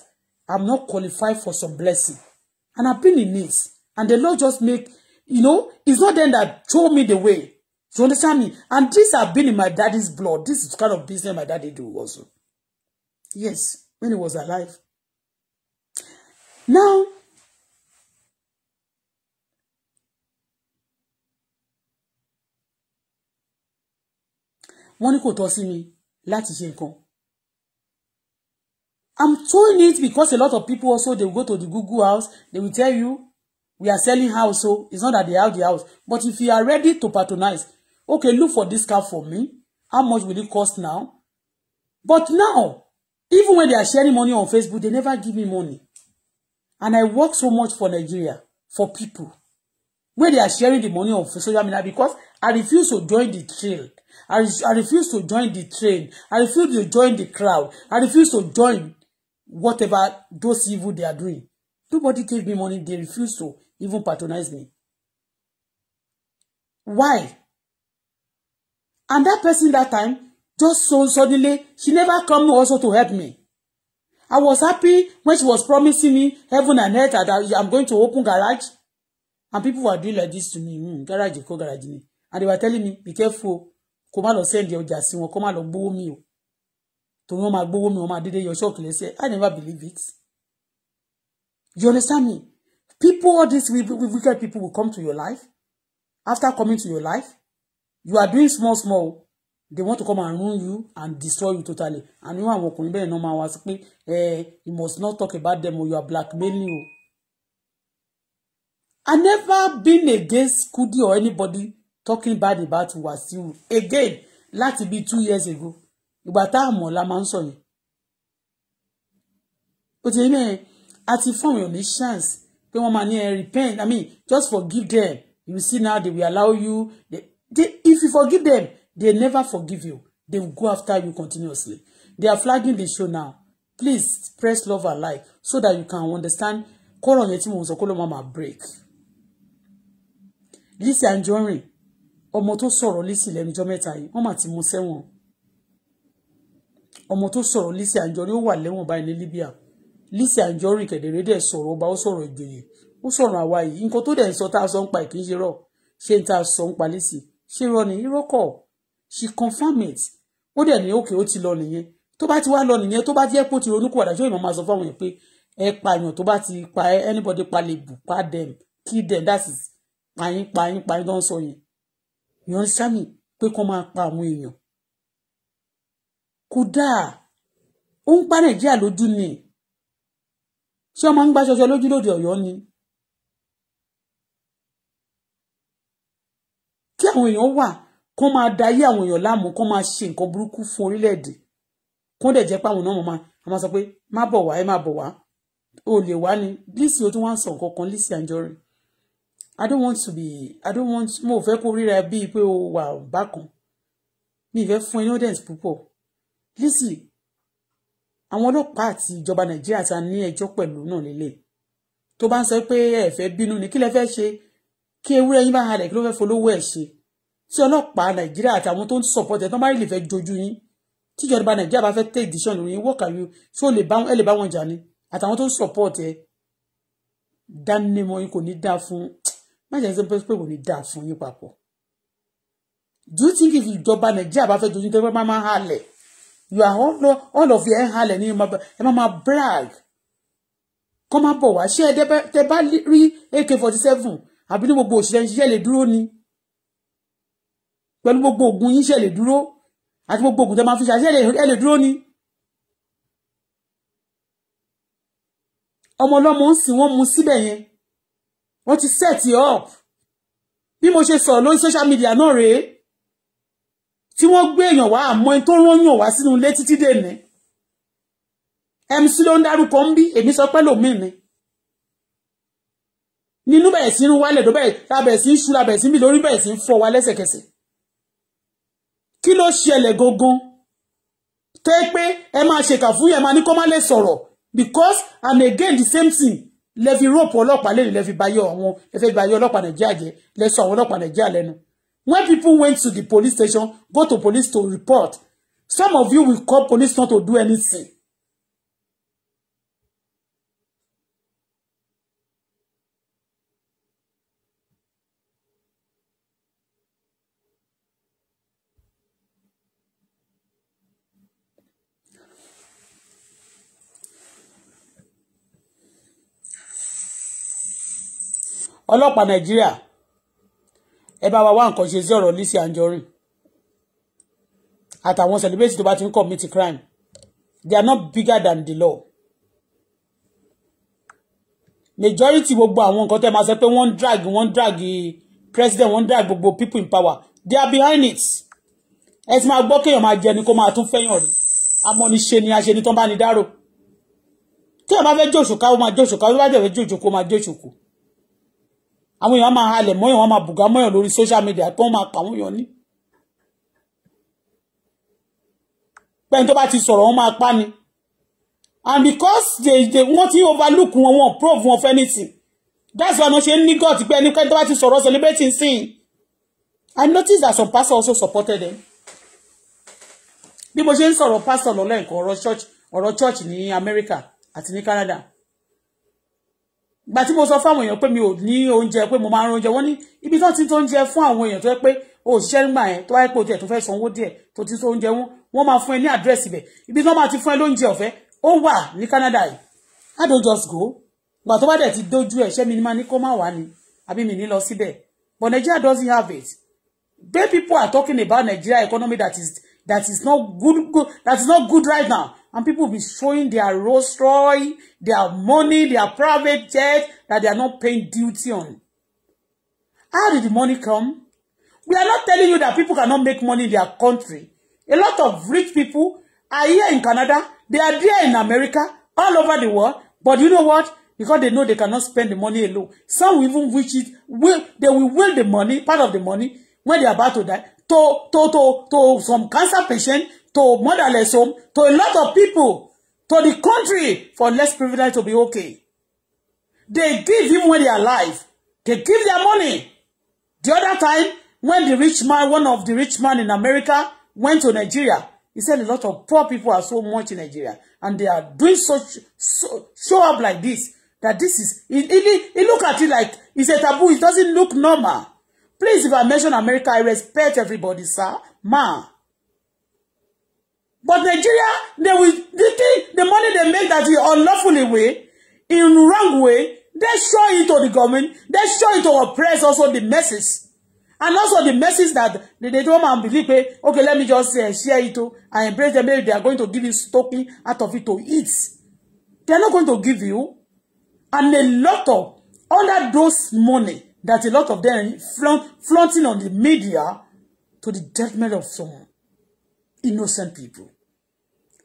I'm not qualified for some blessing. And I've been in this. And the Lord just make, you know, it's not them that showed me the way. you understand me? And this have been in my daddy's blood. This is kind of business my daddy do also. Yes, when he was alive. Now, wọ́n ní kò tọ́ sí mi láti ṣe nǹkan I'm doing it because a lot of people also they go to the Google house they will tell you we are selling house so it's not that they have the house but if you are ready to patronize okay look for this car for me how much will it cost now but now even when they are sharing money on Facebook they never give me money and I work so much for Nigeria for people where they are sharing the money on social media because I refuse to join the trail. I, re I refuse to join the train. I refuse to join the crowd. I refuse to join whatever those evil they are doing. Nobody gave me money. They refuse to even patronize me. Why? And that person that time, just so suddenly, she never come also to help me. I was happy when she was promising me heaven and earth that I am going to open garage and people were doing like this to me hmm garage kó garage ni and they were telling me be careful o kó má lọ send ọjà sí wọn kó má lọ gbowó mi o torí wọn máa gbowó mi wọn máa dédé yọ ṣọ́ọ̀kì lẹ́sẹ̀ i never believe it you understand me people all these wicked people will come to your life after coming to your life you are doing small small they want to come and ruin you and destroy you totally and irú àwọn ọkùnrin bẹ́ẹ̀ náà máa wá sí pé eh, you must not talk about them or you are blackmailing you." I never been against Kudi or anybody talking bad about Wasiu again láti bíi two years ago ìgbà tá a mọ̀ la máa ń sọ yẹn ó ti ní àti fún èèyàn ní chance pé wọ́n máa ní ẹ eh, repent I mean just forgive them you see now they will allow you they, they, if you forgive them they never forgive you they will go after you continuously they are flagging the show now please press love and like so that you can understand kọ́rọ̀ yẹn tí mo sọ kó ló máa break. Lisi Anjorin ọmọ tó sọ̀rọ̀ Lizzy lẹ́nujọ́ mẹ́ta yìí wọ́n mà ti mú sẹ́wọ̀n ọmọ tó sọ̀rọ̀ Lizzy Anjorin ó wà lẹ́wọ̀n báyìí ní Libya Lizzy Anjorin kẹ̀dẹ̀rẹ́ dẹ̀ sọ̀rọ̀ ọba ó sọ̀rọ̀ ìjòyè ó sọ̀rọ̀ àwa yìí nǹkan tó dẹ̀ ń sọ tá a sọ ń pa kì í ṣe rọ̀ ṣé ń tá sọ ń pa Lizzy ṣé rọ ni irọ́ kọ̀ she confirm it ó dẹ̀ ní òkè ó ti lọ nìyẹn tó bá ti wá lọ nìyẹn tó bá jẹ́ pé ó ti ronúkú àdájọ́ ìmọ̀ máa sọ fáwọn yẹn pé ẹ pààyàn tó bá ti pa anybody pa lè bù pa dem kill dem that is pààyàn pààyàn pààyàn tó ń sọ yẹn yọ̀ọ́ sámi pé kó máa pa àwọn èèyàn kódà ó ń pa nàìjíríà lójú ni ṣé ọmọ ń gbá ṣọṣọ lójú lóde Ọ̀yọ́ ni kí àwọn èèyàn wà kó máa dayé àwọn èèyàn láàmú kó máa ṣe nǹkan burúkú fún orílẹ̀-èdè kó dẹ̀ jẹ́ páwọn náà máa máa sọ pé má bọ̀ wá ẹ má bọ̀ wá o lè wá ni Lizzy o tún wá ń sọ nǹkan kan Lizzy Anjorin I don't want to be I don't want mo fẹ́ kó ríra bíi pé o wà bákan mi ìfẹ́ fún ẹ ní audience púpọ̀ lisi àwọn ọlọ́pàá àti ìjọba Nàìjíríà ta ní ẹjọ́ pẹ̀lú náà lélẹ̀ tó bá ń sọ pé ẹ fẹ́ bínú ni kí lẹ fẹ́ ṣe kí ewúrẹ́ yín bá halẹ̀ kí ló fẹ́ folówó ẹ̀ ṣe tí ọlọ́pàá Nàìjíríà àtàwọn tó ń support ẹ̀ tán bá rí lè fẹ́ jojú yín tí ìjọba Nàìjíríà bá fẹ́ take decision lórí yín wọ́ọ̀kà yín ṣé ẹ lè bá wọn jà ni àtàwọn tó ń support ẹ̀ dánimọ̀ yín kò ní dáa fún má ṣe ṣe pé kò ní dáa fún yín papọ̀ do you think if ìjọba nàìjíríà bá fẹ́ dojú tẹ́ máa máa halẹ̀ you are all, all of you ẹ̀ ń halẹ̀ ní ẹ máa máa brag kọ́ máa bọ̀ wá ṣé ẹ tẹ́ bá rí ak forty seven àbí ní gbogbo òṣìṣẹ́ ṣiṣẹ́ lè dúró ni pẹ̀lú gbogbo oògùn yín ṣe lè dúró àti gbogbo oògùn tẹ́ máa fi ṣàṣẹ́ ẹ lè dúró ni. ọmọ ọlọ́mọ ń sìn wọ́n mu síbẹ̀ yẹn wọ́n ti set it up bí mo ṣe sọ̀rọ̀ lórí social media náà rèé tí wọ́n gbé èèyàn wá àmọ́ ẹni tó rán yàn wá sínú ilé títí dèní MC ló ń dárúkọ ń bí èmi sọ pé lòmíì ni nínú bẹ̀rẹ̀ sí ń wálẹ̀ tó bẹ̀rẹ̀ abẹ̀rẹ̀ sí ń ṣúra bẹ̀rẹ̀ sí ń bì lórí bẹ̀rẹ̀ sí ń fọ́ wa lẹ́sẹ̀kẹsẹ̀ kí ló ṣẹlẹ̀ gangan tẹ́ pé ẹ máa ṣèkà fún yẹn máa ní kó má lè sọ̀rọ̀ because and again the same thing lẹ́fi rọ́ọ̀pù ọlọ́pàá lẹ́yìn lẹ́fi bayọ́ àwọn lẹ́fẹ́ bayọ́ ọlọ́pàá nàìjíríà jẹ́ lẹ́sọ àwọn ọlọ́pàá nàìjíríà lẹ́nu. When people went to the police station, go to police to report. Some of you will call police not to do anything. ọlọ́pàá nàìjíríà ẹ bá wa wá nǹkan ṣe sí ọ̀rọ̀ Lizzy Anjorin àtàwọn celebrity tó bá ti ń commit crime they are not bigger than the law majority gbogbo àwọn nǹkan tẹ́ máa sọ pé wọ́n drag wọ́n drag president wọ́n drag gbogbo people in power they are behind it ẹ ti máa gbọ́ kéèyàn máa jẹ ni kó máa tún fẹ́yàn rí amọ́niṣe ni aṣe ni tán bá ní dárò tí ẹ bá fẹ́ jòṣùká ó máa jòṣùká ó bá dẹ̀ fẹ́ jòṣùkú ó máa jòṣùkú àwọn èèyàn máa halẹ̀ mọ́yàn wọ́n máa bùgá mọ́yàn lórí social media pé wọ́n máa pa àwọn èèyàn ní. pẹ́ni tó bá ti sọ̀rọ̀ wọ́n máa pa ni and because they they wọ́n ti overlook wọn wọn prove wọn for anything that's why wọ́n ṣe ń ní god pé ẹnikẹ́ni tó bá ti sọ̀rọ̀ celebrating sin i noticed that some pastors also supported them bí mo ṣe ń sọ̀rọ̀ pastor lọ́lẹ́ nǹkan ọ̀rọ̀ church ọ̀rọ̀ church ní America àti ní Canada gbà tí mo sọ fáwọn èèyàn pé mi ò ní oúnjẹ pé mo máa ń oúnjẹ wọ́n ní ibi tó ti tó oúnjẹ fún àwọn èèyàn tó yẹ pé o ṣiṣẹ́ nígbà yẹn tó wáyé pé o tiẹ̀ tó fẹ́ sanwó díẹ̀ tó ti tó oúnjẹ wọn wọ́n máa fún ẹ ní àdírẹ́sì bẹ̀ ibi tó máa ti fún ẹ lóúnjẹ ọ̀fẹ́ ó wà ní Canada yìí I don't just go gbà tó bá dẹ̀ ti dojú ẹ̀ ṣẹ́ mi ni máa ní kó má wà ní àbí mi ní lọ síbẹ̀ but Nigeria doesn't have it big people are talking about Nigeria economy that is that is not good, good that is not good right now. And people will be showing their Rolls Royce, their money, their private jet that they are not paying duty on. How did the money come? We are not telling you that people cannot make money in their country. A lot of rich people are here in Canada. They are there in America, all over the world. But you know what? Because they know they cannot spend the money alone. Some will even wish it, will, they will will the money, part of the money, when they are about to die, to to to to some cancer patient to motherless home to a lot of people to the country for less privilege to be okay. They give even when they are alive. They give their money. The other time, when the rich man, one of the rich man in America, went to Nigeria, he said a lot of poor people are so much in Nigeria, and they are doing such so, show up like this. That this is, he, he, he look at it like it's a taboo. It doesn't look normal. Please, if I mention America, I respect everybody, sir. Ma. But Nigeria, they will, the thing, the money they make that in unlawfully way, in wrong way, they show it to the government. They show it to oppress also the masses. And also the message that they, they don't and believe, hey, okay, let me just uh, share it to and embrace them. Maybe they are going to give you stocking out of it to eat. They are not going to give you. And a lot of under those money, that a lot of them flaunt, flaunting on the media to the detriment of some innocent people.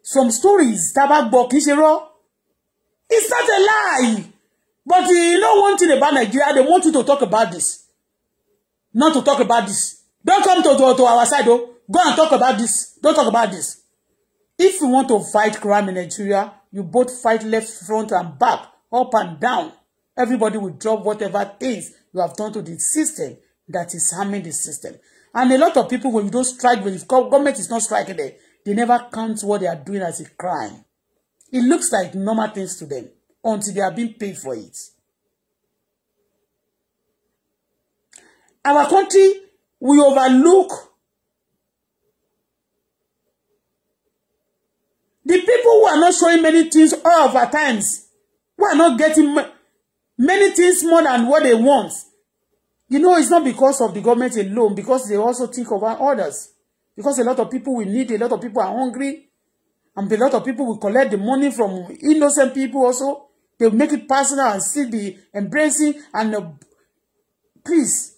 Some stories tá bá It's not a lie. But you know one thing about Nigeria, they want you to talk about this. Not to talk about this. Don't come to, to, to our side, though. Go and talk about this. Don't talk about this. If you want to fight crime in Nigeria, you both fight left, front, and back, up and down. Everybody will drop whatever things you have done to the system that is harming the system. And a lot of people, when you don't strike, when the government is not striking them, they never count what they are doing as a crime. It looks like normal things to them until they are being paid for it. Our country, we overlook the people who are not showing many things all of our times, who are not getting money many things more than what they want. You know, it's not because of the government alone, because they also think of others. Because a lot of people will need, a lot of people are hungry, and a lot of people will collect the money from innocent people also. They'll make it personal and still be embracing and uh, please,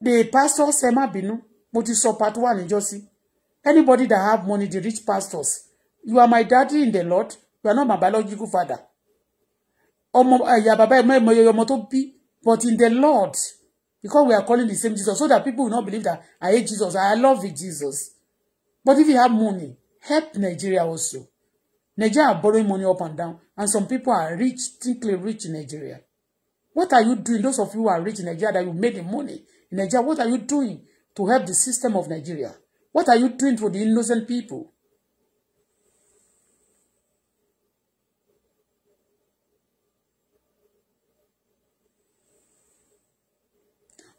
the pastor Sema Binu, but you saw part one in Josie. Anybody that have money, the rich pastors, you are my daddy in the Lord, you are not my biological father ọmọ ẹ̀yà bàbá ẹ̀mọ́ ẹ̀mọ́ ẹ̀yọ ọmọ tó bí but in the Lord because we are calling the same Jesus so that people will not believe that I hate Jesus I love Jesus but if you have money help Nigeria also Nigeria are borrowing money up and down and some people are rich thickly rich in Nigeria what are you doing those of you who are rich in Nigeria that you made the money in Nigeria what are you doing to help the system of Nigeria what are you doing for the innocent people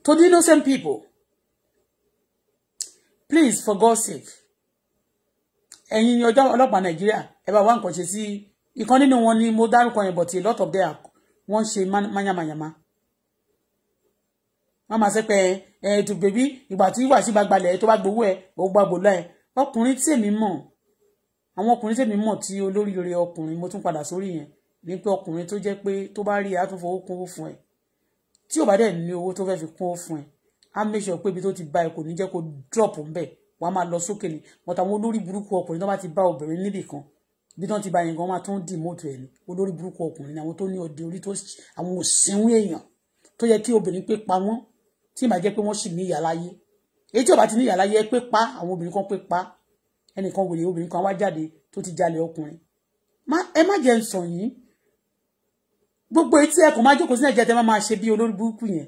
to the innocent people please for God's sake And ẹ̀yin ni ọjọ́ ọlọ́pàá nàìjíríà ẹ bá wá nǹkan ṣe sí ìkan nínú wọn ni mo dárúkọ yẹn but a lot of them wọ́n ṣe mányàmáyàmá wọ́n máa ṣe pé ẹ ètò bèbí ìgbà tí wàá sí ba tó bá gbowó ẹ ò gbàgbó lọ ẹ ọkùnrin tí èmi mọ̀ àwọn ọkùnrin tí èmi mọ̀ tí olóríire ọkùnrin mo tún padà sórí yẹn ní pé ọkùnrin to jẹ́ pé tó bá rí i á tún fowó kún fún tí ò bá dẹ̀ ní owó tó fẹ́ fi kún ó fún ẹ á make sure pé ibi tó ti bá ẹ ní jẹ́ kó drop ńbẹ̀ wà á máa lọ sókè ni wọ́n tàwọn olórí burúkú ọkùnrin tó bá ti bá obìnrin níbì kan bí tó ti bá yẹn gan máa tó ń dì mọ́tò ẹ̀ ni olórí burúkú ọkùnrin àwọn tó ní ọdẹ orí tó àwọn òsínwó èèyàn tó yẹ kí obìnrin pé pa wọ́n tí ìbá jẹ́ pé wọ́n sì ní ìyá láyé èyí tí ò bá ti ní ìyá láyé pé pa àwọn obìnrin kan pé pa ẹnìkan wèrè obìnrin kan wá jáde tó ti jalè ọkùnrin ẹ má jẹ́ ń yìí gbogbo etí ẹkùn máa jókòó sí nàìjíríà tẹ máa máa ṣe bí olórí burúkú yẹn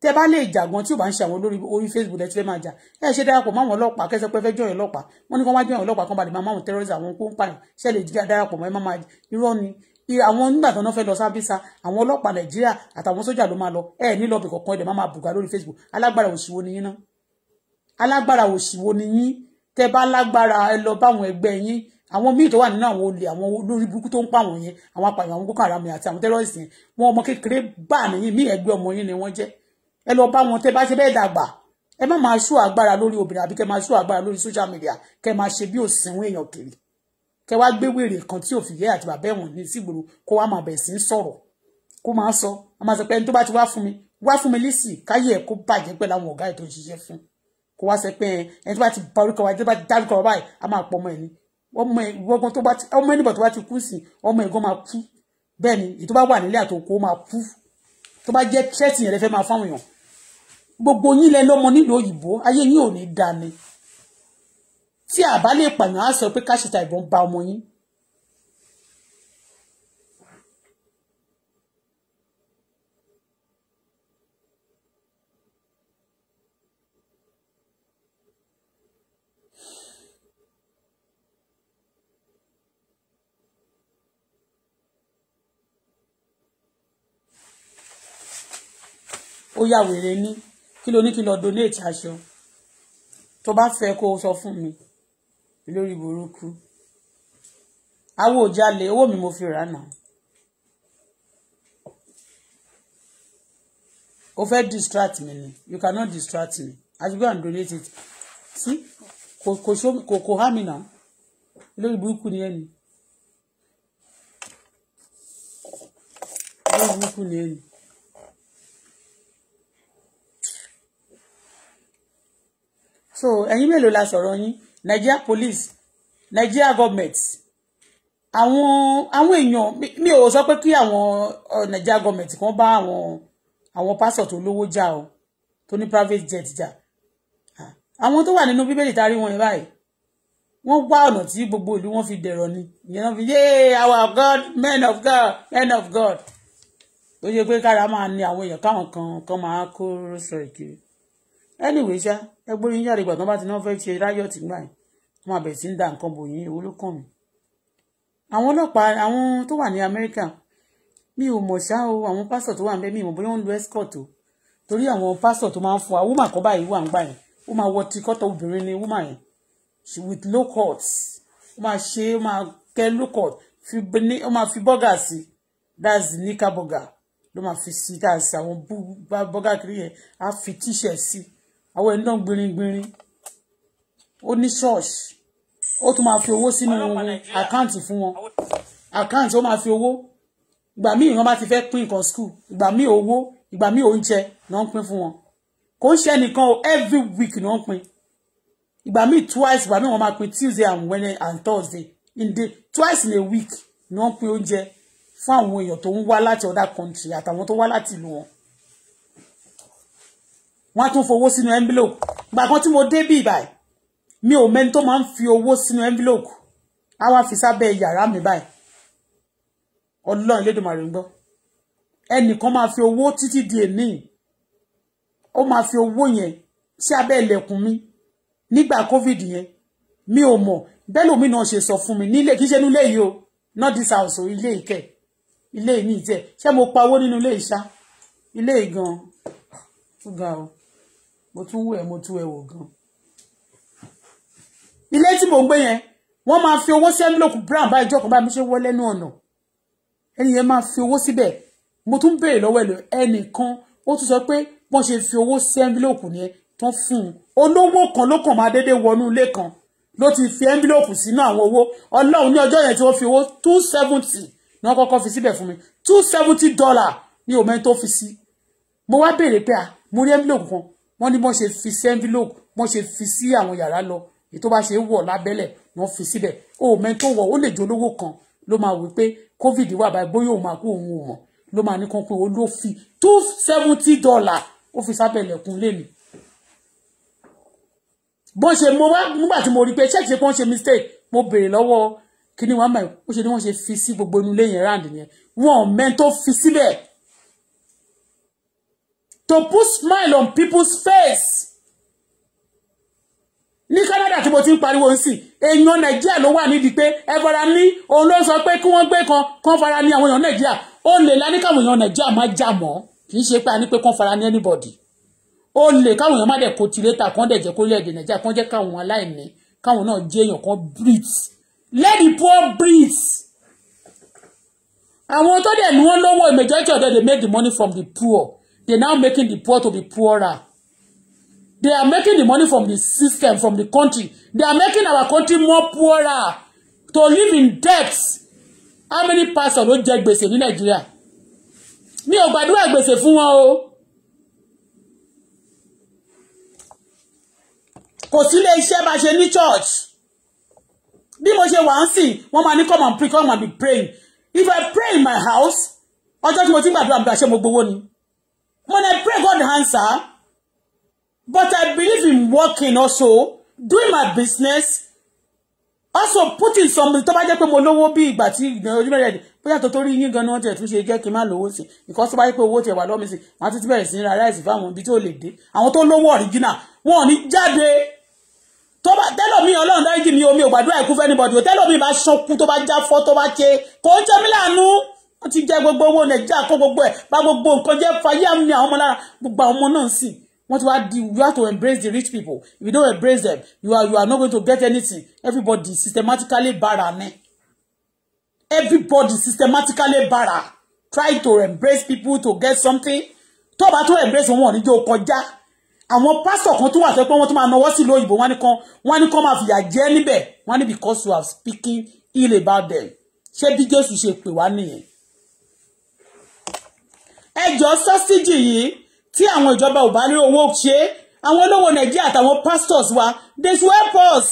tẹ bá lè jagun tí ò bá ń ṣe àwọn olórí orí facebook lẹ ti fẹ́ máa jà ẹ ṣe darapọ̀ mọ́ àwọn ọlọ́pàá kẹsẹ pé fẹ́ jọ yẹn ọlọ́pàá wọn ní kí wọn wá jọ yẹn ọlọ́pàá kan bá lè máa máa wọn terrorists àwọn kó ń pààyàn ṣe lè darapọ̀ mọ́ ẹ máa máa ni àwọn nígbà tó náà fẹ́ lọ sábísà àwọn ọlọ́pàá nàìjíríà àtàwọn sójà ló máa lọ ẹ ní tẹ bá lágbára ẹ lọ báwọn ẹgbẹ́ yín àwọn míì tó wà nínú àwọn olè àwọn olórí burúkú tó ń pa àwọn yẹn àwọn apààyàn àwọn Boko Haram àti àwọn terrorist yẹn wọn ọmọ kékeré bá nìyí mí ẹgbẹ́ ọmọ yẹn ni wọ́n jẹ́ ẹ lọ bá wọn tẹ́ bá ṣe bẹ́ẹ̀ dàgbà ẹ má máa ṣú agbára lórí obìnrin àbí kẹ́ máa ṣú agbára lórí social media kẹ́ máa ṣe bí òsínwó èèyàn kiri kẹ́ wá gbé wèrè kan tí òfin yẹ àti bàbá ẹ̀wọ̀n ní sígboro kó wá máa bẹ̀ sí ń sọ̀rọ̀ kó máa sọ ba orúkọ wa ọmọ ìwọ́gbọ́n tó bá ti ọmọ ẹnìbọ̀ tó bá ti kú sí ọmọ ìgbọ́n máa kú bẹ́ẹ̀ ni ìtọ́ bá wà nílé àtòkò máa kú tó bá jẹ́ tẹ́tì yẹn lè fẹ́ máa fáwọn èèyàn gbogbo yín lẹ lọ́mọ nílùú òyìnbó ayé yín ò ní dáa ni tí àbá lè pààyàn á sọ pé káṣíta ìbọn ba ọmọ yín ó yà wèrè ní kí ló ní kí lọ donate aṣọ tó bá fẹ́ kó o sọ fún mi lórí burúkú awo òjálè owó mi mo fi rà náà o fẹ́ distract mi ni you cannot distract me as you go and donate it see kò kò kò kò há mi náà lórí burúkú ni ẹni lórí burúkú ni ẹni. so ẹ̀yin mélòó la sọ̀rọ̀ yín Nigeria police Nigeria government àwọn àwọn èèyàn mi ò sọ pé kí àwọn Nigeria government kan bá àwọn àwọn pásọ̀ tó lówó jà o tó ní private jet jà ah, àwọn tó wà nínú bíbélì tá a rí wọn yẹn báyìí wọ́n wá ọ̀nà tí gbogbo ìlú wọn fi dẹ̀rọ̀ ni ìyẹn náà fi yé our God men of God men of God tó yẹ pé kára máa ní àwọn èèyàn káwọn kan kan máa kó rosary kiri anyway ṣá ẹgbẹ́ orin yàrá ìgbà tó bá ti náà fẹ́ẹ́ ṣe ráyọ̀ tí gbà yìí wọn àbẹ̀ sí ń da nǹkan bò yín owó ló kàn mí. àwọn ọlọ́pàá àwọn tó wà ní Amẹ́ríkà mi ò mọ̀ ṣá o àwọn pásọ̀ tó wà ń bẹ́ mi ò mọ̀ bóyá wọ́n ń lo escort o torí àwọn pásọ̀ tó máa ń fún wa wúmà kan báyìí wà ń gbà yẹn ó máa wọ tikọ́tọ̀ obìnrin ni wúmà yẹn with low cut ó máa ṣe ó máa kẹ́ low cut ó máa fi bọ́gà sí that's níkà bọ́gà ló máa fi sí that's àwọn bọ́gà kiri yẹn á fi tíṣẹ̀ sí i àwọn ẹni náà gbìnringbìnrin ó ní ṣọ́ọ̀ṣì ó tún máa fi owó sínú àkáǹtì fún wọn àkáǹtì ó máa fi owó ìgbà míì wọn bá ti fẹ́ pín nǹkan school ìgbà míì owó ìgbà míì oúnjẹ náà ń pín fún wọn kò ń ṣe ẹnìkan o every week náà ń pín ìgbà míì twice ìgbà míì wọn máa pín Tuesday and Wednesday and Thursday in the twice in a week náà ń pín oúnjẹ fún àwọn èèyàn tó ń wá láti other country àtàwọn tó wá láti ìlú wọn wọ́n á tún fowó sínú envelope ìgbà kan tí mo dé bí báyìí mi ò mẹ́ni tó máa ń fi owó sínú envelope á wá fi sábẹ́ yàrá mi báyìí ọlọ́run Elédùmarè ń gbọ́ ẹnìkan máa fi owó títí di èmi ó máa fi owó yẹn sí abẹ́ ilẹ̀kùn mi nígbà covid yẹn mi ò mọ̀ bẹ́lòmí náà ṣe sọ fún mi nílé kí ṣe nílé yìí o not this house o ilé ìkẹ́ ilé mi ìtẹ̀ ṣé mo pa owó nínú ilé ìṣá ilé ìgan ó ga o mo tún wù ẹ́ mo tún ẹ wò gan. ilé tí mo gbé yẹn wọ́n máa fi owó sí envelope brown báyìí jọ́kọ̀ bá mi ṣe wọlé ní ọ̀nà ẹni yẹn máa fi owó síbẹ̀ mo tún béèrè lọ́wọ́ ẹ̀ lọ ẹnìkan ó tún sọ pé wọ́n ṣe fi owó sí envelope yẹn tán fún un olówó kan ló kàn máa déédéé wọnú ilé kan ló ti fi envelope sínú àwọn owó ọlọ́run ní ọjọ́ yẹn tí wọ́n fi owó two seventy ni wọ́n kọ́kọ́ fi síbẹ̀ fún mi two seventy dollar ni òmẹ́ni tó fi sí mo wá béèrè pé à mo rí envelope kan wọ́n ní wọ́n ṣe fi sí envelope wọ́n ṣe fi sí àwọn yàrá lọ èyí tó bá ṣe wọ̀ lábẹ́lẹ̀ wọ́n fi síbẹ̀ o ò mẹ́ni tó wọ̀ ó lè jólówó kan ló máa wí pé covid wà báyìí bóyá òun máa kú òun ò mọ̀ ló máa ní kan pé ó ló fi two seventy dollar ó fi sábẹ̀lẹ̀kùn lé mi bó ṣe mo wá nígbà tí mo rí pé ṣẹ́ẹ̀kì ṣe pé wọ́n ṣe mistake mo béèrè lọ́wọ́ kíní wàá mọ̀ ó ṣe ni wọ́n ṣe fi sí gbogbo inú ilé yẹn ráǹdì yẹn wọn ò tó fi síbẹ̀ to put smile on people's face ní Canada tí mo ti ń pariwo ń sìn èèyàn Nàìjíríà ló wà nídìí pé ẹ fara ní òun ló sọ pé kí wọ́n gbé kan kán fara ní àwọn èèyàn Nàìjíríà ó lè la ní káwọn èèyàn Nàìjíríà má jà mọ́ kì í ṣe pé a ní pé kán fara ní anybody ó lè káwọn èèyàn má dẹ̀ kó tiré ta kán dẹ̀ jẹ́ kó lé èdè Nàìjíríà kán jẹ́ káwọn aláìní káwọn náà jẹ́ èèyàn kan breathe let the poor breathe àwọn tó dẹ̀ ní wọ́n lówó ìmẹ̀jọ́jọ́ they make the money from the poor They're now making the poor to be poorer. They are making the money from the system, from the country. They are making our country more poorer to live in debt. How many pastors ló jẹ gbèsè in Nigeria? Me ò gbàdúrà gbèsè fún one. o. Kò sí ilé iṣẹ́ church. Be more ṣe wà ń sìn, you come and pray, come and be praying. If I pray in my house, I just mo ti be gbàdúrà mi bá ṣe When I pray, God answer. But I believe in working also, doing my business, also putting some tó bá jẹ́ pé mo lówó bí ìgbà tí ìgbìyànjú bẹ̀rẹ̀ dì bóyá tó torí yín gan-an tẹ̀ tún ṣe jẹ́ kí n má lówó sí because tó bá jẹ́ pé owó tẹ̀ wà lọ́mí sí wọ́n á ti bẹ̀rẹ̀ sí ra ráìsì fáwọn ibi tó lè dé àwọn tó lówó original wọn ò ní jáde tó bá tẹ́lọ̀ mi ọlọ́run dáríjì mi omi ò gbàdúrà ikú fẹ́ anybody tẹ́lọ̀ mi bá ṣọkú tó bá jáfọ́ tó bá ṣe kò ń jẹ́ mi láàánú ó ti jẹ gbogbo owó nàìjíríà kó gbogbo ẹ̀ bá gbogbo nǹkan jẹ́ fàyè àmì àwọn ọmọ lára gbogbo àwọn ọmọ náà sì wọ́n ti wá di you have to embrace the rich people if you don't embrace them you are you are not going to get anything everybody systematically bara ni everybody systematically bara try to embrace people to get something tó bá tó embrace wọn wọn níjó kọjá àwọn pásítọ̀ kan tó wà sọ pé wọ́n tó máa náwó sí ìlú òyìnbó wọ́n ní kan wọ́n ní kan máa fìyà jẹ níbẹ̀ wọ́n ní because you are speaking ill about them ṣé bí Jésù ṣe pè wá nìyẹn ẹjọ́ sọ́sídì yìí tí àwọn ìjọba ò bá ní owó ṣe àwọn olówó nàìjíríà àtàwọn pastors wa they should help us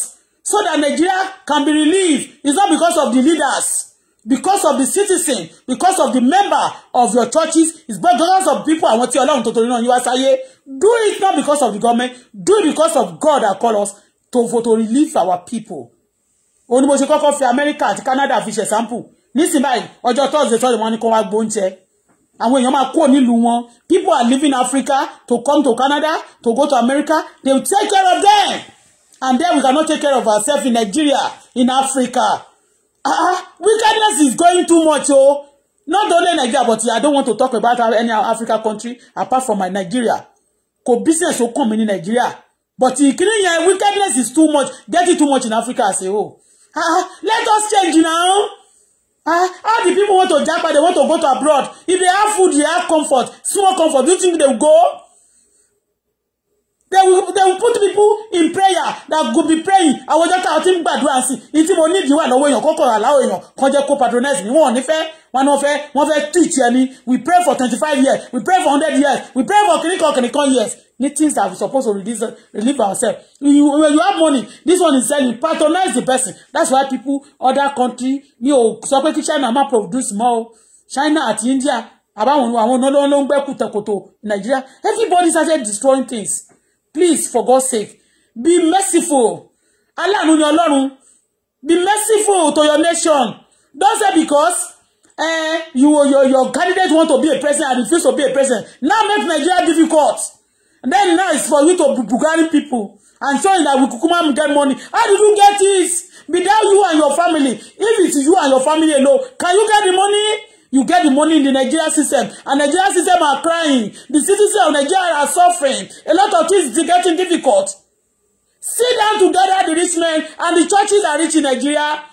so that Nigeria can be relieved it's not because of the leaders because of the citizen because of the member of your churches it's because of people àwọn tí ọlọ́run tuntun náà yí sáyé do it not because of the government do it because of God that call us to vote to relieve our people ó ní mo ṣe kọ́kọ́ fi America àti Canada fi ṣe sample nísìnyí báyìí ọjọ́ Thursday Thursday wọn ni kó wá gbóúnjẹ àwọn èèyàn máa kúrò nílùú wọn people are leaving Africa to come to Canada to go to America they will take care of them and then we cannot take care of ourselves in Nigeria in Africa ah uh, wickedness is going too much o oh. not only Nigeria but I don't want to talk about any Africa country apart from my Nigeria kò business ó come in Nigeria but ìkíní yẹn wickedness is too much Getting too much in Africa as a whole ah let us change now. Ah, how the people want to japa, they want to go to abroad. If they have food, they have comfort, small comfort. Do you think they will go? They will, they will put people in prayer that could be praying. Àwọn ọjọ́ táwọn ti ń gbàdúrà sí i tí mo you ìdíwà lọ́wọ́ èèyàn kọ́kọ́ àláwọ̀ èèyàn kan jẹ́ kó patronize mi. Wọ́n ò ní fẹ́ wọn náà fẹ́ wọ́n fẹ́ teach ẹni. We pray for twenty five years, we pray for hundred years, we pray for kìnnìkan kìnnìkan years things that we supposed to release, relieve ourselves. You, when you have money, this one is selling. Patronize the person. That's why people, other country, you know, sọ pé China máa produce more. China at India, àbáwọn àwọn ọ̀nà ló ń gbẹ́ kùtẹ̀kùtò Nigeria. Everybody started destroying things. Please, for God's sake, be merciful. Aláàánú ni Ọlọ́run. Be merciful to your nation. Don't say because eh, you, your, your candidate want to be a president and refuse to be a president. Now make Nigeria difficult then now it's for you to be Bulgarian people and showing that we kukuma get money. How did you get this? Without you and your family, if it's you and your family alone, can you get the money? You get the money in the Nigeria system, and Nigeria system are crying. The citizens of Nigeria are suffering. A lot of things are getting difficult. Sit down together, the rich men and the churches are rich in Nigeria.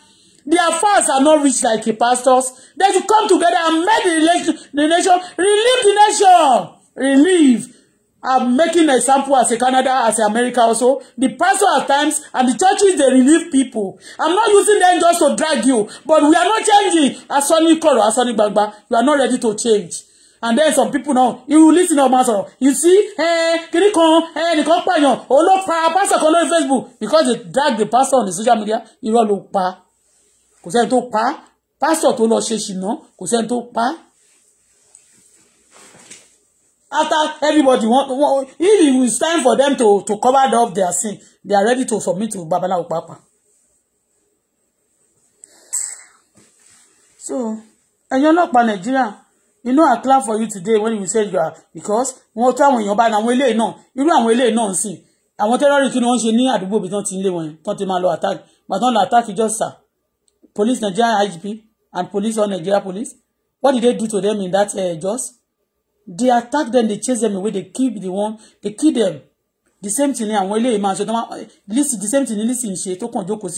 Their funds are not rich like the pastors. They should come together and make the, relation, the nation, relieve the nation, relieve. I'm making an example as a Canada, as a America also. The pastor at times and the churches, they relieve people. I'm not using them just to drag you, but we are not changing. Asoni Koro, Asoni Gbagba, you are not ready to change. And then some people now, you listen to my You see, eh, kiri kan, eh, nìkan pààyàn, olópa pastor kan lórí Facebook because they drag the pastor on the social media, irọ́ ló pa. Kò sẹ́ni tó pa. Pastor tó lọ ṣe ṣìnà, kò sẹ́ni tó pa after everybody want, want if it is time for them to to cover up their sin they are ready to submit to babaláwo pàápàá so and ẹ̀yin ọlọ́pàá nàìjíríà you know I clap for you today when you said you are because wọn time when èèyàn bá àwọn eléyìí no, you know eléyìí náà ń sìn àwọn tẹ́rọ́rì kí ni wọ́n ṣe ní àdúgbò bí wọ́n ti ń lé wọn tán ti máa lọ attack gbàtàn lọ attack just sir police Nigeria IGP and police on Nigeria police what did they do to them in that uh, eh, just they attack them they chase them away they kill the one they kill them the same thing ni àwọn eléyìí máa ṣe tó máa the same thing Listen. She ń ṣe tó kàn jókòó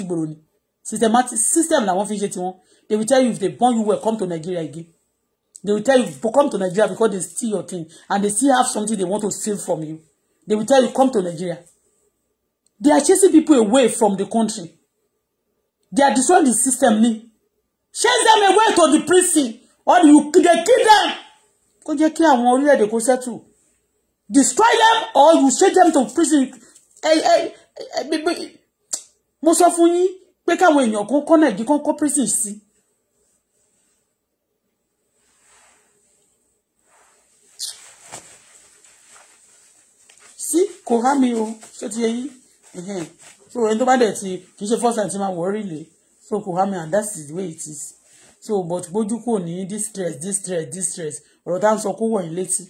systematic system làwọn fi ń ṣe tiwọn they will tell you if they born you well come to Nigeria again they will tell you to come to Nigeria because they steal your thing and they still have something they want to steal from you they will tell you come to Nigeria they are chasing people away from the country they are destroying the system ni chase them away to the prison or you they kill them kó jẹ́ kí àwọn orílẹ̀-èdè kó settle destroy them or you send them to prison mo sọ fún yín pé káwọn èèyàn kan kọ́ nàìjíríà kan kọ́ prison sí. sí kò há mi o ṣé ti yẹ yín so ẹni tó bá dẹ̀ ti kì í ṣe first time ti máa wọ̀ ọ́ rí lè so kò há mi and that's the way it is so but gbójú kò ní distress distress distress ọ̀rọ̀ tá à ń sọ kó wọ̀nyí létí.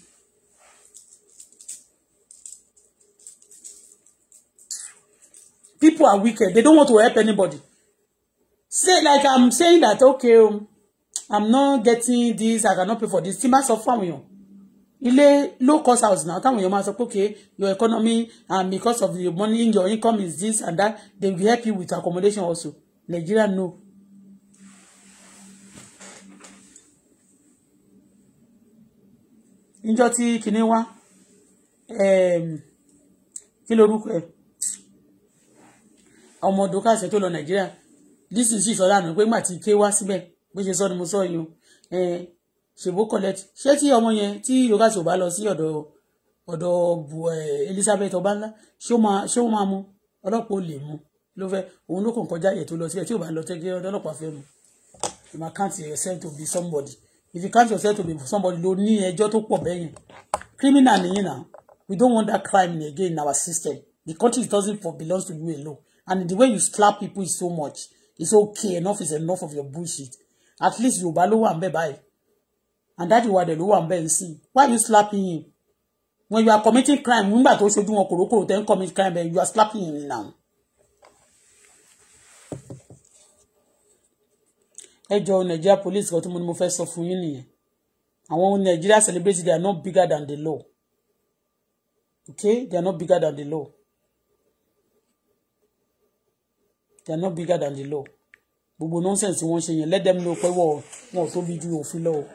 people are wicked they don't want to help anybody say like i'm saying that okay um, i'm not getting this i cannot pay for this tí n bá sọ fún àwọn èèyàn ilé low cost house now táwọn èèyàn máa sọ pé okay your economy and because of your money your income is this and that they will help you with accommodation also Nigeria no níjọ́ tí kinní wá ehm, kí lorúkọ ẹ̀ ọmọ dókàṣẹ tó lọ nàìjíríà lísì sì sọ lánàá pé màtí ké wá síbẹ̀ bó ṣe sọ ni mo sọ yìí o eh, ṣèbó collect ṣé tí ọmọ yẹn tí dókàṣẹ ò bá lọ sí ọ̀dọ̀ ọ̀dọ̀ eh, Elizabeth Ọbánlá ṣé ó máa mú ọlọ́pàá ò lè mú ló fẹ́ òun ló kàn kọjá yẹ̀ tó lọ síbẹ̀ tí ò bá lọ tẹ́gẹ́ ọlọ́pàá fẹ́ mu you ma count yourself to somebody if you count yourself to be somebody ló ní ẹjọ́ tó pọ̀ bẹ́yìn criminal nìyí náà we don't want that crime again in our system the country doesn't for belongs to you alone and the way you slap people is so much it's okay enough is enough of your bullshit at least you ló wà ń bẹ báyìí and that ìwà dẹ̀ ló one ń bẹ ń sìn why you slapping him when you are committing crime nígbà tó ṣojú wọn kòrókòrò tẹ́ ń commit crime you are slapping him now. ẹjọ́ Nigeria police kan tí mo ní mo fẹ́ sọ fún yín nìyẹn àwọn Nigeria celebrity they are not bigger than the law okay they are not bigger than the law they are not bigger than the law gbogbo nonsense tí wọ́n ṣe yẹn let them know pé wọ́n ò tóbi ju òfin lọ o.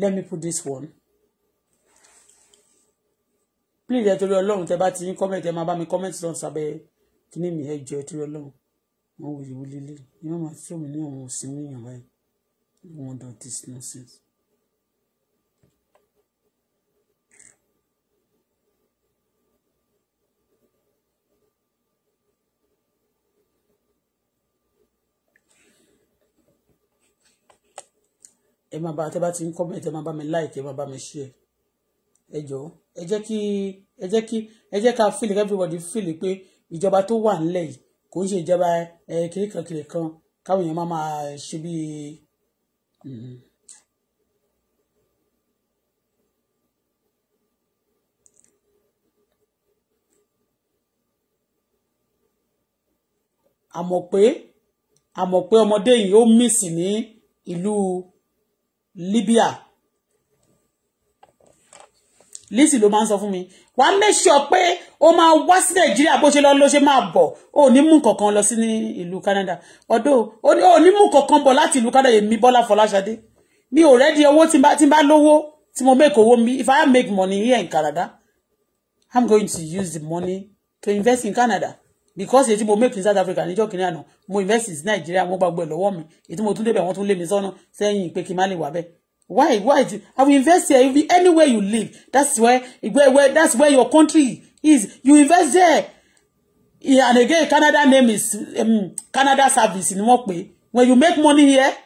Let me put this one please ẹ torí ọlọ́run tẹ bá ti ń comment ẹ máa bá mi comment lọ sábẹ́ kíní mi ẹ jọ ẹ torí ọlọ́run wọn wòye wọlé lé ni wọn máa tó mi ní àwọn òsín wíyàn báyìí wọn dọ this nonsense. ẹ máa bá tẹ bá ti ń comment ẹ máa bá mi like ẹ máa bá mi share ẹ jọ̀ọ́ ẹ jẹ́ kí jẹ́ kí ẹ jẹ́ ká feel everybody feel pé ìjọba tó wà nílẹ̀ yìí kò ń ṣe ìjọba kìrìkànkìrì kan káwọn èèyàn máa máa ṣe bí. àmọ̀ mm-hmm. pé àmọ̀ pé ọmọdé yìí ó mìsì ní ìlú Libya Lizzy ló máa ń sọ fún mi wà á make sure pé ó máa wá sí nàìjíríà bó ṣe lọ ló ṣe máa bọ̀ ó ní mú kankan lọ sí ní ìlú Canada ọdọ ó ní mú kankan bọ̀ láti ìlú Canada èmi Bọ́lá Fọláṣadé mi ò rẹ́dí owó tí n bá lówó tí mo make owó mi if I make money here in Canada I'm going to use the money to invest in Canada because èyí tí mo make in South Africa níjọ́ kìnìún àná mo invest in Nigeria wọ́n gbàgbọ́ ẹ̀ lọ́wọ́ mi èyí tí mo tún débẹ̀ wọ́n tún lé mi sọ́nà sẹ́yìn pé kí n má lè wà bẹ́ẹ̀ why why i will invest here be anywhere you live that's where, where, where that's where your country is you invest there yeah, and again Canada name is um, Canada service in wọ́n when you make money here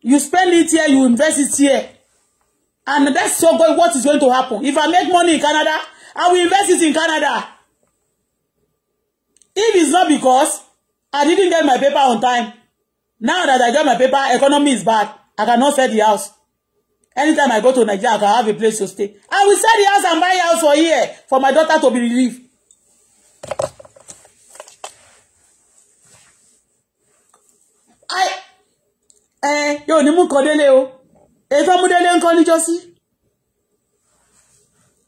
you spend it here you invest it here and that's so good what is going to happen if i make money in Canada i will invest it in Canada if it's not because i didn't get my paper on time now that i get my paper economy is bad i cannot sell the house Anytime I go to Nigeria, I can have a place to stay. I will sell the house and buy a house for here for my daughter to be relieved. I eh yo, ní mú kan délé o. Èyí tó mú délé ń kọ́ níjọ́ sí.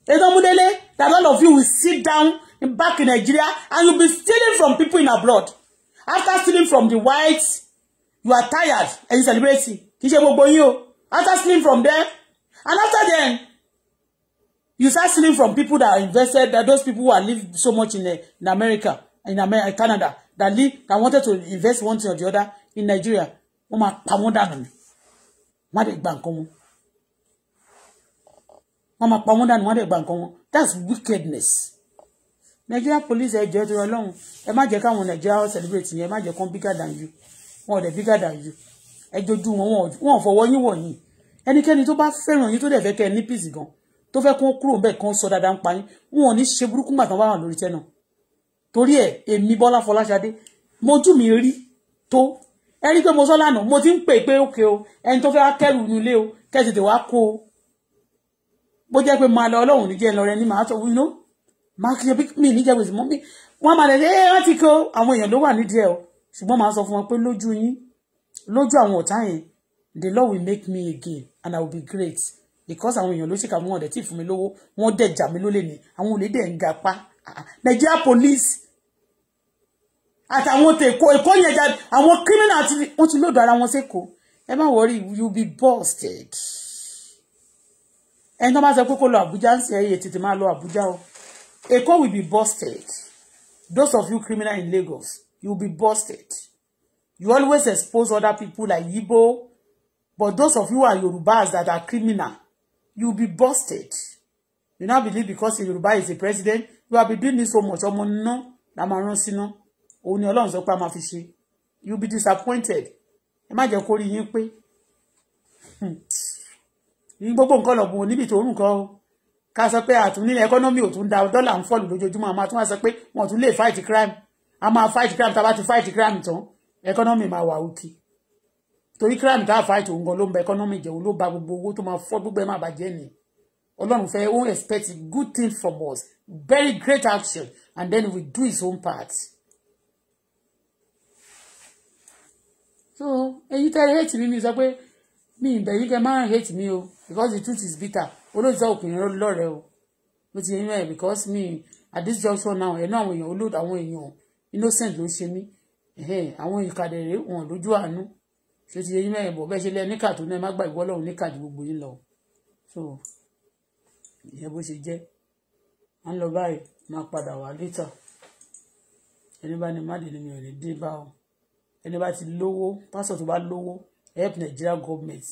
Èyí tó mú that all of you will sit down in back in Nigeria and you'll be stealing from people in abroad. After stealing from the whites, you are tired and celebrating. Kì í ṣe gbogbo yín o. After stealing from there, and after then, you start stealing from people that are invested, that those people who are live so much in, eh, in America, in America, eh, Canada, that live, that wanted to invest one thing or the other in Nigeria. Wọ́n máa pa wọ́n dànù ni. Wọ́n á dẹ̀ gba That's wickedness. Nigeria police are ti rọ Imagine Ẹ má Nigeria celebrate imagine ẹ bigger than you. Wọ́n they're bigger than you ẹ jojú wọn wọn ò fọwọ́ yín wọ̀nyí ẹnikẹ́ni tó bá fẹ́ràn yín tó dẹ̀ fẹ́ kẹ́ ẹ ní pìsì gan tó fẹ́ kó kúrò bẹ́ẹ̀ kan sọ dáadáa ń pa yín wọn ò ní ṣe burúkú gbà tán bá wà lórí tẹ́nà torí ẹ̀ èmi Bọ́lá Fọláṣadé mojú mi rí tó ẹ rí pé mo sọ lánàá mo ti ń pè pé òkè o ẹni tó fẹ́ wá kẹ́rù nílé o kẹ́tètè wá kó o bó jẹ́ pé máa lọ ọlọ́run níjẹ́ lọ rẹ ní màá sọ wíná máa kí mi níjẹ́ gbèsè mọ́ mi wọ́n máa lẹ̀ ṣe é rántí kó àwọn èèyàn ló wà nídìí ẹ̀ o ṣùgbọ́n màá sọ fún wọn pé lójú yín lójú àwọn ọ̀tá yẹn the Lord will make me again and I will be great because àwọn èèyàn ló ṣèkà wọn ọ̀dẹ̀ tí ì fún mi lówó wọ́n dẹ̀ jà mí lólè ní àwọn olè dẹ̀ ń ga pa ah, ah. Nigeria police àtàwọn tèkó èkó yẹn jà àwọn criminal àti wọ́n ti lòdò ara wọn sékòó ẹ má wọrí you be busted ẹni tó bá sọ pé kó lọ Àbújá ń ṣe ẹyẹ tètè máa lọ Àbújá o Èkó will be busted those of you criminal in Lagos you will be busted. You always expose other people like Igbo. But those of you who are Yorubas that are criminal, you'll be busted. You now believe because Yoruba is the president, you have been doing this so much. Ọmọ nínú la máa rán sínú. Òun ni Ọlọ́run You'll be disappointed. Imagine calling you kó rí yín pé. Hmm. Ní gbogbo nǹkan lọ̀gbọ̀n níbi tó rùn kan o. Ká sọ pé àtún nílẹ̀ ẹkọ́nọ́mì ò tún da dọ́là ń fọ́ọ̀lù lójoojúmọ́. A máa tún wá sọ pé wọ́n tún fight crime. A fight crime tá a ti fight crime tán economy máa wà òkè torí crime tá a fight òun gan ló ń ba economy jẹ́ òun ló ba gbogbo owó tó máa fọ́ gbogbo ẹ̀ máa bàjẹ́ ni ọlọ́run fẹ́ ó expect good thing from us very great action and then we do his own part. so èyí tẹ́lẹ̀ hate mi mi sọ pé mi ìbẹ̀ yìí kẹ́ máa hate mi o because the truth is bitter olóòótọ́ òkùnrin lọ́rẹ̀ o mo ti yẹn yẹn because me at this junction now ẹ̀ náà àwọn èèyàn olóòótọ́ àwọn èèyàn innocent ló ṣe mí àwọn ìkàdẹ̀rẹ́ wọn lójú àánú ṣé ti yẹyí mẹ́rin bọ̀ bẹ́ẹ̀ ṣe lẹ́ níkà tó náà má gbà ìwọ́ lọ́run níkà ju gbogbo yín lọ so ìyẹn bó ṣe jẹ́ à ń lọ báyìí máa padà wá létà ẹni bá ní mádìí ni mi ò ní dé bá o ẹni bá ti lówó pásọ̀ tó bá lówó help Nigeria government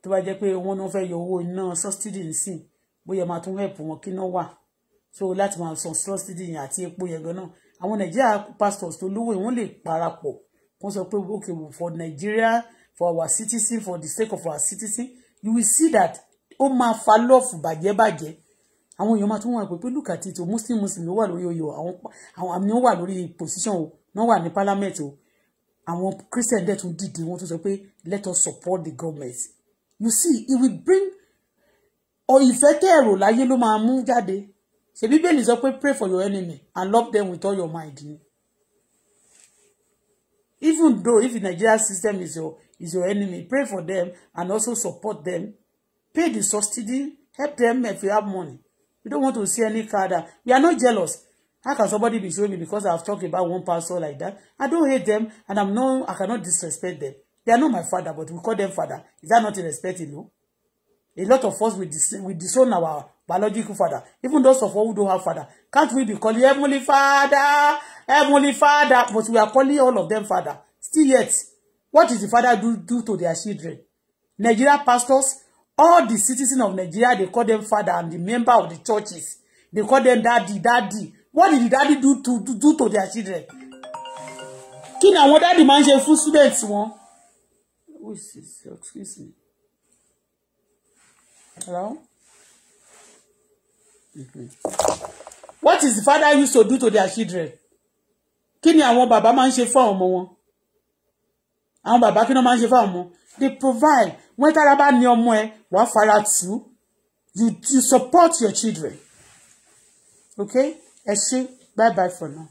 tó bá jẹ́ pé wọ́n náà fẹ́ yọ owó iná subsidy nsìn bóyá máa tún help wọn kí náà wà so láti máa san subsidy yẹn àti epo yẹn gan náà àwọn Nigeria pastors tó lówó wọ́n lè parapọ̀ wọ́n sọ pé okay for Nigeria for our citizen for the sake of our citizen you will see that ó máa fa lọ́ọ̀fù bàjẹ́ bàjẹ́ àwọn èèyàn máa tún wà pé pé look at it o muslim muslim ló wà lórí oyè àwọn àwọn àmì ó wà lórí position o wọ́n wà ní parliament o àwọn christian dẹ̀ tún dìde wọ́n tún sọ pé let us support the government you see it will bring ìfẹ́ tẹ́ láyé ló máa mú jáde ṣe bíbélì sọ pé pray for your enemy and love them with all your mind even though if the Nigeria system is your is your enemy pray for them and also support them pay the subsidy help them if you have money we don't want to see any card we are not jealous how can somebody be showing me because I have talked about one pastor like that I don't hate them and I'm no I cannot disrespect them they are not my father but we call them father is that not respecting no a lot of us we dis we disown our biological father, even those of us who don't have father, can't we be calling Heavenly Father, Heavenly Father? But we are calling all of them Father. Still yet, what does the father do, do to their children? Nigeria pastors, all the citizens of Nigeria, they call them father and the member of the churches. They call them daddy, daddy. What did the daddy do to do, do to their children? Kí ni àwọn daddy máa ń ṣe fún students wọn? Excuse me. Hello? What is the father used to do to their children? Kí ni àwọn bàbá máa ń ṣe fún ọmọ wọn? Àwọn bàbá kí ni wọ́n máa ń They provide. when tára bá ní ọmọ ẹ, wàá fara tù. You you support your children. Okay? Ẹ ṣé. Bye bye for now.